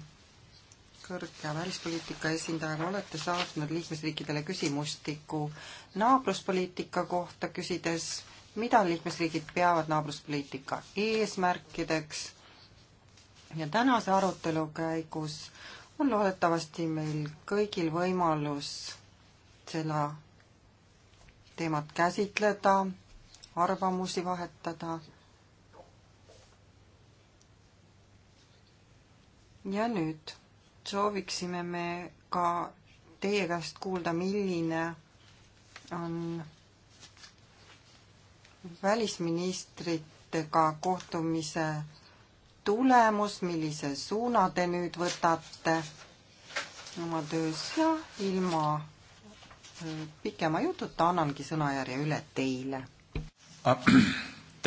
kõrge välispoliitika esindajaga olete saatnud liikmesriikidele küsimustiku naabruspoliitika kohta, küsides, mida liikmesriigid peavad naabruspoliitika eesmärkideks. ja tänase arutelu käigus on loodetavasti meil kõigil võimalus seda teemat käsitleda, arvamusi vahetada ja nüüd sooviksime me ka teie käest kuulda, milline on välisministritega kohtumise tulemus, millise suuna te nüüd võtate oma töös ja ilma äh, pikema jututa annangi sõnajärje üle teile uh,.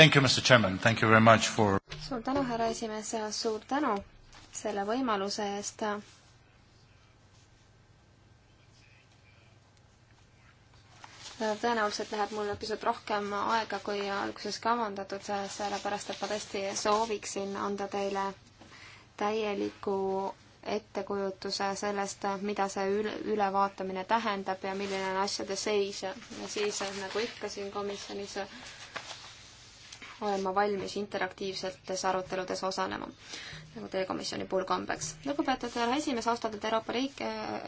Thank you, Mr Chairman, thank you very much for suur tänu, härra esimees, suur tänu selle võimaluse eest tõenäoliselt läheb mulle pisut rohkem aega kui alguses kavandatud, sellepärast et ma tõesti sooviksin anda teile täieliku ettekujutuse sellest, mida see üle, ülevaatamine tähendab ja milline on asjade seis ja siis nagu ikka siin komisjonis olen ma valmis interaktiivsetes aruteludes osalema, nagu teie komisjoni puhul kombeks. lugupeetud härra esimees, austatud Euroopa riik,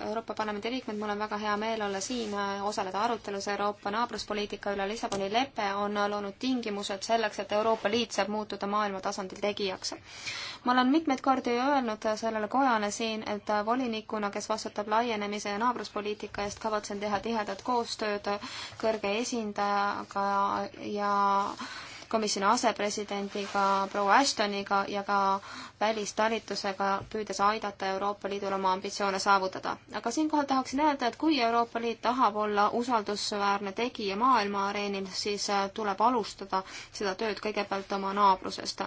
Euroopa Parlamendi liikmed, mul on väga hea meel olla siin, osaleda arutelus Euroopa naabruspoliitika üle. Lissaboni lepe on loonud tingimused selleks, et Euroopa Liit saab muutuda maailma tasandil tegijaks. ma olen mitmeid kordi öelnud sellele kojale siin, et volinikuna, kes vastutab laienemise ja naabruspoliitika eest, kavatsen teha tihedat koostööd kõrge esindajaga ja komisjoni asepresidendiga proua Ashtoniga ja ka välistalitusega, püüdes aidata Euroopa Liidul oma ambitsioone saavutada. aga siinkohal tahaksin öelda, et kui Euroopa Liit tahab olla usaldusväärne tegija maailma areenil, siis äh, tuleb alustada seda tööd kõigepealt oma naabrusest.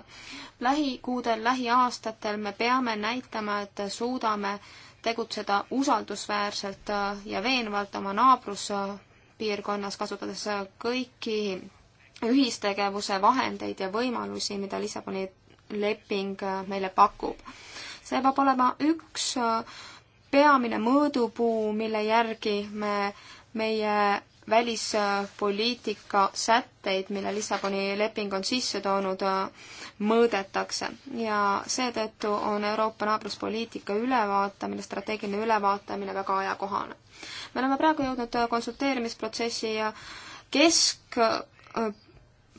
lähikuudel, lähiaastatel me peame näitama, et suudame tegutseda usaldusväärselt äh, ja veenvalt oma naabruspiirkonnas, äh, kasutades kõiki ühistegevuse vahendeid ja võimalusi, mida Lissaboni leping äh, meile pakub. see peab olema üks äh, peamine mõõdupuu, mille järgi me meie välispoliitika sätteid, mille Lissaboni leping on sisse toonud, äh, mõõdetakse. ja seetõttu on Euroopa naabruspoliitika ülevaatamine, strateegiline ülevaatamine väga ajakohane. me oleme praegu jõudnud konsulteerimisprotsessi kesk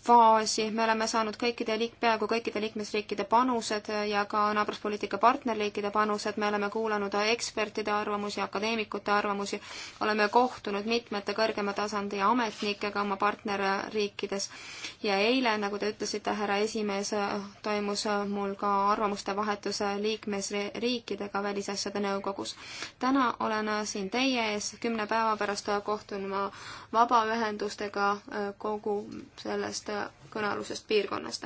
faasi, me oleme saanud kõikide liik-, peaaegu kõikide liikmesriikide panused ja ka naabruspoliitika partnerriikide panused, me oleme kuulanud ekspertide arvamusi, akadeemikute arvamusi, oleme kohtunud mitmete kõrgema tasandi ametnikega oma partnerriikides ja eile, nagu te ütlesite, härra esimees, toimus mul ka arvamuste vahetus liikmesriikidega Välisasjade Nõukogus. täna olen siin teie ees, kümne päeva pärast kohtun ma vabaühendustega kogu sellest kõnealusest piirkonnast.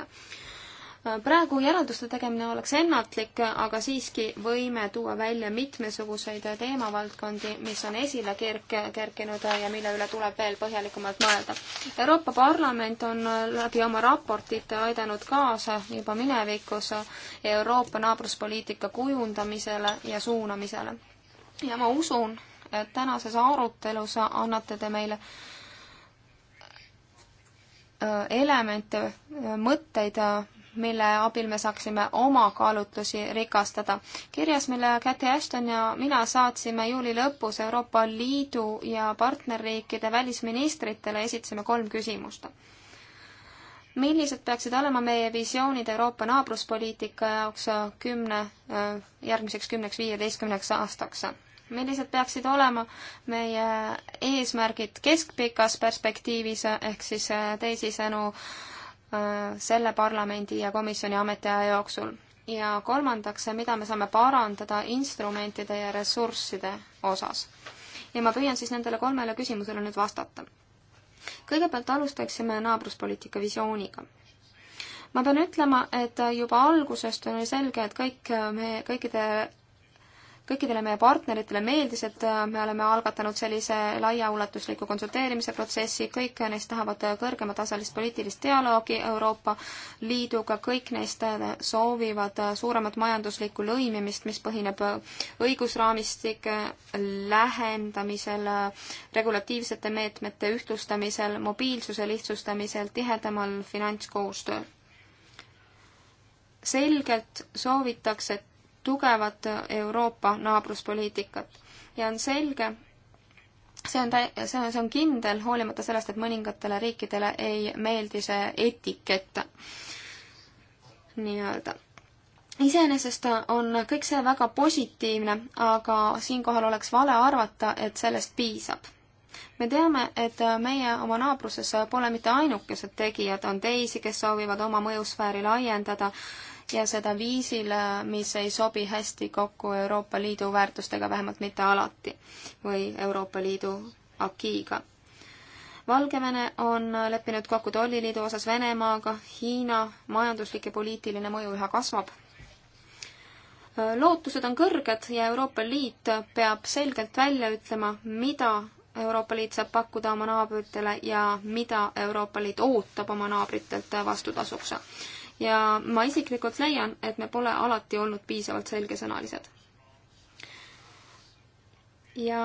praegu järelduste tegemine oleks ennatlik, aga siiski võime tuua välja mitmesuguseid teemavaldkondi, mis on esile kerk-, kerkinud ja mille üle tuleb veel põhjalikumalt mõelda. Euroopa Parlament on läbi oma raportite aidanud kaasa juba minevikus Euroopa naabruspoliitika kujundamisele ja suunamisele. ja ma usun, et tänases arutelus annate te meile äh, Äh, elemente, äh, mõtteid, äh, mille abil me saaksime oma kaalutlusi rikastada. kirjas, mille Käti Ashton ja mina saatsime juuli lõpus Euroopa Liidu ja partnerriikide välisministritele, esitasime kolm küsimust. millised peaksid olema meie visioonid Euroopa naabruspoliitika jaoks kümne, järgmiseks kümneks-viieteistkümneks aastaks? millised peaksid olema meie eesmärgid keskpikas perspektiivis, ehk siis äh, teisisõnu äh, selle parlamendi ja komisjoni ametiaja jooksul. ja kolmandaks, mida me saame parandada instrumentide ja ressursside osas. ja ma püüan siis nendele kolmele küsimusele nüüd vastata. kõigepealt alustaksime naabruspoliitika visiooniga ma pean ütlema, et juba algusest oli selge, et kõik me, kõikide kõikidele meie partneritele meeldis, et äh, me oleme algatanud sellise laiaulatusliku konsulteerimise protsessi, kõik neist tahavad kõrgematasalist poliitilist dialoogi Euroopa Liiduga, kõik neist äh, soovivad äh, suuremat majanduslikku lõimimist, mis põhineb õigusraamistike lähendamisel, regulatiivsete meetmete ühtlustamisel, mobiilsuse lihtsustamisel, tihedamal finantskoostööl selgelt soovitakse tugevat Euroopa naabruspoliitikat. ja on selge, see on täi-, see on, see on kindel, hoolimata sellest, et mõningatele riikidele ei meeldi see etikett nii-öelda. iseenesest on kõik see väga positiivne, aga siinkohal oleks vale arvata, et sellest piisab. me teame, et meie oma naabruses pole mitte ainukesed tegijad, on teisi, kes soovivad oma mõjusfääri laiendada ja seda viisil, mis ei sobi hästi kokku Euroopa Liidu väärtustega, vähemalt mitte alati, või Euroopa Liidu akiiga. Valgevene on leppinud kokku tolliliidu osas Venemaaga, Hiina majanduslik ja poliitiline mõju üha kasvab. lootused on kõrged ja Euroopa Liit peab selgelt välja ütlema, mida Euroopa Liit saab pakkuda oma naabritele ja mida Euroopa Liit ootab oma naabritelt vastutasuks ja ma isiklikult leian, et me pole alati olnud piisavalt selgesõnalised. ja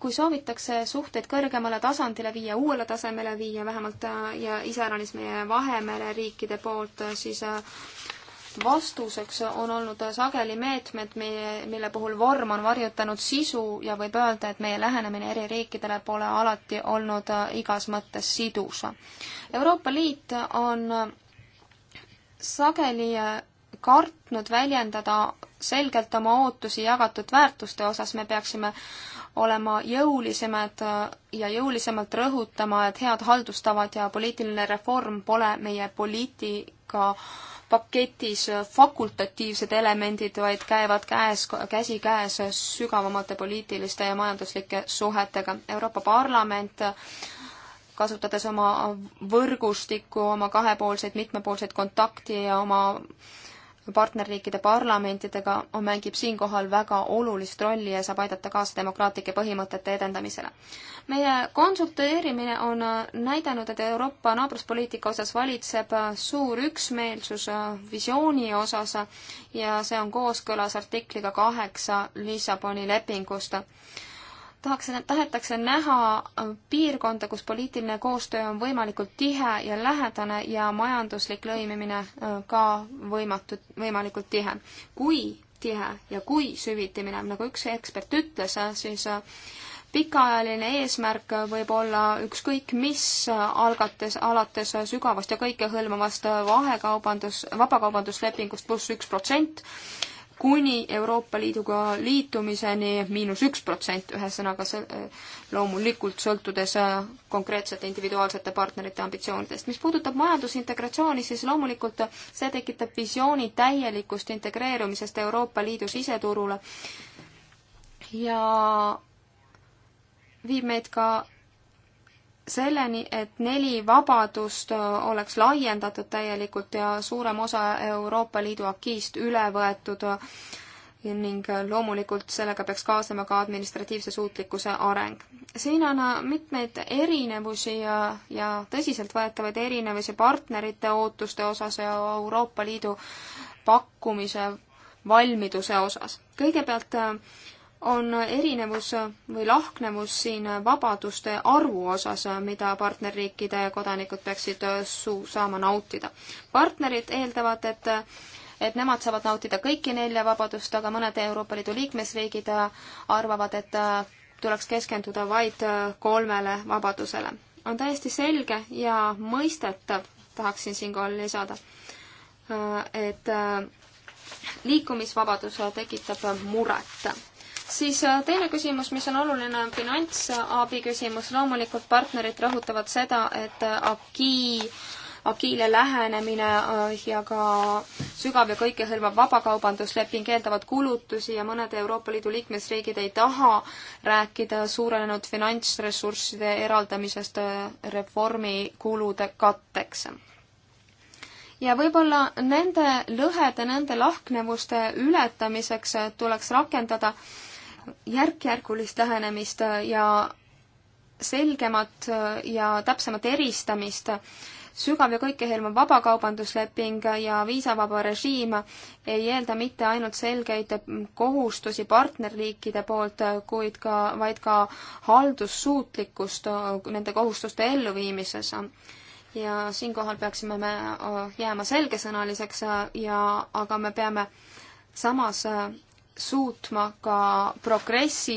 kui soovitakse suhteid kõrgemale tasandile viia, uuele tasemele viia vähemalt äh, ja iseäranis meie Vahemere riikide poolt, äh, siis äh, vastuseks on olnud sageli meetmed, meie, mille puhul vorm on varjutanud sisu ja võib öelda, et meie lähenemine eri riikidele pole alati olnud igas mõttes sidus. Euroopa Liit on sageli äh, kartnud väljendada selgelt oma ootusi jagatud väärtuste osas, me peaksime olema jõulisemad äh, ja jõulisemalt rõhutama, et head haldustavad ja poliitiline reform pole meie poliitika paketis äh, fakultatiivsed elemendid, vaid käivad käes, käsikäes sügavamate poliitiliste ja majanduslike suhetega. Euroopa Parlament kasutades oma võrgustikku, oma kahepoolseid, mitmepoolseid kontakti ja oma partnerriikide parlamentidega mängib siinkohal väga olulist rolli ja saab aidata kaasa demokraatlike põhimõtete edendamisele. meie konsulteerimine on näidanud, et Euroopa naabruspoliitika osas valitseb suur üksmeelsus visiooni osas ja see on kooskõlas artikliga kaheksa Lissaboni lepingust tahaks, tahetakse näha äh, piirkonda, kus poliitiline koostöö on võimalikult tihe ja lähedane ja majanduslik lõimimine äh, ka võimatud, võimalikult tihe. kui tihe ja kui süviti minev, nagu üks ekspert ütles, äh, siis pikaajaline eesmärk võib olla ükskõik mis algates, alates sügavast ja kõikehõlmavast vahekaubandus, vabakaubanduslepingust pluss üks protsent kuni Euroopa Liiduga liitumiseni miinus üks protsent, ühesõnaga see loomulikult sõltudes äh, konkreetsete individuaalsete partnerite ambitsioonidest. mis puudutab majandusintegratsiooni, siis loomulikult see tekitab visiooni täielikust integreerumisest Euroopa Liidu siseturule ja viib meid ka selleni, et neli vabadust äh, oleks laiendatud täielikult ja suurem osa Euroopa Liidu akiist üle võetud äh, ning äh, loomulikult sellega peaks kaasnema ka administratiivse suutlikkuse areng. siin on mitmeid erinevusi ja, ja tõsiseltvõetavaid erinevusi partnerite ootuste osas ja Euroopa Liidu pakkumise valmiduse osas. kõigepealt äh, on erinevus või lahknevus siin vabaduste arvu osas, mida partnerriikide kodanikud peaksid su-, saama nautida. partnerid eeldavad, et et nemad saavad nautida kõiki nelja vabadust, aga mõned Euroopa Liidu liikmesriigid arvavad, et tuleks keskenduda vaid kolmele vabadusele. on täiesti selge ja mõistetav, tahaksin siinkohal lisada, et liikumisvabadus tekitab muret siis äh, teine küsimus, mis on oluline, on finantsabi küsimus. loomulikult partnerid rõhutavad seda, et äh, AKI agiile lähenemine äh, ja ka sügav ja kõikehõlmav vabakaubandusleping eeldavad kulutusi ja mõned Euroopa Liidu liikmesriigid ei taha rääkida suurenenud finantsressursside eraldamisest reformi kulude katteks. ja võib-olla nende lõhede, nende lahknevuste ületamiseks tuleks rakendada järk-järgulist lähenemist ja selgemat ja täpsemat eristamist. sügav ja kõikehõlmav vabakaubandusleping ja viisavaba režiim ei eelda mitte ainult selgeid kohustusi partnerriikide poolt, kuid ka, vaid ka haldussuutlikkust nende kohustuste elluviimises ja siinkohal peaksime me äh, jääma selgesõnaliseks äh, ja, aga me peame samas äh, suutma ka progressi,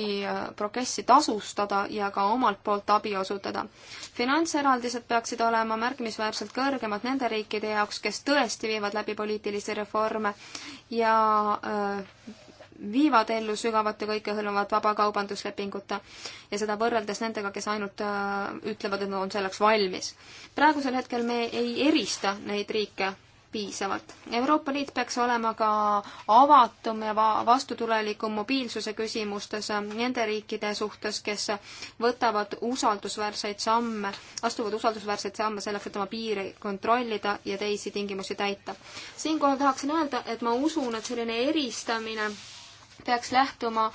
progressi tasustada ja ka omalt poolt abi osutada. finantseraldised peaksid olema märkimisväärselt kõrgemad nende riikide jaoks, kes tõesti viivad läbi poliitilisi reforme ja öö, viivad ellu sügavat ja kõikehõlmavat vabakaubanduslepingut ja seda võrreldes nendega, kes ainult öö, ütlevad, et nad on selleks valmis. praegusel hetkel me ei erista neid riike piisavalt. Euroopa Liit peaks olema ka avatum ja vastutulelikum mobiilsuse küsimustes äh, nende riikide suhtes, kes võtavad usaldusväärseid samme, astuvad usaldusväärseid samme selleks, et oma piiri kontrollida ja teisi tingimusi täita. siinkohal tahaksin öelda, et ma usun, et selline eristamine peaks lähtuma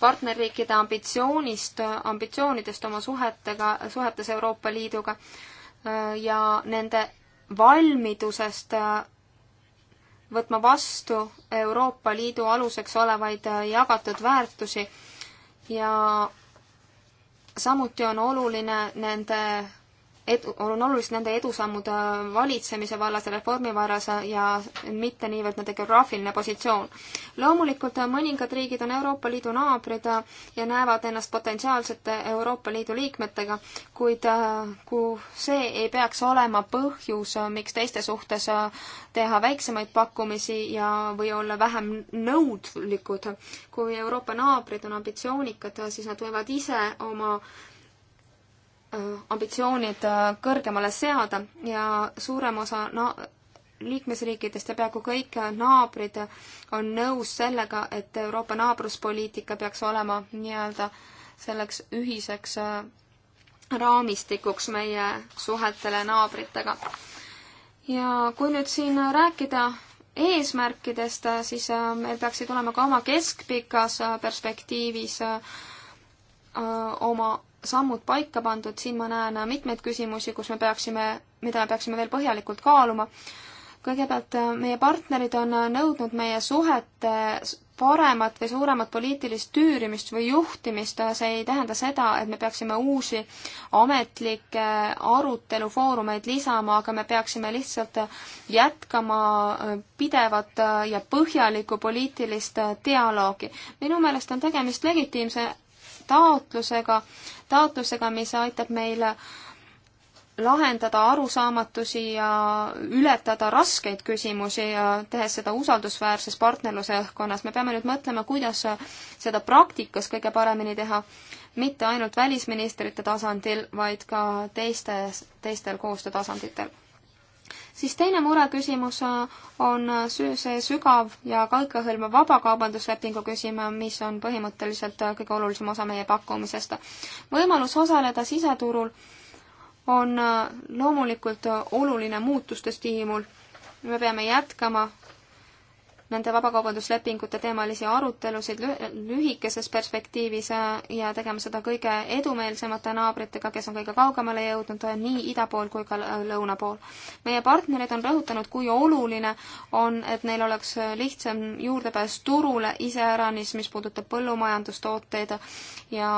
partnerriikide ambitsioonist, ambitsioonidest oma suhetega, suhetes Euroopa Liiduga äh, ja nende valmidusest äh, võtma vastu Euroopa Liidu aluseks olevaid äh, jagatud väärtusi ja samuti on oluline nende edu, on olulised nende edusammud äh, valitsemise vallas ja reformi vallas äh, ja mitte niivõrd nende geograafiline positsioon. loomulikult äh, mõningad riigid on Euroopa Liidu naabrid ja näevad ennast potentsiaalsete Euroopa Liidu liikmetega, kuid kui see ei peaks olema põhjus, miks teiste suhtes teha väiksemaid pakkumisi ja, või olla vähem nõudlikud. kui Euroopa naabrid on ambitsioonikad, siis nad võivad ise oma Äh, ambitsioonid äh, kõrgemale seada ja suurem osa na-, liikmesriikidest ja peaaegu kõik äh, naabrid on nõus sellega, et Euroopa naabruspoliitika peaks olema nii-öelda selleks ühiseks raamistikuks meie suhetele naabritega. ja kui nüüd siin rääkida eesmärkidest, siis meil peaksid olema ka oma keskpikas perspektiivis oma sammud paika pandud, siin ma näen mitmeid küsimusi, kus me peaksime, mida me peaksime veel põhjalikult kaaluma. kõigepealt äh, meie partnerid on äh, nõudnud meie suhete paremat või suuremat poliitilist tüürimist või juhtimist, see ei tähenda seda, et me peaksime uusi ametlikke arutelufoorumeid lisama, aga me peaksime lihtsalt äh, jätkama pidevat ja põhjalikku poliitilist dialoogi. minu meelest on tegemist legitiimse taotlusega, taotlusega, mis aitab meil lahendada arusaamatusi ja ületada raskeid küsimusi ja tehes seda usaldusväärses partnerluse õhkkonnas. me peame nüüd mõtlema, kuidas seda praktikas kõige paremini teha, mitte ainult välisministrite tasandil, vaid ka teiste, teistel koostöötasanditel siis teine mureküsimus äh, on äh, see sügav ja kõikehõlmav vabakaubanduslepingu küsimus, mis on põhimõtteliselt äh, kõige olulisem osa meie pakkumisest. võimalus osaleda siseturul on loomulikult oluline muutuste stiimul. me peame jätkama nende vabakaubanduslepingute teemalisi arutelusid lühikeses perspektiivis äh, ja tegema seda kõige edumeelsemate naabritega, kes on kõige kaugemale jõudnud äh, nii ida pool kui ka äh, lõuna pool. meie partnerid on rõhutanud, kui oluline on, et neil oleks lihtsam juurdepääs turule iseäranis, mis puudutab põllumajandustooteid ja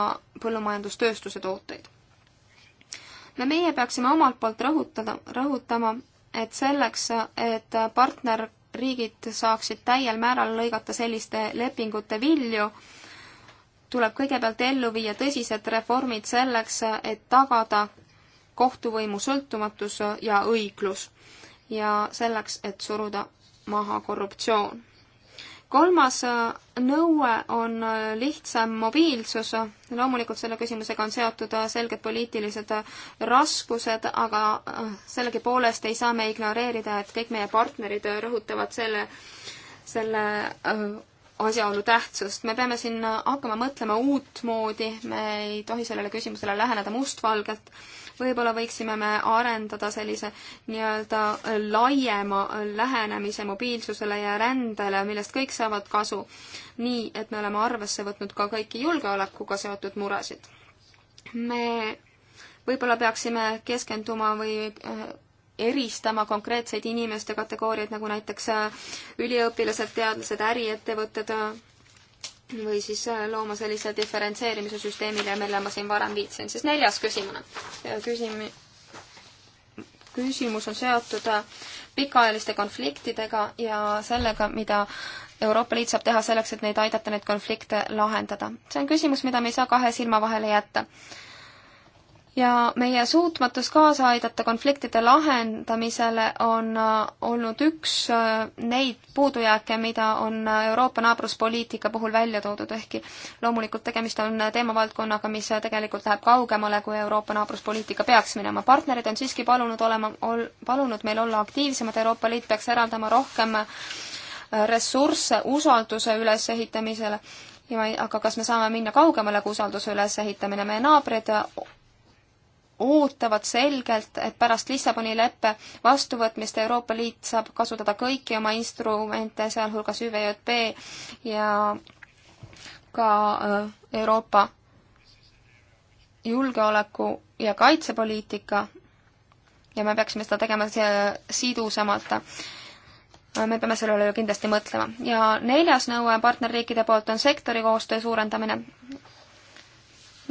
põllumajandustööstuse tooteid. no meie peaksime omalt poolt rõhutada, rõhutama, et selleks, et partner riigid saaksid täiel määral lõigata selliste lepingute vilju, tuleb kõigepealt ellu viia tõsised reformid selleks, et tagada kohtuvõimu sõltumatus ja õiglus ja selleks, et suruda maha korruptsioon kolmas äh, nõue on äh, lihtsam mobiilsus, loomulikult selle küsimusega on seotud äh, selged poliitilised raskused, aga sellegipoolest ei saa me ignoreerida, et kõik meie partnerid rõhutavad selle, selle asjaolu tähtsust. me peame siin hakkama mõtlema uutmoodi, me ei tohi sellele küsimusele läheneda mustvalgelt võib-olla võiksime me arendada sellise nii-öelda laiema lähenemise mobiilsusele ja rändele, millest kõik saavad kasu. nii, et me oleme arvesse võtnud ka kõiki julgeolekuga seotud muresid. me võib-olla peaksime keskenduma või äh, eristama konkreetseid inimeste kategooriaid, nagu näiteks äh, üliõpilased, teadlased, äriettevõtted, või siis äh, looma sellise diferentseerimise süsteemile, mille ma siin varem viitsin. siis neljas küsimune. küsim-, küsimus on seotud äh, pikaajaliste konfliktidega ja sellega, mida Euroopa Liit saab teha selleks, et neid aidata, neid konflikte lahendada. see on küsimus, mida me ei saa kahe silma vahele jätta ja meie suutmatus kaasa aidata konfliktide lahendamisele on äh, olnud üks äh, neid puudujääke, mida on äh, Euroopa naabruspoliitika puhul välja toodud, ehkki loomulikult tegemist on teemavaldkonnaga, mis tegelikult läheb kaugemale, kui Euroopa naabruspoliitika peaks minema. partnerid on siiski palunud olema ol,, palunud meil olla aktiivsemad, Euroopa Liit peaks eraldama rohkem ressursse usalduse ülesehitamisele ja ma ei, aga kas me saame minna kaugemale kui usalduse ülesehitamine, meie naabrid ootavad selgelt, et pärast Lissaboni leppe vastuvõtmist Euroopa Liit saab kasutada kõiki oma instrumente, sealhulgas ÜVJP ja ka äh, Euroopa julgeoleku- ja kaitsepoliitika ja me peaksime seda tegema sidusamalt. me peame selle üle ju kindlasti mõtlema. ja neljas nõue partnerriikide poolt on sektori koostöö suurendamine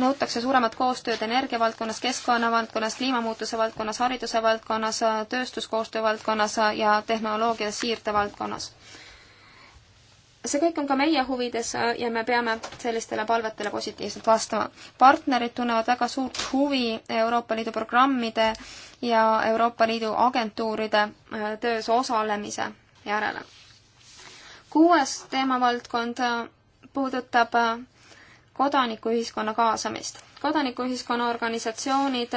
nõutakse suuremat koostööd energiavaldkonnas, keskkonnavaldkonnas, kliimamuutuse valdkonnas, hariduse valdkonnas, tööstuskoostöö valdkonnas ja tehnoloogia siirde valdkonnas. see kõik on ka meie huvides ja me peame sellistele palvetele positiivselt vastama. partnerid tunnevad väga suurt huvi Euroopa Liidu programmide ja Euroopa Liidu agentuuride äh, töös osalemise järele. kuues teemavaldkond äh, puudutab äh, kodanikuühiskonna kaasamist. kodanikuühiskonna organisatsioonid,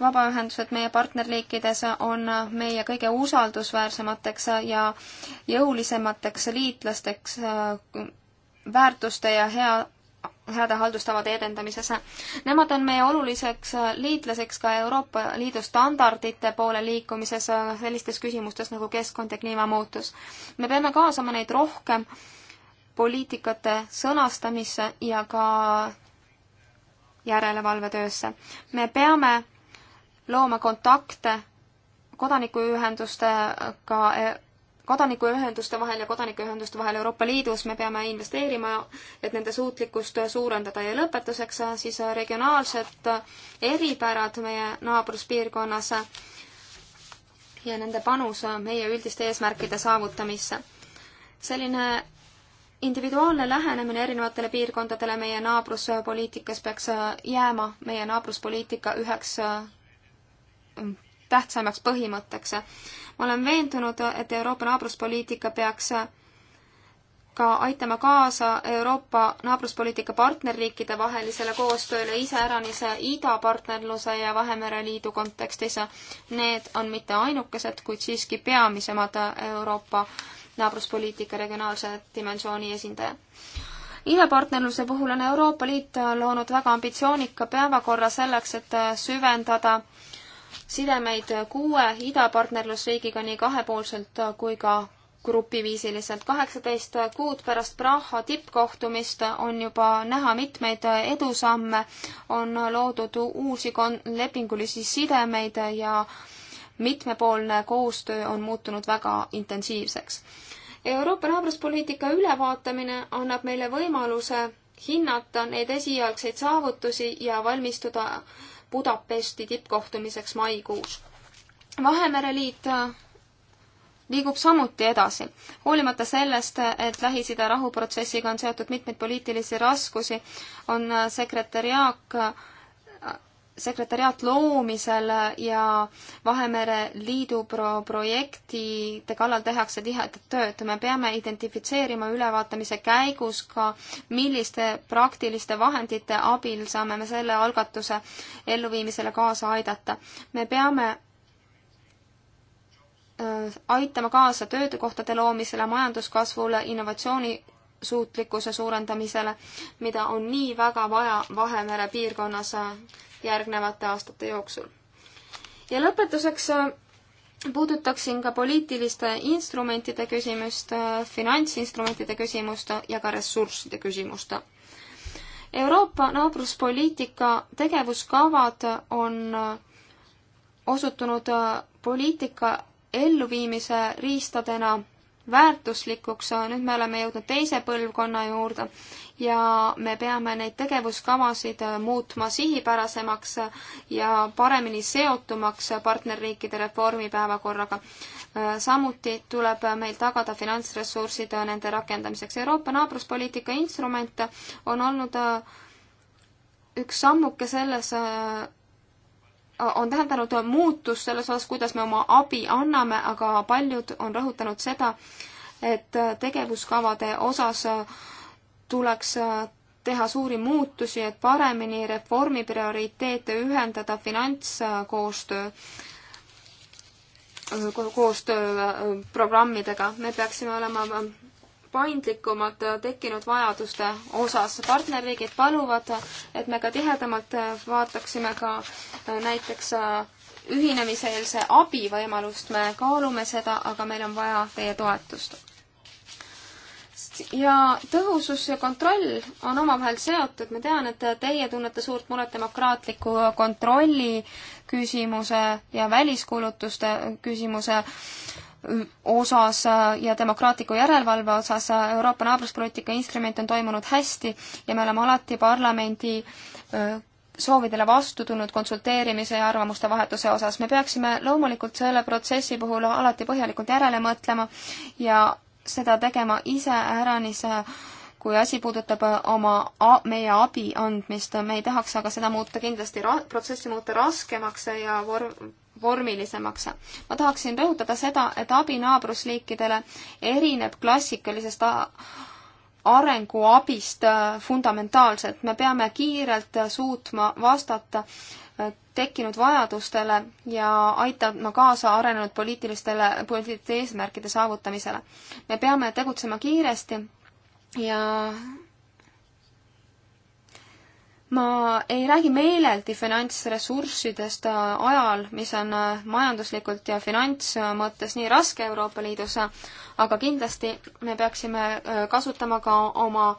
vabaühendused meie partnerriikides on meie kõige usaldusväärsemateks ja jõulisemateks liitlasteks äh, väärtuste ja hea heade haldustavade edendamises. Nemad on meie oluliseks äh, liitlaseks ka Euroopa Liidu standardite poole liikumises äh, sellistes küsimustes nagu keskkond ja kliimamuutus. me peame kaasama neid rohkem poliitikate sõnastamisse ja ka järelevalvetöösse. me peame looma kontakte kodanikuühendustega, kodanikuühenduste vahel ja kodanikuühenduste vahel Euroopa Liidus, me peame investeerima, et nende suutlikkust suurendada ja lõpetuseks äh, siis äh, regionaalsed äh, eripärad meie naabruspiirkonnas ja nende panus meie üldiste eesmärkide saavutamisse. selline individuaalne lähenemine erinevatele piirkondadele meie naabruspoliitikas peaks äh, jääma meie naabruspoliitika üheks äh, tähtsamaks põhimõtteks. ma olen veendunud, et Euroopa naabruspoliitika peaks äh, ka aitama kaasa Euroopa naabruspoliitika partnerriikide vahelisele koostööle iseäranis idapartnerluse ja Vahemere Liidu kontekstis. Need on mitte ainukesed, kuid siiski peamisemad Euroopa naabruspoliitika regionaalse dimensiooni esindaja. idapartnerluse puhul on Euroopa Liit loonud väga ambitsioonika päevakorra selleks, et süvendada sidemeid kuue idapartnerlusriigiga nii kahepoolselt kui ka grupiviisiliselt. kaheksateist kuud pärast Praha tippkohtumist on juba näha mitmeid edusamme, on loodud uusi kon-, lepingulisi sidemeid ja mitmepoolne koostöö on muutunud väga intensiivseks. Euroopa naabruspoliitika ülevaatamine annab meile võimaluse hinnata neid esialgseid saavutusi ja valmistuda Budapesti tippkohtumiseks maikuus. Vahemere Liit äh, liigub samuti edasi. hoolimata sellest, et Lähis-Ida rahuprotsessiga on seotud mitmeid poliitilisi raskusi, on äh, sekretäriaak sekretäriaat loomisel ja Vahemere Liidu pro projektide kallal tehakse tihedat tööd. me peame identifitseerima ülevaatamise käigus ka, milliste praktiliste vahendite abil saame me selle algatuse elluviimisele kaasa aidata. me peame aitama kaasa töökohtade loomisele, majanduskasvule, innovatsiooni suutlikkuse suurendamisele, mida on nii väga vaja Vahemere piirkonnas järgnevate aastate jooksul. ja lõpetuseks äh, puudutaksin ka poliitiliste instrumentide küsimust, äh, finantsinstrumentide küsimust ja ka ressursside küsimust. Euroopa naabruspoliitika tegevuskavad on äh, osutunud poliitika elluviimise riistadena väärtuslikuks, nüüd me oleme jõudnud teise põlvkonna juurde ja me peame neid tegevuskavasid muutma sihipärasemaks ja paremini seotumaks partnerriikide reformipäevakorraga. samuti tuleb meil tagada finantsressursid nende rakendamiseks. Euroopa naabruspoliitika instrument on olnud üks sammuke selles on tähendanud muutust selles osas, kuidas me oma abi anname, aga paljud on rõhutanud seda, et tegevuskavade osas tuleks teha suuri muutusi, et paremini reformi prioriteete ühendada finantskoostöö koostööprogrammidega. me peaksime olema paindlikumad tekkinud vajaduste osas. partnerriigid paluvad, et me ka tihedamalt vaataksime ka näiteks ühinemiseelse abi võimalust, me kaalume seda, aga meil on vaja teie toetust. ja tõhusus ja kontroll on omavahel seotud, ma tean, et teie tunnete suurt muret demokraatliku kontrolli küsimuse ja väliskulutuste küsimuse äh, osas äh, ja demokraatliku järelevalve osas äh, Euroopa naabruspoliitika instrument on toimunud hästi ja me oleme alati parlamendi äh, soovidele vastu tulnud konsulteerimise ja arvamuste vahetuse osas. me peaksime loomulikult selle protsessi puhul alati põhjalikult järele mõtlema ja seda tegema iseäranis, kui asi puudutab oma, meie abi andmist. me ei tahaks aga seda muuta kindlasti, protsessi muuta raskemaks ja vorm, vormilisemaks. ma tahaksin rõhutada seda, et abi naabrusliikidele erineb klassikalisest arenguabist äh, fundamentaalselt. me peame kiirelt suutma vastata äh, tekkinud vajadustele ja aitama kaasa arenenud poliitilistele, poliitiliste eesmärkide saavutamisele. me peame tegutsema kiiresti ja ma ei räägi meeleldi finantsressurssidest äh, ajal, mis on äh, majanduslikult ja finants äh, mõttes nii raske Euroopa Liidus, aga kindlasti me peaksime kasutama ka oma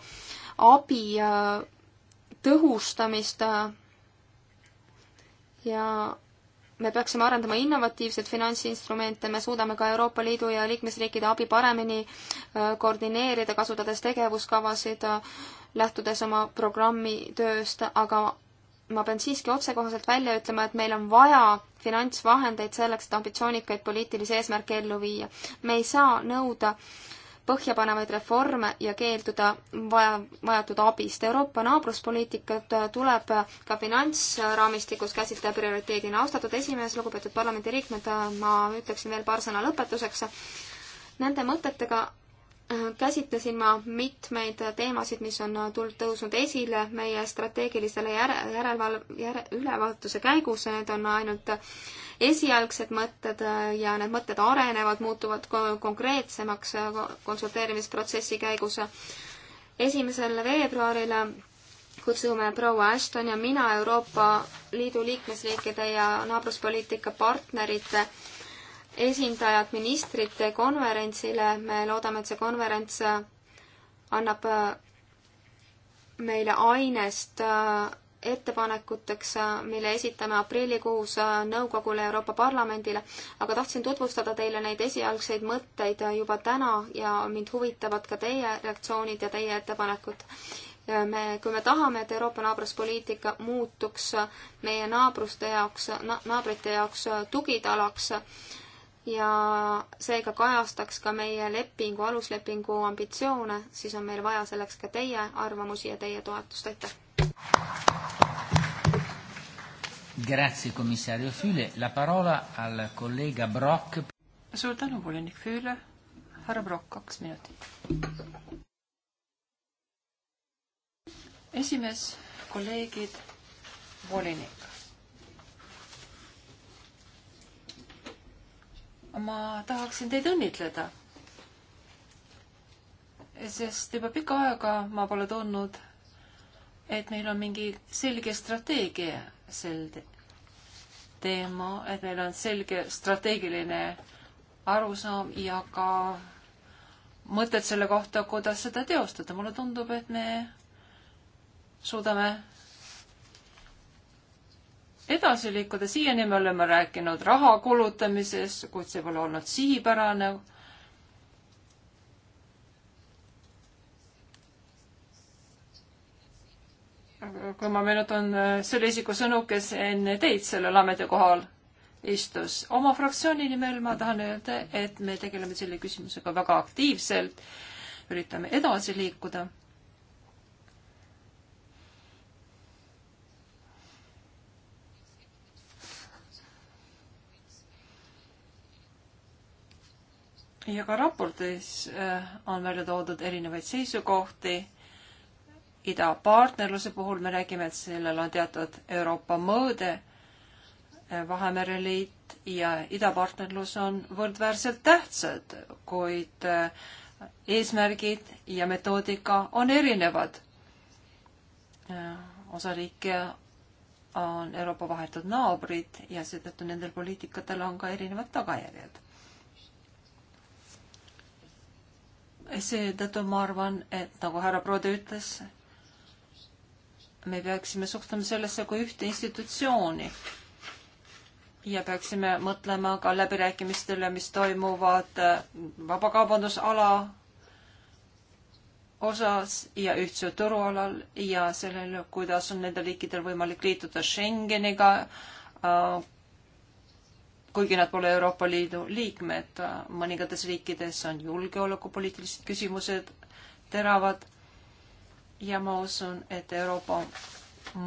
abi tõhustamist ja me peaksime arendama innovatiivseid finantsinstrumente, me suudame ka Euroopa Liidu ja liikmesriikide abi paremini koordineerida, kasutades tegevuskavasid lähtudes oma programmi tööst, aga ma pean siiski otsekohaselt välja ütlema, et meil on vaja finantsvahendeid selleks, et ambitsioonikaid poliitilisi eesmärke ellu viia. me ei saa nõuda põhjapanevaid reforme ja keelduda vaja, vajatud abist. Euroopa naabruspoliitikat tuleb ka finantsraamistikus käsitleda prioriteedina. austatud esimees, lugupeetud parlamendiliikmed, ma ütleksin veel paar sõna lõpetuseks. Nende mõtetega Äh, käsitlesin ma mitmeid teemasid, mis on äh, tulnud, tõusnud esile meie strateegilisele järe, järelevalve, järe, ülevaatuse käigus, need on ainult esialgsed mõtted äh, ja need mõtted arenevad, muutuvad konkreetsemaks konsulteerimisprotsessi käigus. esimesel veebruaril kutsume proua Ashton ja mina Euroopa Liidu liikmesriikide ja naabruspoliitika partnerite esindajad ministrite konverentsile, me loodame, et see konverents äh, annab äh, meile ainest äh, ettepanekuteks, mille esitame aprillikuus nõukogule Euroopa Parlamendile, aga tahtsin tutvustada teile neid esialgseid mõtteid juba täna ja mind huvitavad ka teie reaktsioonid ja teie ettepanekud. me, kui me tahame, et Euroopa naabruspoliitika muutuks meie naabruste jaoks na,, naabrite jaoks tugitalaks, ja seega kajastaks ka meie lepingu, aluslepingu ambitsioone, siis on meil vaja selleks ka teie arvamusi ja teie toetust, aitäh! Grazie commissario Füüle, la parola al kolleega Brock. suur tänu, volinik Füüle. härra Brock, kaks minutit. esimees, kolleegid, volinik ma tahaksin teid õnnitleda. sest juba pikka aega ma pole tundnud, et meil on mingi selge strateegia sel te teema, et meil on selge strateegiline arusaam ja ka mõtted selle kohta, kuidas seda teostada. mulle tundub, et me suudame edasi liikuda, siiani me oleme rääkinud raha kulutamises, kuid see pole olnud sihipärane. kui ma meenutan äh, selle isiku sõnu, kes enne teid sellel ametikohal istus. oma fraktsiooni nimel ma tahan öelda, et me tegeleme selle küsimusega väga aktiivselt, üritame edasi liikuda ja ka raportis äh, on välja toodud erinevaid seisukohti. idapartnerluse puhul me räägime, et sellel on teatud Euroopa mõõde, äh, Vahemere liit ja idapartnerlus on võrdväärselt tähtsad, kuid äh, eesmärgid ja metoodika on erinevad. osariike on Euroopa vahetud naabrid ja seetõttu nendel poliitikatel on ka erinevad tagajärjed seetõttu ma arvan, et nagu härra Prode ütles, me peaksime suhtuma sellesse kui ühte institutsiooni ja peaksime mõtlema ka läbirääkimistele, mis toimuvad äh, vabakaubandusala osas ja ühtse turu alal ja sellele, kuidas on nendel riikidel võimalik liituda Schengeniga, äh, kuigi nad pole Euroopa Liidu liikmed. mõningates riikides on julgeolekupoliitilised küsimused teravad ja ma usun, et Euroopa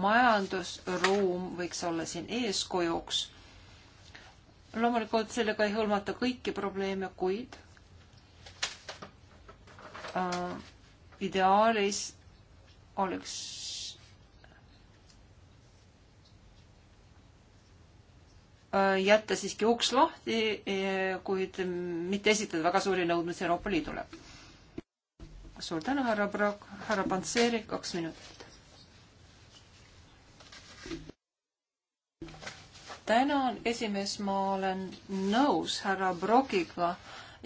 majandusruum võiks olla siin eeskujuks. loomulikult sellega ei hõlmata kõiki probleeme, kuid äh, ideaalis oleks Äh, jätta siiski uks lahti, äh, kuid mitte esitada väga suuri nõudmisi Euroopa Liidule. suur tänu, härra Brock, härra Panseri, kaks minutit. tänan, esimees, ma olen nõus härra Brockiga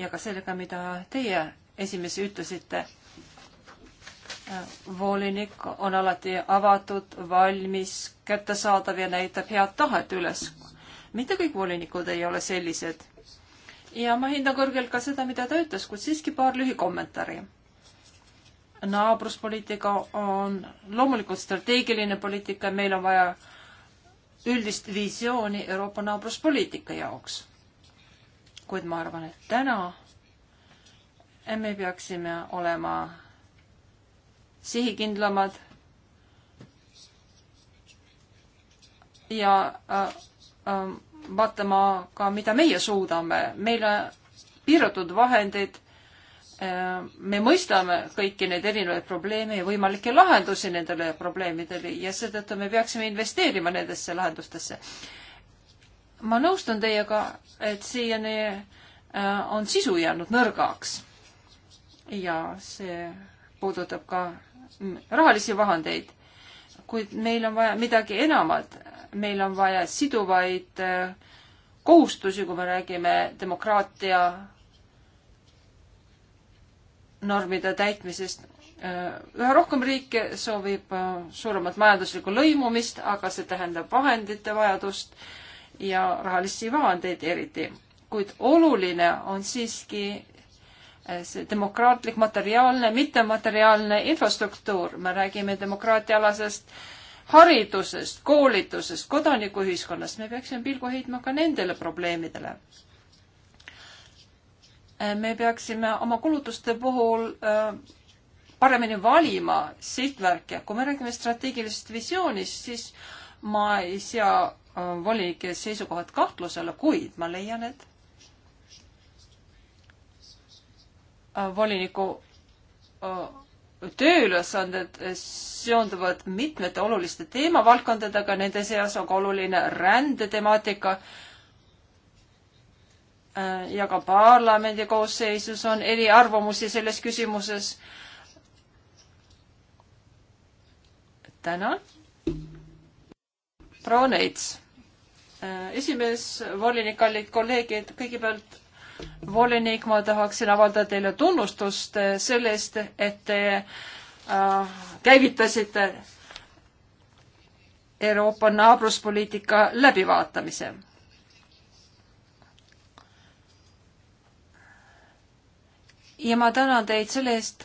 ja ka sellega, mida teie esimees ütlesite äh, volinik on alati avatud, valmis, kättesaadav ja näitab head tahet üles mitte kõik volinikud ei ole sellised. ja ma hindan kõrgelt ka seda, mida ta ütles, kuid siiski paar lühikommentaari. naabruspoliitika on loomulikult strateegiline poliitika, meil on vaja üldist visiooni Euroopa naabruspoliitika jaoks. kuid ma arvan, et täna me peaksime olema sihikindlamad ja äh, Ähm, vaatama ka, mida meie suudame. meil on piiratud vahendid, äh, me mõistame kõiki neid erinevaid probleeme ja võimalikke lahendusi nendele probleemidele ja seetõttu me peaksime investeerima nendesse lahendustesse. ma nõustun teiega, et siiani äh, on sisu jäänud nõrgaks. ja see puudutab ka mm, rahalisi vahendeid. kuid meil on vaja midagi enamat meil on vaja siduvaid eh, kohustusi, kui me räägime demokraatia normide täitmisest. Eh, üha rohkem riike soovib eh, suuremat majanduslikku lõimumist, aga see tähendab vahendite vajadust ja rahalisi vahendeid eriti. kuid oluline on siiski see demokraatlik materiaalne, mittemateriaalne infrastruktuur, me räägime demokraatiaalasest äh, haridusest, koolitusest, kodanikuühiskonnast, me peaksime pilgu heitma ka nendele probleemidele. Äh, me peaksime oma kulutuste puhul äh, paremini valima sihtmärke. kui me räägime strateegilisest visioonist, siis ma ei sea äh, volinike seisukohad kahtlusele, kuid ma leian, et voliniku tööülesanded seonduvad mitmete oluliste teemavaldkondadega, nende seas on ka oluline rändetemaatika äh, ja ka parlamendi koosseisus on eriarvamusi selles küsimuses. tänan. proua Neits, äh, esimees, volinik, kallid kolleegid, kõigepealt volinik, ma tahaksin avaldada teile tunnustust eh, selle eest, et te äh, käivitasite Euroopa naabruspoliitika läbivaatamise. ja ma tänan teid selle eest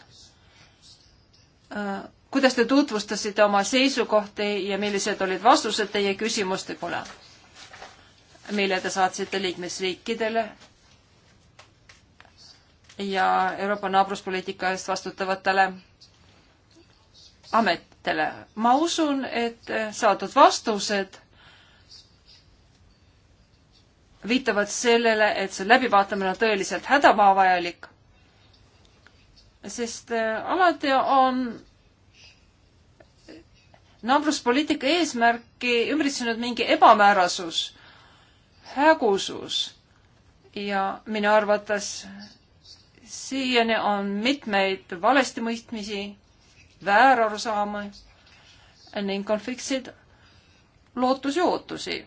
äh,, kuidas te tutvustasite oma seisukohti ja millised olid vastused teie küsimustele, mille te saatsite liikmesriikidele ja Euroopa naabruspoliitika eest vastutavatele ametitele. ma usun, et saadud vastused viitavad sellele, et see läbivaatamine on tõeliselt hädavajalik. sest äh, alati on naabruspoliitika eesmärki ümbritsenud mingi ebamäärasus, hägusus ja minu arvates siiani on mitmeid valestimõistmisi, väärarusaama ning konfliktsid, lootusi, ootusi.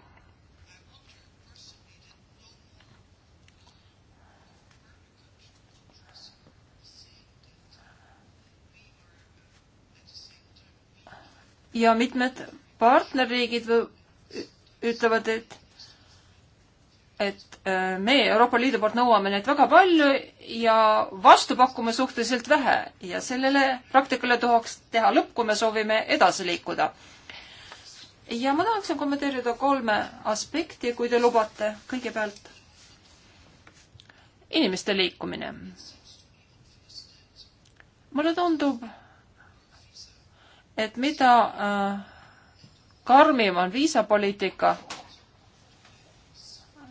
ja mitmed partnerriigid ütlevad, et et äh, meie Euroopa Liidu poolt nõuame neid väga palju ja vastu pakume suhteliselt vähe ja sellele praktikale tahaks teha lõpp, kui me soovime edasi liikuda. ja ma tahaksin kommenteerida kolme aspekti, kui te lubate. kõigepealt inimeste liikumine. mulle tundub, et mida äh, karmim on viisapoliitika,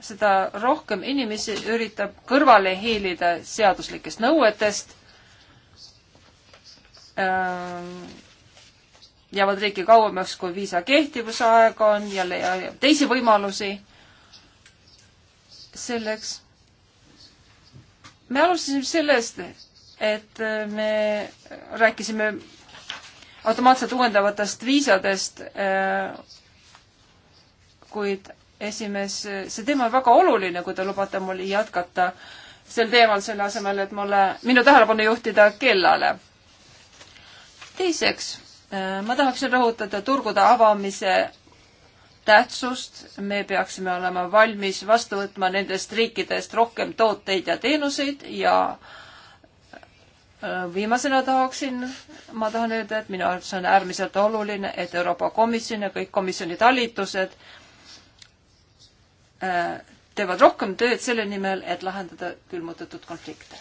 seda rohkem inimesi üritab kõrvale hiilida seaduslikest nõuetest, ähm, jäävad riiki kauemaks, kui viisa kehtivuse aeg on ja leiab teisi võimalusi selleks. me alustasime sellest, et äh, me rääkisime automaatselt uuendavatest viisadest, äh, kuid esimees, see teema on väga oluline, kui te lubate mul jätkata sel teemal, selle asemel, et mulle, minu tähelepanu juhtida kellale. teiseks, äh, ma tahaksin rõhutada turgude avamise tähtsust, me peaksime olema valmis vastu võtma nendest riikidest rohkem tooteid ja teenuseid ja äh, viimasena tahaksin, ma tahan öelda, et minu arvates on äärmiselt oluline, et Euroopa Komisjon ja kõik komisjoni talitused äh, Äh, teevad rohkem tööd selle nimel, et lahendada külmutatud konflikte.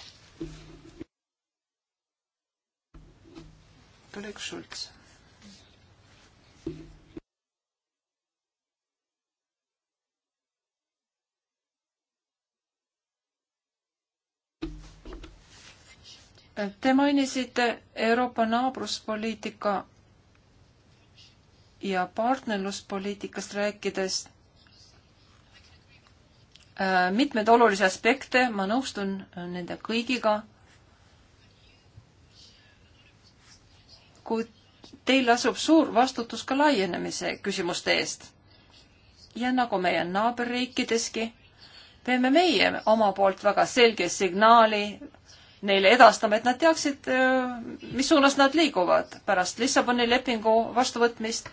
kolleeg Schultz. Te mainisite Euroopa naabruspoliitika ja partnerluspoliitikast rääkides Äh, mitmeid olulisi aspekte, ma nõustun äh, nende kõigiga. kuid teil asub suur vastutus ka laienemise küsimuste eest. ja nagu meie naaberriikideski, peame meie oma poolt väga selge signaali neile edastama, et nad teaksid, äh, mis suunas nad liiguvad pärast Lissaboni lepingu vastuvõtmist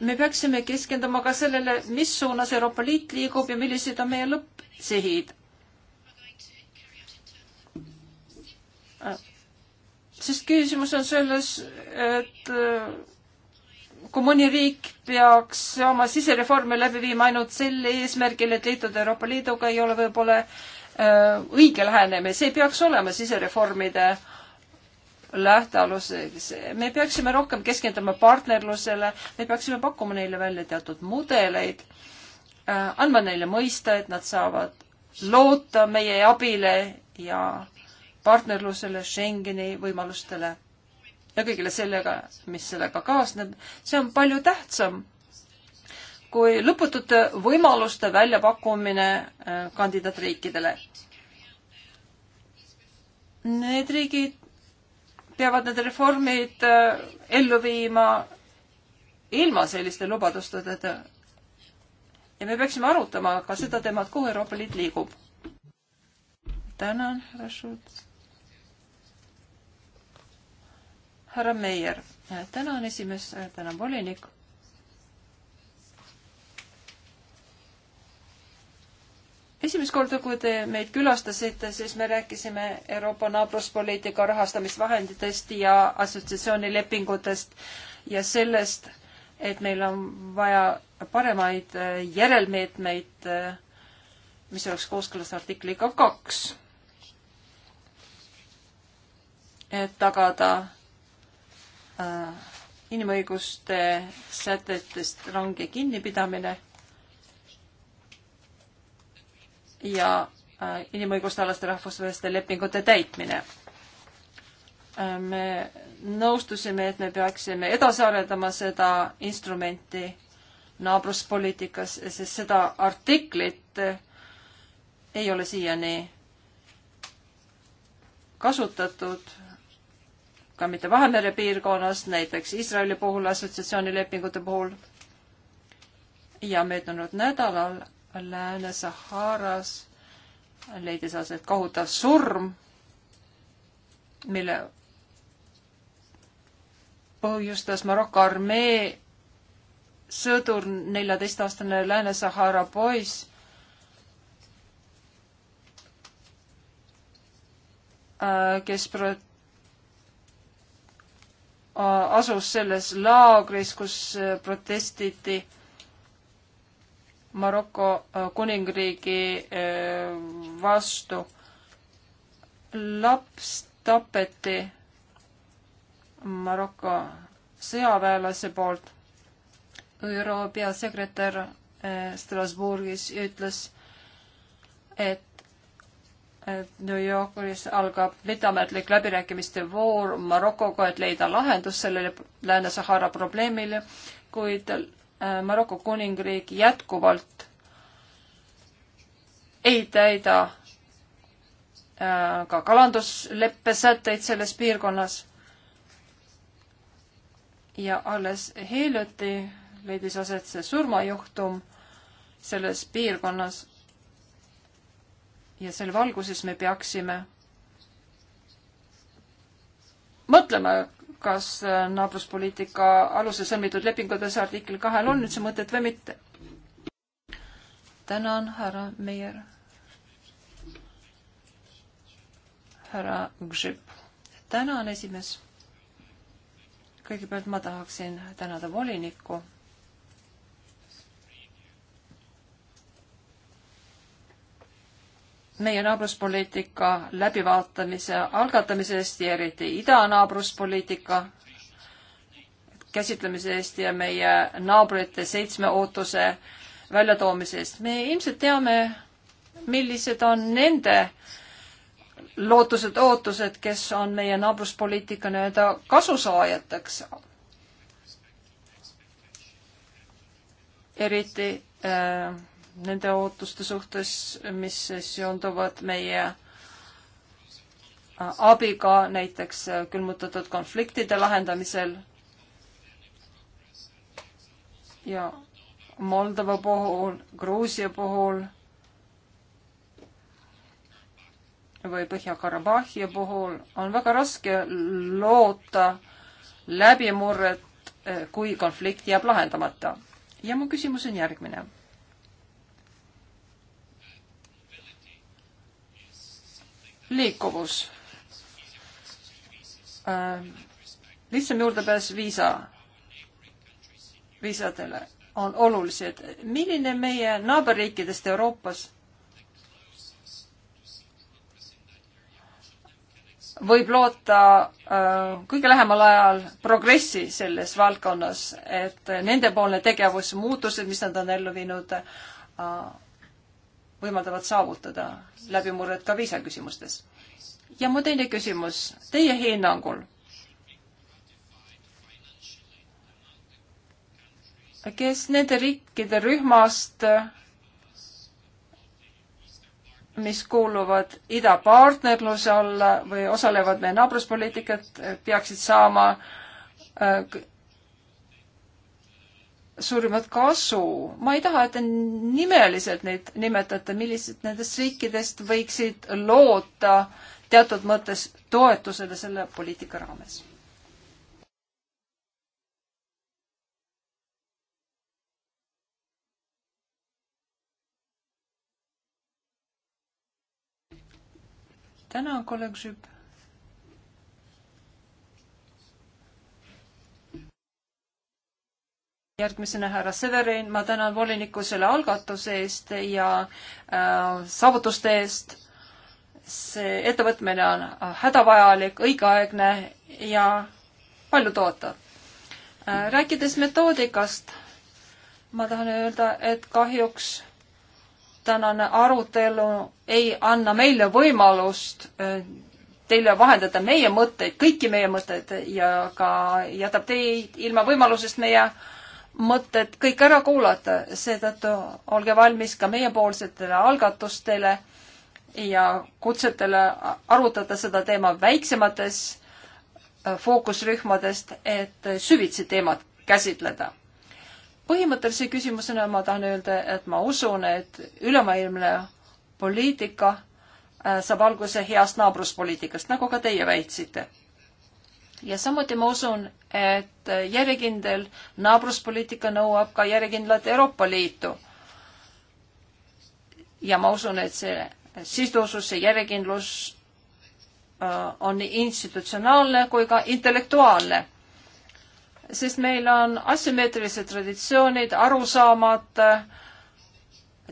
me peaksime keskenduma ka sellele, mis suunas Euroopa Liit liigub ja millised on meie lõppsihid. sest küsimus on selles, et äh, kui mõni riik peaks oma sisereforme läbi viima ainult sel eesmärgil, et liituda Euroopa Liiduga, ei ole võib-olla äh, õige lähenemine, see peaks olema sisereformide äh, lähtealuseks. me peaksime rohkem keskenduma partnerlusele, me peaksime pakkuma neile välja teatud mudeleid, äh, andma neile mõista, et nad saavad loota meie abile ja partnerlusele, Schengeni võimalustele ja kõigele sellega, mis sellega kaasneb. see on palju tähtsam kui lõputute võimaluste väljapakkumine äh, kandidaatriikidele. Need riigid peavad need reformid äh, ellu viima ilma selliste lubadusteta. ja me peaksime arutama ka seda teemat, kuhu Euroopa Liit liigub. tänan, härra Schultz. härra Meier, tänan esimees, tänan volinik esimest korda, kui te meid külastasite, siis me rääkisime Euroopa naabruspoliitika rahastamisvahenditest ja assotsiatsioonilepingutest ja sellest, et meil on vaja paremaid äh, järelmeetmeid, äh, mis oleks kooskõlas artikliga kaks. et tagada äh, inimõiguste sätetest range kinnipidamine ja äh, inimõiguste alaste rahvusvaheliste lepingute täitmine. Äh, me nõustusime, et me peaksime edasi arendama seda instrumenti naabruspoliitikas, sest seda artiklit äh, ei ole siiani kasutatud ka mitte Vahemere piirkonnas, näiteks Iisraeli puhul, assotsiatsioonilepingute puhul. ja möödunud nädalal Lääne-Saharas leidis aset kohutav surm, mille põhjustas Maroko armee sõdur, neljateistaastane Lääne-Sahara poiss. Äh, kes pro-, äh, asus selles laagris, kus äh, protestiti äh, Maroko äh, kuningriigi äh, vastu. laps tapeti Maroko sõjaväelase poolt. ÜRO peasekretär äh, Strasbourgis ütles, et, et New Yorkis algab mitteametlik läbirääkimiste voor Marokoga, et leida lahendus sellele Lääne-Sahara probleemile, kuid Äh, Maroko kuningriik jätkuvalt ei täida äh, ka kalandusleppe sätteid selles piirkonnas. ja alles hiljuti leidis aset see surmajuhtum selles piirkonnas. ja selle valguses me peaksime mõtlema kas äh, naabruspoliitika alusel sõlmitud lepingutes artikkel kahel on üldse mõtet või mitte. tänan, härra Meier. härra Gžip. tänan, esimees. kõigepealt ma tahaksin tänada volinikku meie naabruspoliitika läbivaatamise algatamise eest ja eriti idanaabruspoliitika käsitlemise eest ja meie naabrite seitsme ootuse väljatoomise eest. me ilmselt teame, millised on nende lootused, ootused, kes on meie naabruspoliitika nii-öelda kasusaajateks. eriti äh, nende ootuste suhtes, mis seonduvad meie äh, abiga näiteks äh, külmutatud konfliktide lahendamisel. ja Moldova puhul, Gruusia puhul või Põhja-Karabahhi puhul on väga raske loota läbimurret, äh, kui konflikt jääb lahendamata. ja mu küsimus on järgmine liikuvus äh,. lihtsam juurdepääs viisa, viisadele on olulised. milline meie naaberriikidest Euroopas võib loota äh, kõige lähemal ajal progressi selles valdkonnas, et nendepoolne tegevus, muutused, mis nad on ellu viinud äh,, võimaldavad saavutada läbimurret ka viisaküsimustes. ja mu teine küsimus, teie hinnangul, kes nende riikide rühmast, mis kuuluvad idapartnerluse alla või osalevad meie naabruspoliitikat, peaksid saama äh, suurimat kasu. ma ei taha, et te nimeliselt neid nimetate, millised nendest riikidest võiksid loota teatud mõttes toetusele selle poliitika raames. tänan, kolleeg Žüpp. järgmisena härra Severin, ma tänan volinikku selle algatuse eest ja äh, saavutuste eest. see ettevõtmine on hädavajalik, õigeaegne ja paljud ootavad äh,. rääkides metoodikast, ma tahan öelda, et kahjuks tänane arutelu ei anna meile võimalust äh, teile vahendada meie mõtteid, kõiki meie mõtteid ja ka jätab teid ilma võimalusest meie äh, mõtted kõik ära kuulata, seetõttu olge valmis ka meiepoolsetele algatustele ja kutsetele arutada seda teema väiksemates äh, fookusrühmadest, et süvitsi teemat käsitleda. põhimõttelise küsimusena ma tahan öelda, et ma usun, et ülemaailmne poliitika äh, saab alguse heast naabruspoliitikast, nagu ka teie väitsite ja samuti ma usun, et järjekindel naabruspoliitika nõuab ka järjekindlat Euroopa Liitu. ja ma usun, et see sidusus, see järjekindlus äh, on nii institutsionaalne kui ka intellektuaalne. sest meil on asümmeetrilised traditsioonid, arusaamad,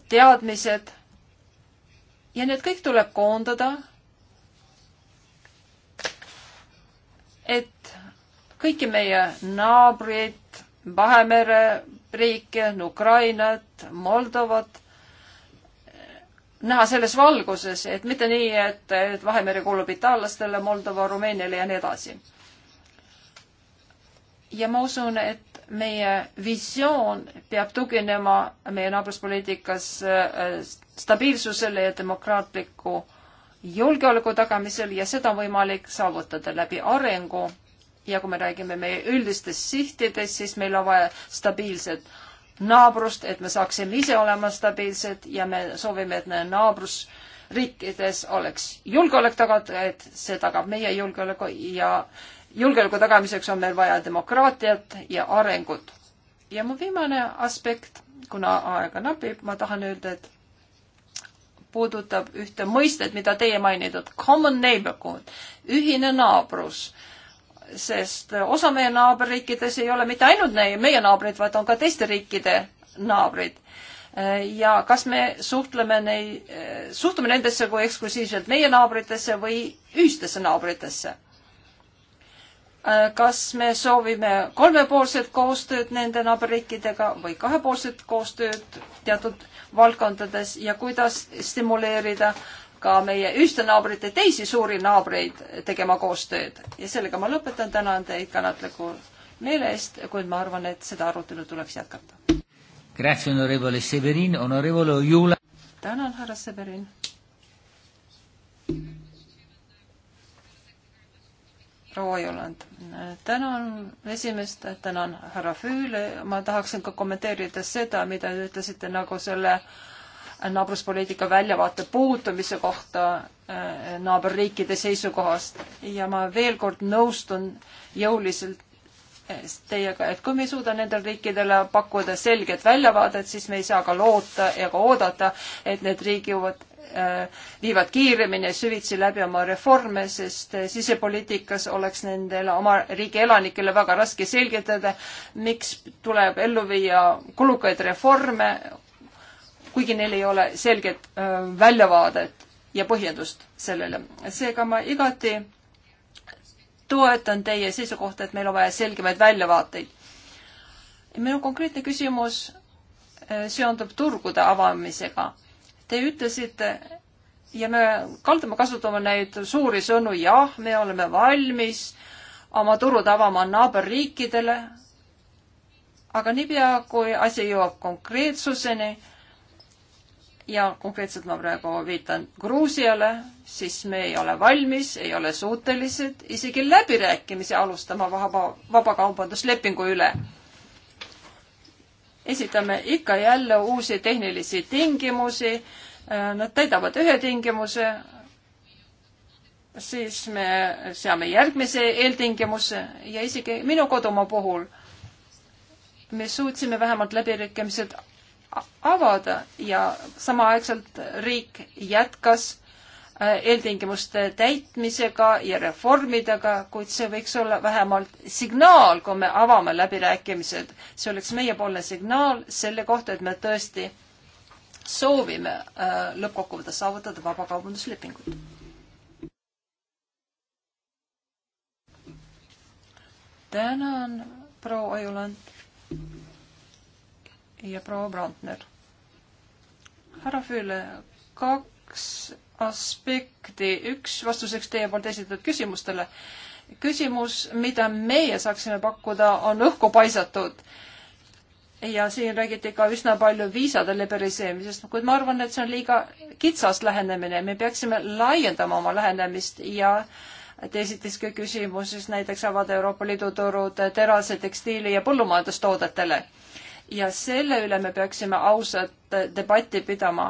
teadmised ja need kõik tuleb koondada et kõiki meie naabreid, Vahemere riike, Ukrainat, Moldovat, näha selles valguses, et mitte nii, et, et Vahemere kuulub itaallastele, Moldova, Rumeeniale ja nii edasi. ja ma usun, et meie visioon peab tuginema meie naabruspoliitikas äh, stabiilsusele ja demokraatliku äh, julgeoleku tagamisel ja seda on võimalik saavutada läbi arengu. ja kui me räägime meie üldistest sihtidest, siis meil on vaja stabiilset naabrust, et me saaksime ise olema stabiilsed ja me soovime, et naabrusriikides oleks julgeolek tagatud, et see tagab meie julgeoleku ja julgeoleku tagamiseks on meil vaja demokraatiat ja arengut. ja mu viimane aspekt, kuna aega napib, ma tahan öelda, et puudutab ühte mõistet, mida teie mainitud, common neighborhood, ühine naabrus. sest osa meie naaberriikides ei ole mitte ainult meie, meie naabrid, vaid on ka teiste riikide naabrid. ja kas me suhtleme neid, suhtume nendesse kui eksklusiivselt meie naabritesse või ühistesse naabritesse Äh, kas me soovime kolmepoolset koostööd nende naaberriikidega või kahepoolset koostööd teatud valdkondades ja kuidas stimuleerida ka meie ühiste naabrite teisi suuri naabreid tegema koostööd. ja sellega ma lõpetan, tänan teid kannatliku meele eest, kuid ma arvan, et seda arutelu tuleks jätkata. tänan, härra Severin proua Joland. tänan esimest, tänan härra Füüle, ma tahaksin ka kommenteerida seda, mida te ütlesite nagu selle naabruspoliitika väljavaate puudumise kohta eh, naaberriikide seisukohast ja ma veel kord nõustun jõuliselt eh, teiega, et kui me ei suuda nendele riikidele pakkuda selget väljavaadet, siis me ei saa ka loota ega oodata, et need riigivad Äh, viivad kiiremini süvitsi läbi oma reforme, sest äh, sisepoliitikas oleks nendel oma riigi elanikele väga raske selgitada, miks tuleb ellu viia kulukaid reforme, kuigi neil ei ole selget äh, väljavaadet ja põhjendust sellele. seega ma igati toetan teie seisukohta, et meil on vaja selgemaid väljavaateid. minu konkreetne küsimus seondub turgude avamisega Te ütlesite ja me kaldume kasutama neid suuri sõnu, jah, me oleme valmis oma turud avama naaberriikidele. aga niipea, kui asi jõuab konkreetsuseni ja konkreetselt ma praegu viitan Gruusiale, siis me ei ole valmis, ei ole suutelised isegi läbirääkimisi alustama vaba, vabakaubanduslepingu üle esitame ikka jälle uusi tehnilisi tingimusi, äh, nad täidavad ühe tingimuse, siis me seame järgmise eeltingimuse ja isegi minu kodumaa puhul me suutsime vähemalt läbirikkimised avada ja samaaegselt riik jätkas Äh, eeltingimuste täitmisega ja reformidega, kuid see võiks olla vähemalt signaal, kui me avame läbirääkimised. see oleks meiepoolne signaal selle kohta, et me tõesti soovime äh, lõppkokkuvõttes saavutada vabakaubanduslepingut. tänan, proua Ojuland ja proua Brandner. härra Füüle, kaks aspekti üks vastuseks teie poolt esitatud küsimustele. küsimus, mida meie saaksime pakkuda, on õhku paisatud. ja siin räägiti ka üsna palju viisade liberaliseerimisest, kuid ma arvan, et see on liiga kitsas lähenemine, me peaksime laiendama oma lähenemist ja et esitas ka küsimus siis näiteks avada Euroopa Liidu turud terase, tekstiili ja põllumajandustoodetele. ja selle üle me peaksime ausat debatti pidama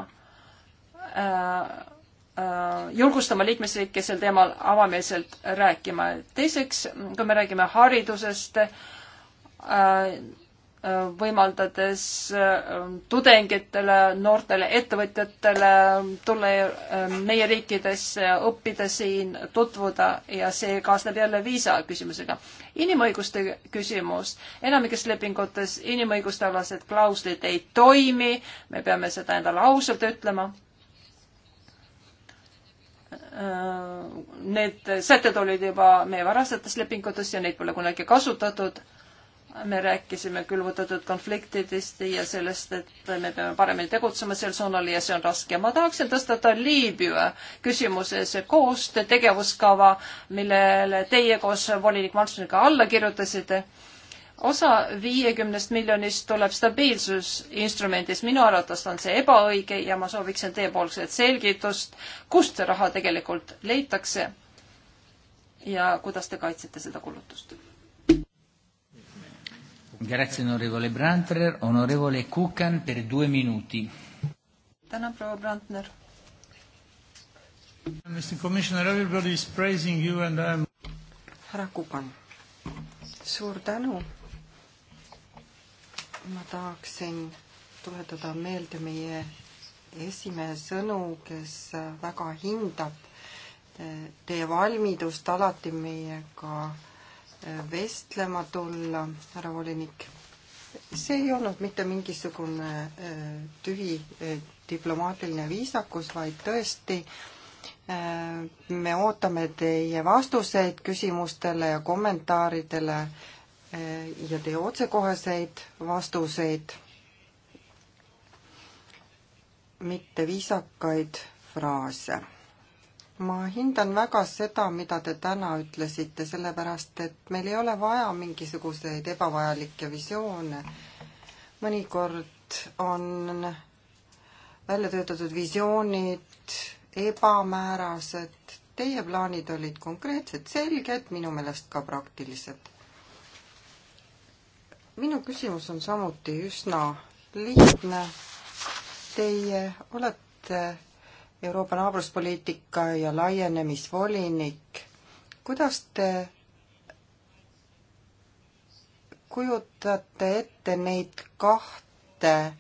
äh, Äh, julgustama liikmesriike sel teemal avameelselt rääkima. teiseks, kui me räägime haridusest, äh, äh, võimaldades tudengitele, noortele ettevõtjatele tulla meie riikidesse, õppida siin, tutvuda ja see kaasneb jälle viisa küsimusega. inimõiguste küsimus, enamikes lepingutes inimõiguste alased klauslid ei toimi, me peame seda endale ausalt ütlema Äh, need sätted olid juba meie varastates lepingutes ja neid pole kunagi kasutatud. me rääkisime külmutatud konfliktidest ja sellest, et me peame paremini tegutsema sel suunal ja see on raske. ma tahaksin tõstata Liibüa küsimuse, see koostöö tegevuskava, millele teie koos volinik Malmströmiga alla kirjutasite osa viiekümnest miljonist tuleb stabiilsusinstrumendist. minu arvates on see ebaõige ja ma sooviksin teiepoolset selgitust, kust see raha tegelikult leitakse ja kuidas te kaitsete seda kulutust. Grazie onorevole Brandner, onorevole Kukan per due minuti. tänan, proua Brandner. Mr Commissioner, everybody is praising you and I am härra Kukan, suur tänu ma tahaksin tuletada meelde meie esimehe sõnu, kes väga hindab eh, teie valmidust alati meiega eh, vestlema tulla, härra volinik. see ei olnud mitte mingisugune eh, tühi diplomaatiline viisakus, vaid tõesti me ootame teie vastuseid küsimustele ja kommentaaridele ja teie otsekoheseid vastuseid, mitte viisakaid fraase. ma hindan väga seda, mida te täna ütlesite, sellepärast et meil ei ole vaja mingisuguseid ebavajalikke visioone. mõnikord on välja töötatud visioonid ebamäärased, teie plaanid olid konkreetsed, selged, minu meelest ka praktilised minu küsimus on samuti üsna lihtne. Teie olete Euroopa naabruspoliitika ja laienemisvolinik. kuidas te kujutate ette neid kahte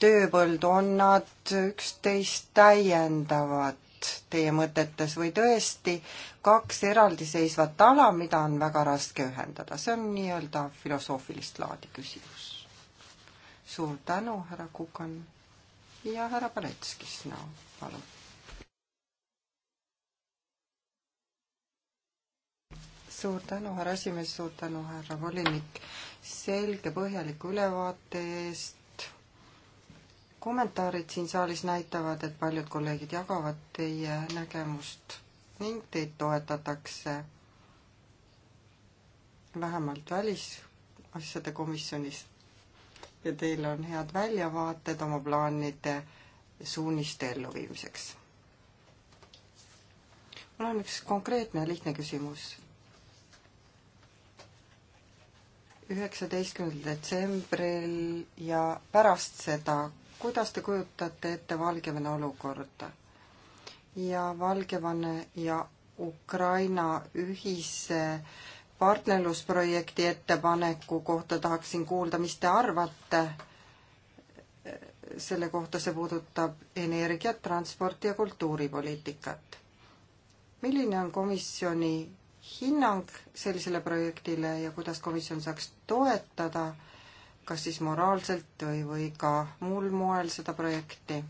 tööpõldu, on nad üksteist täiendavad? teie mõtetes või tõesti kaks eraldiseisvat ala, mida on väga raske ühendada, see on nii-öelda filosoofilist laadi küsimus. suur tänu, härra Kukan ja härra Paletski, sina no, palun. suur tänu, härra esimees, suur tänu, härra volinik, selge põhjaliku ülevaate eest kommentaarid siin saalis näitavad, et paljud kolleegid jagavad teie nägemust ning teid toetatakse vähemalt välisasjade komisjonis ja teil on head väljavaated oma plaanide suuniste elluviimiseks. mul on üks konkreetne ja lihtne küsimus. üheksateistkümnendal detsembril ja pärast seda kuidas te kujutate ette Valgevene olukorda? ja Valgevene ja Ukraina ühise partnerlusprojekti ettepaneku kohta tahaksin kuulda, mis te arvate selle kohta, see puudutab energiat, transporti ja kultuuripoliitikat. milline on komisjoni hinnang sellisele projektile ja kuidas komisjon saaks toetada äh, kas siis moraalselt või, või ka muul moel seda projekti.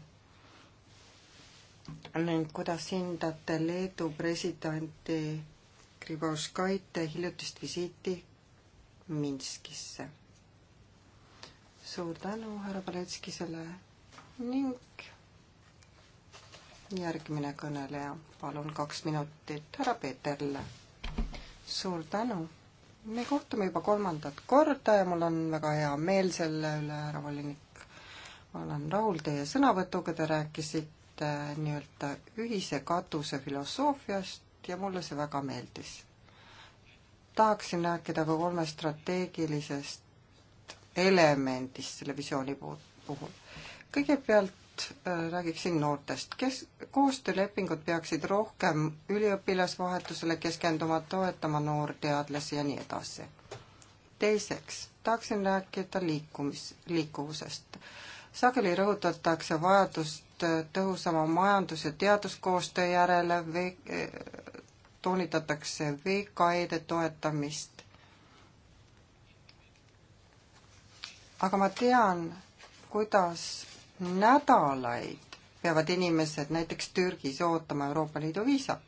ning kuidas hindate Leedu presidenti Gribauskaite hiljutist visiiti Minskisse? suur tänu härra Paletski selle ning järgmine kõneleja, palun kaks minutit härra Peeterle. suur tänu me kohtume juba kolmandat korda ja mul on väga hea meel selle üle, härra volinik. ma olen rahul teie sõnavõtuga, te rääkisite nii-öelda ühise katuse filosoofiast ja mulle see väga meeldis. tahaksin rääkida ka kolmest strateegilisest elemendist selle visiooni puhul. kõigepealt Äh, räägiksin noortest, kes koostöölepingud peaksid rohkem üliõpilasvahetusele keskenduma, toetama noorteadlasi ja nii edasi. teiseks tahaksin rääkida liikumis, liikuvusest. sageli rõhutatakse vajadust äh, tõhusama majandus- ja teaduskoostöö järele ve-, äh, toonitatakse VKE-de toetamist. aga ma tean, kuidas nädalaid peavad inimesed näiteks Türgis ootama Euroopa Liidu viisat.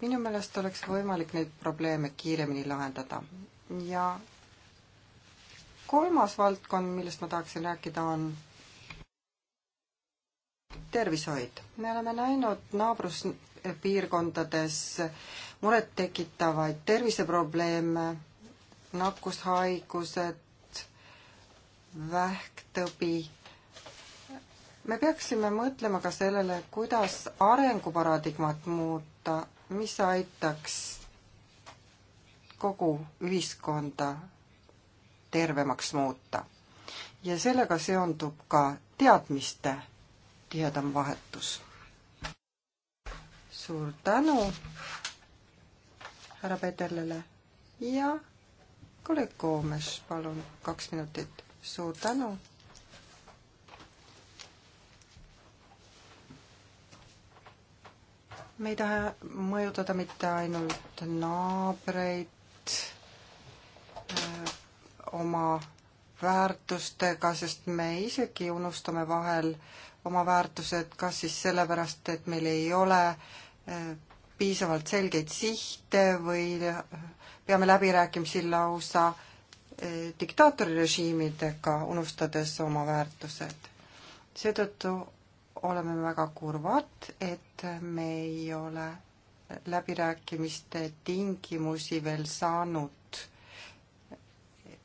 minu meelest oleks võimalik neid probleeme kiiremini lahendada ja kolmas valdkond, millest ma tahaksin rääkida, on tervishoid. me oleme näinud naabruspiirkondades murettekitavaid terviseprobleeme, nakkushaigused, vähktõbi. me peaksime mõtlema ka sellele, kuidas arenguparadigmat muuta, mis aitaks kogu ühiskonda tervemaks muuta. ja sellega seondub ka teadmiste tihedam vahetus. suur tänu härra Peterlele ja kolleeg Koomes, palun kaks minutit suur tänu. me ei taha mõjutada mitte ainult naabreid öö, äh, oma väärtustega, sest me isegi unustame vahel oma väärtused, kas siis sellepärast, et meil ei ole öö, äh, piisavalt selgeid sihte või äh, peame läbirääkimisi lausa äh, diktaatorirežiimidega, unustades oma väärtused. seetõttu oleme väga kurvad, et me ei ole läbirääkimiste tingimusi veel saanud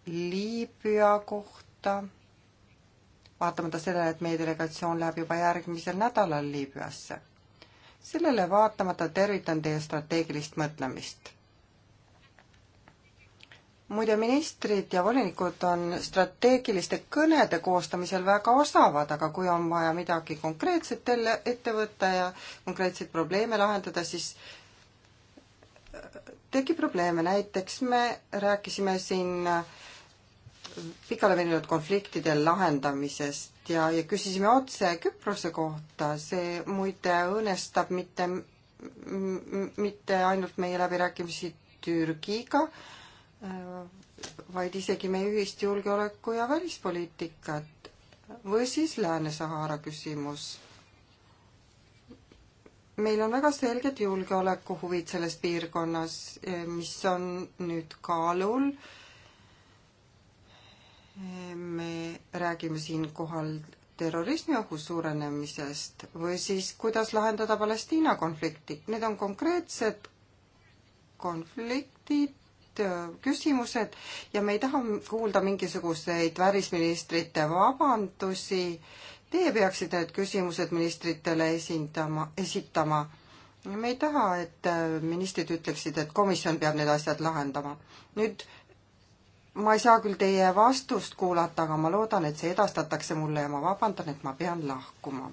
Liibüa kohta, vaatamata sellele, et meie delegatsioon läheb juba järgmisel nädalal Liibüasse. sellele vaatamata tervitan teie strateegilist mõtlemist muide, ministrid ja volinikud on strateegiliste kõnede koostamisel väga osavad, aga kui on vaja midagi konkreetset jälle ette võtta ja konkreetseid probleeme lahendada, siis äh, tekib probleeme, näiteks me rääkisime siin äh, pikale veninud konfliktide lahendamisest ja, ja küsisime otse Küprose kohta, see muide õõnestab mitte, mitte ainult meie läbirääkimisi Türgiga, Äh, vaid isegi meie ühist julgeoleku- ja välispoliitikat või siis Lääne-Sahara küsimus. meil on väga selged julgeolekuhuvid selles piirkonnas, eh, mis on nüüd kaalul. Eh, me räägime siinkohal terrorismiohu suurenemisest või siis kuidas lahendada Palestiina konflikti. Need on konkreetsed konfliktid, Äh, küsimused ja me ei taha kuulda mingisuguseid välisministrite vabandusi. Teie peaksite need küsimused ministritele esindama, esitama. me ei taha, et äh, ministrid ütleksid, et komisjon peab need asjad lahendama. nüüd ma ei saa küll teie vastust kuulata, aga ma loodan, et see edastatakse mulle ja ma vabandan, et ma pean lahkuma.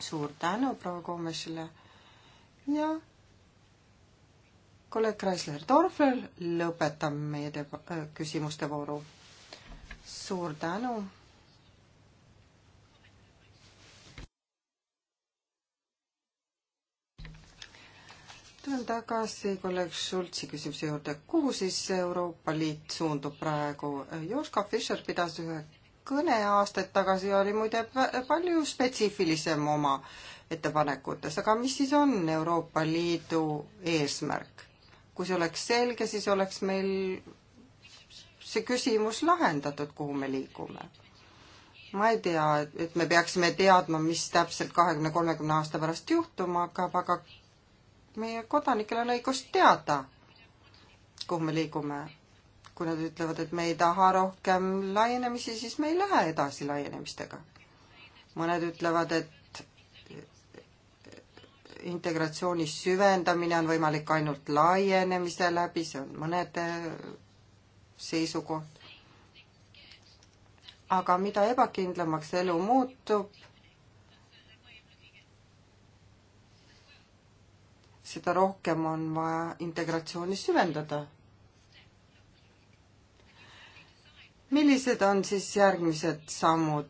suur tänu proua Koomesile ja kolleeg Kreisler-Dorfler, lõpetame meie deba-, äh, küsimuste vooru. suur tänu. tulen tagasi kolleeg Schultzi küsimuse juurde, kuhu siis Euroopa Liit suundub praegu? Joška Fischer pidas ühe kõne aastaid tagasi ja oli muide palju spetsiifilisem oma ettepanekutes, aga mis siis on Euroopa Liidu eesmärk? kui see oleks selge, siis oleks meil see küsimus lahendatud, kuhu me liigume. ma ei tea, et me peaksime teadma, mis täpselt kahekümne, kolmekümne aasta pärast juhtuma hakkab, aga meie kodanikel on õigus teada, kuhu me liigume. kui nad ütlevad, et me ei taha rohkem laienemisi, siis me ei lähe edasi laienemistega mõned ütlevad, et integratsiooni süvendamine on võimalik ainult laienemise läbi, see on mõnede seisukoht. aga mida ebakindlamaks elu muutub, seda rohkem on vaja integratsiooni süvendada. millised on siis järgmised sammud?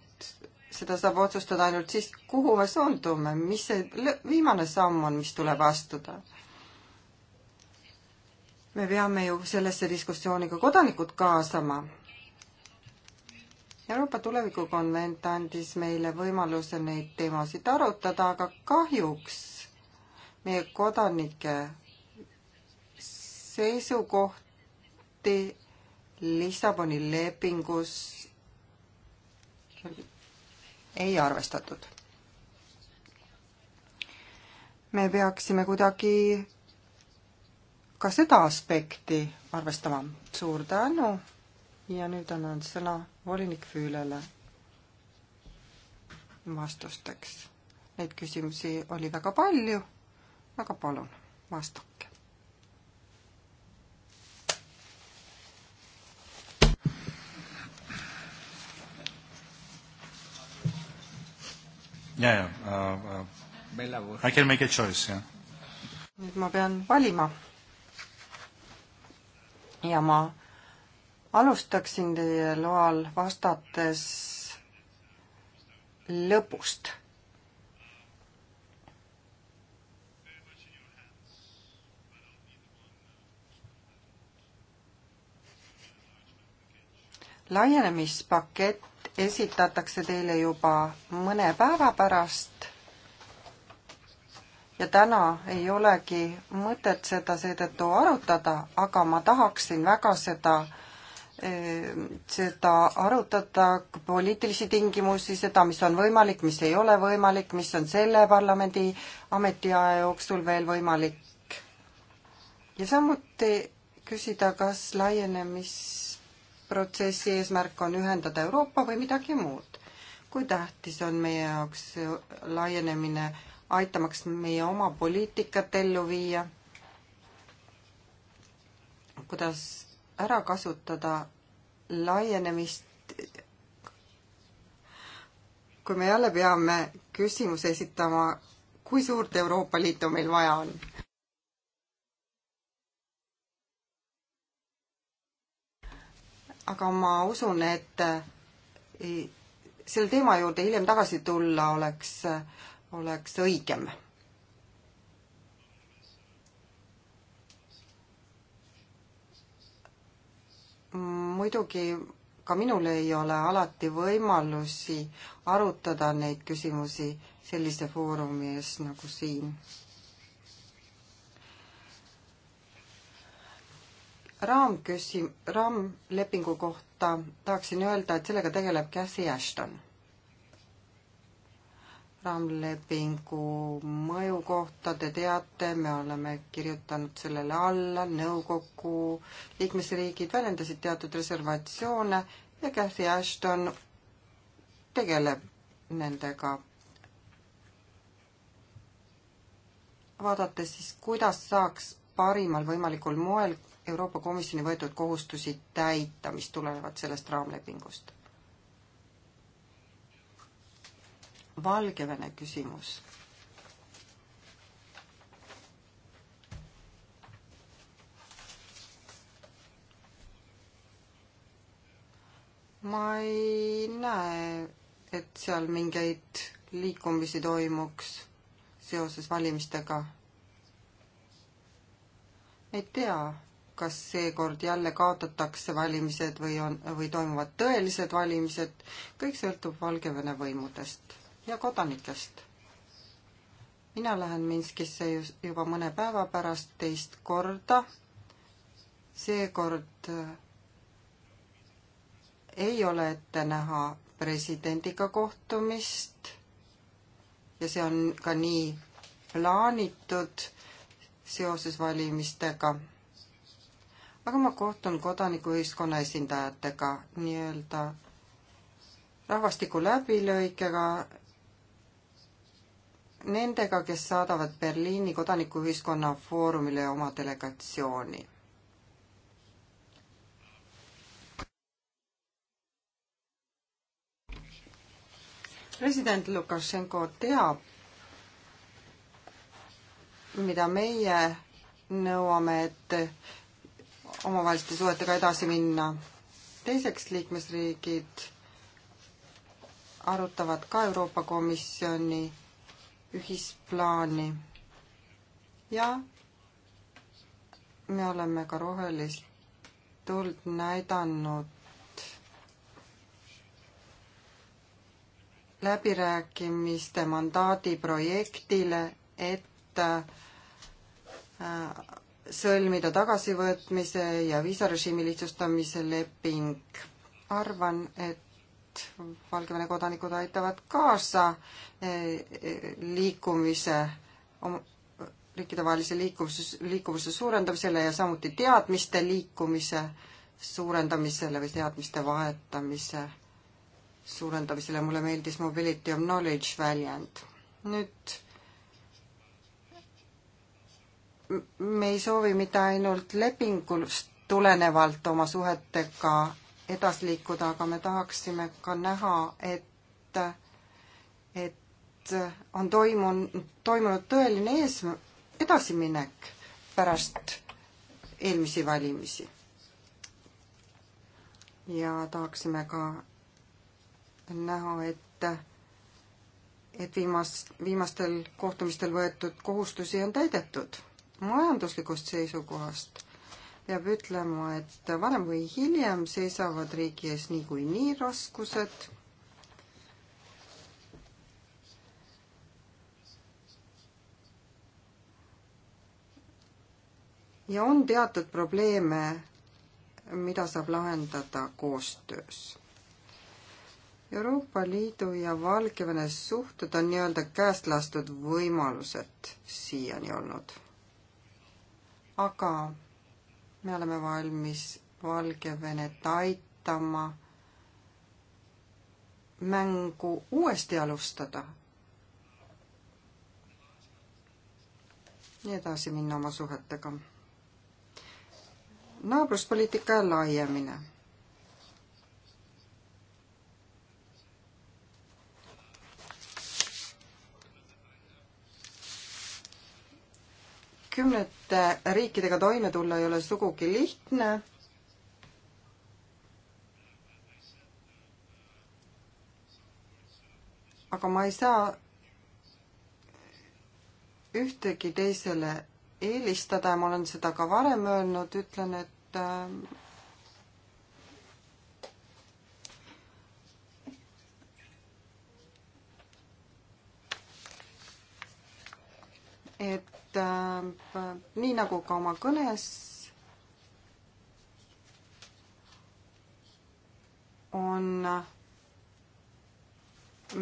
seda saab otsustada ainult siis, kuhu me suundume, mis see viimane samm on, mis tuleb astuda. me peame ju sellesse diskussiooni ka kodanikud kaasama. Euroopa tulevikukonvent andis meile võimaluse neid teemasid arutada, aga kahjuks meie kodanike seisukohti Lissaboni lepingus ei arvestatud. me peaksime kuidagi ka seda aspekti arvestama. suur tänu ja nüüd annan sõna volinik Füülele vastusteks. Neid küsimusi oli väga palju, aga palun, vastake. Yeah, yeah. Uh, uh, I can make a choice, jah yeah.. nüüd ma pean valima. ja ma alustaksin teie loal vastates lõpust. laienemispakett esitatakse teile juba mõne päeva pärast ja täna ei olegi mõtet seda seetõttu arutada, aga ma tahaksin väga seda, e, seda arutada, poliitilisi tingimusi, seda, mis on võimalik, mis ei ole võimalik, mis on selle parlamendi ametiaja jooksul veel võimalik. ja samuti küsida, kas laienemis protsessi eesmärk on ühendada Euroopa või midagi muud. kui tähtis on meie jaoks laienemine, aitamaks meie oma poliitikat ellu viia, kuidas ära kasutada laienemist, kui me jälle peame küsimuse esitama, kui suurt Euroopa Liitu meil vaja on aga ma usun, et e, selle teema juurde hiljem tagasi tulla oleks, oleks õigem muidugi ka minul ei ole alati võimalusi arutada neid küsimusi sellise foorumi ees nagu siin. raamküsi-, raamlepingu kohta tahaksin öelda, et sellega tegeleb Cassie Ashton. raamlepingu mõju kohta te teate, me oleme kirjutanud sellele alla, nõukogu liikmesriigid väljendasid teatud reservatsioone ja Cathy Ashton tegeleb nendega. vaadates siis, kuidas saaks parimal võimalikul moel Euroopa Komisjoni võetud kohustusi täita, mis tulenevad sellest raamlepingust. Valgevene küsimus. ma ei näe, et seal mingeid liikumisi toimuks seoses valimistega. ei tea kas seekord jälle kaotatakse valimised või on, või toimuvad tõelised valimised, kõik sõltub Valgevene võimudest ja kodanikest. mina lähen Minskisse juba mõne päeva pärast teist korda. seekord äh, ei ole ette näha presidendiga kohtumist ja see on ka nii plaanitud seoses valimistega aga ma kohtun kodanikuühiskonna esindajatega nii-öelda rahvastiku läbilõikega, nendega, kes saadavad Berliini kodanikuühiskonna foorumile oma delegatsiooni. president Lukašenko teab, mida meie nõuame, et omavaheliste suhetega edasi minna. teiseks, liikmesriigid arutavad ka Euroopa Komisjoni ühisplaani ja me oleme ka rohelist tuld näidanud läbirääkimiste mandaadi projektile, et äh, sõlmida tagasivõtmise ja viisarežiimi lihtsustamise leping. arvan, et Valgevene kodanikud aitavad kaasa eh, eh, liikumise, eh, riikidevahelise liikuvuse, liikuvuse suurendamisele ja samuti teadmiste liikumise suurendamisele või teadmiste vahetamise suurendamisele. mulle meeldis mobility of knowledge väljend. nüüd me ei soovi mitte ainult lepingust tulenevalt oma suhetega edasi liikuda, aga me tahaksime ka näha, et, et on toimunud, toimunud tõeline ees, edasiminek pärast eelmisi valimisi. ja tahaksime ka näha, et, et viimas, viimastel kohtumistel võetud kohustusi on täidetud majanduslikust seisukohast peab ütlema, et varem või hiljem seisavad riigi ees niikuinii raskused. ja on teatud probleeme, mida saab lahendada koostöös. Euroopa Liidu ja Valgevene suhted on nii-öelda käest lastud võimalused siiani olnud aga me oleme valmis Valgevenet aitama mängu uuesti alustada. ja edasi minna oma suhetega. naabruspoliitika ja laiemine kümnete riikidega toime tulla ei ole sugugi lihtne. aga ma ei saa ühtegi teisele eelistada ja ma olen seda ka varem öelnud, ütlen, et äh, et et äh, nii nagu ka oma kõnes on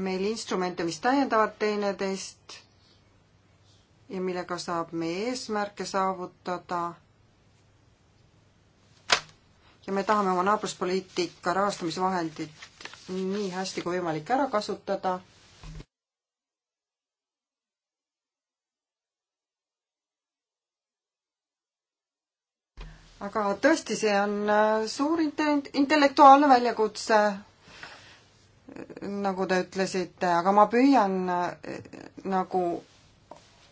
meil instrumente, mis täiendavad teineteist ja millega saab meie eesmärke saavutada. ja me tahame oma naabruspoliitika rahastamisvahendit nii hästi kui võimalik ära kasutada aga tõesti, see on äh, suur intellektuaalne väljakutse, nagu te ütlesite, aga ma püüan äh, nagu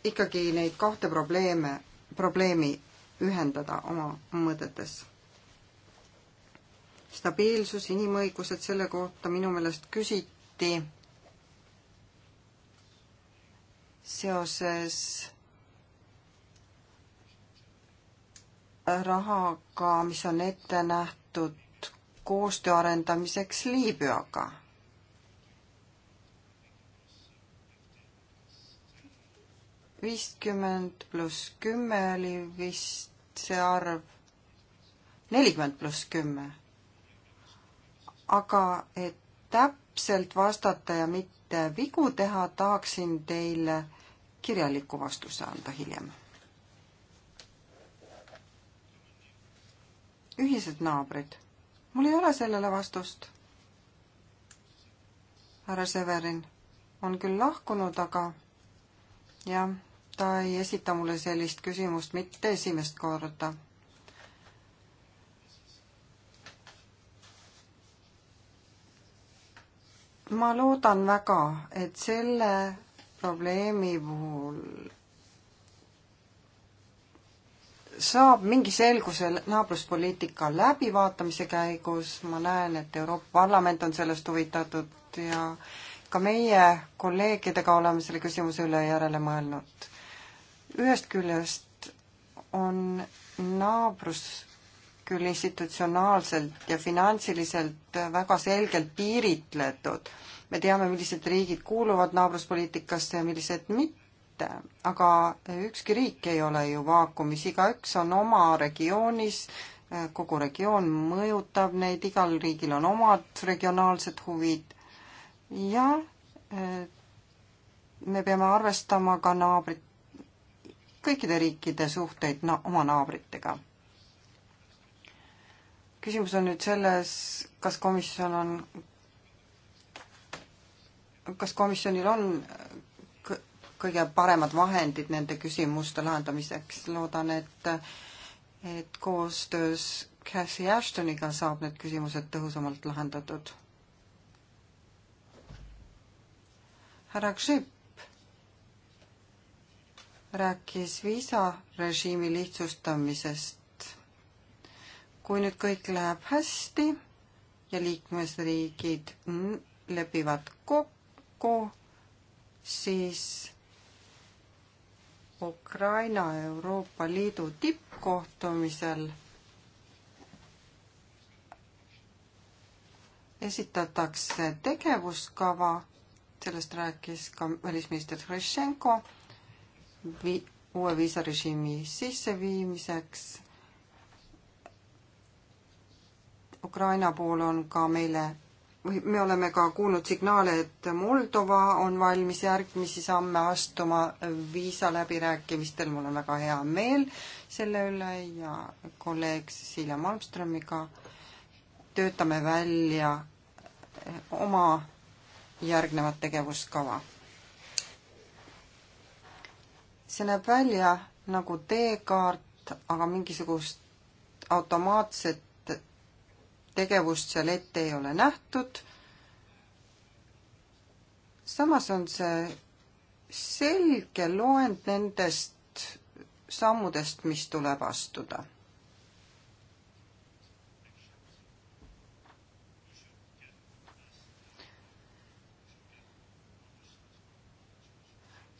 ikkagi neid kahte probleeme, probleemi ühendada oma mõtetes. stabiilsus, inimõigused, selle kohta minu meelest küsiti seoses rahaga, mis on ette nähtud koostöö arendamiseks Liibüaga. viiskümmend pluss kümme oli vist see arv, nelikümmend pluss kümme. aga et täpselt vastata ja mitte vigu teha, tahaksin teile kirjaliku vastuse anda hiljem ühised naabrid. mul ei ole sellele vastust. härra Severin on küll lahkunud, aga jah, ta ei esita mulle sellist küsimust mitte esimest korda. ma loodan väga, et selle probleemi puhul saab mingi selguse naabruspoliitika läbivaatamise käigus, ma näen, et Euroopa Parlament on sellest huvitatud ja ka meie kolleegidega oleme selle küsimuse üle järele mõelnud. ühest küljest on naabrus küll institutsionaalselt ja finantsiliselt väga selgelt piiritletud. me teame, millised riigid kuuluvad naabruspoliitikasse ja millised mitte, mitte. aga ükski riik ei ole ju vaakumis, igaüks on oma regioonis, kogu regioon mõjutab neid, igal riigil on omad regionaalsed huvid ja eh, me peame arvestama ka naabrit, kõikide riikide suhteid na-, oma naabritega küsimus on nüüd selles, kas komisjon on, kas komisjonil on kõige paremad vahendid nende küsimuste lahendamiseks. loodan, et, et koostöös Cassie Ashtoniga saab need küsimused tõhusamalt lahendatud. härra Kšip rääkis viisarežiimi lihtsustamisest. kui nüüd kõik läheb hästi ja liikmesriigid lepivad kokku, siis Ukraina Euroopa Liidu tippkohtumisel esitatakse tegevuskava, sellest rääkis ka välisminister Hrishenko, vi-, uue viisarežiimi sisseviimiseks. Ukraina pool on ka meile me oleme ka kuulnud signaale, et Moldova on valmis järgmisi samme astuma viisaläbirääkimistel, mul on väga hea meel selle üle ja kolleeg Cecilia Malmströmiga töötame välja eh, oma järgnevat tegevuskava. see näeb välja nagu teekaart, aga mingisugust automaatset tegevust seal ette ei ole nähtud. samas on see selge loend nendest sammudest, mis tuleb astuda.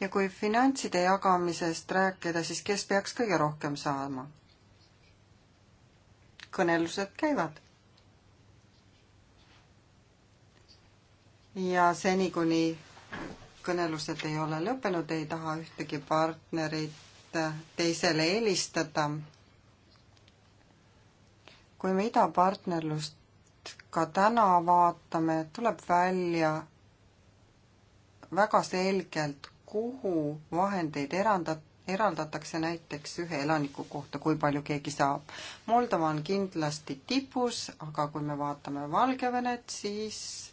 ja kui finantside jagamisest rääkida, siis kes peaks kõige rohkem saama? kõnelused käivad ja seni, kuni kõnelused ei ole lõppenud, ei taha ühtegi partnerit äh, teisele eelistada. kui me idapartnerlust ka täna vaatame, tuleb välja väga selgelt, kuhu vahendeid erandat-, eraldatakse näiteks ühe elaniku kohta, kui palju keegi saab. Moldova on kindlasti tipus, aga kui me vaatame Valgevenet, siis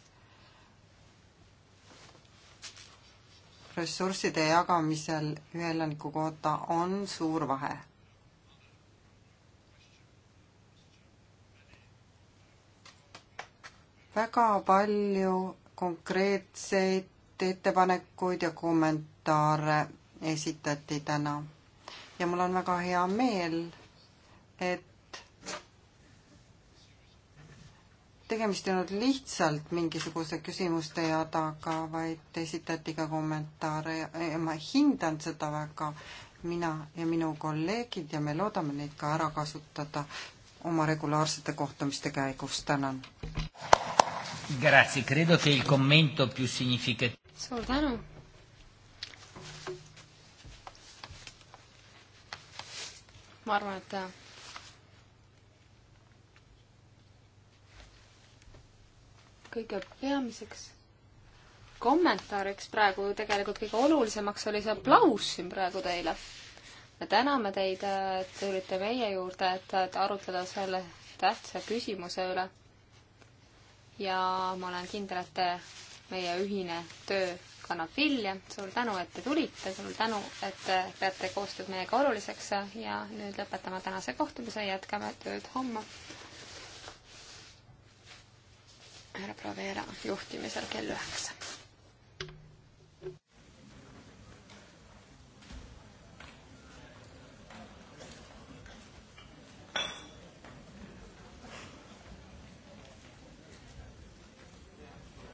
ressursside jagamisel ühe elaniku kohta on suur vahe. väga palju konkreetseid ettepanekuid ja kommentaare esitati täna ja mul on väga hea meel, et tegemist ei olnud lihtsalt mingisuguse küsimuste jadaga, vaid esitati ka kommentaare ja ma hindan seda väga, mina ja minu kolleegid ja me loodame neid ka ära kasutada oma regulaarsete kohtumiste käigus, tänan. suur tänu. ma arvan, et äh, kõige peamiseks kommentaariks praegu, tegelikult kõige olulisemaks oli see aplaus siin praegu teile. me täname teid, et tulite meie juurde, et, et arutleda selle tähtsa küsimuse üle. ja ma olen kindel, et te, meie ühine töö kannab vilja. suur tänu, et te tulite, suur tänu, et te peate koostööd meiega oluliseks ja nüüd lõpetame tänase kohtumise, jätkame tööd homme härra Provera juhtimisel kell üheksa.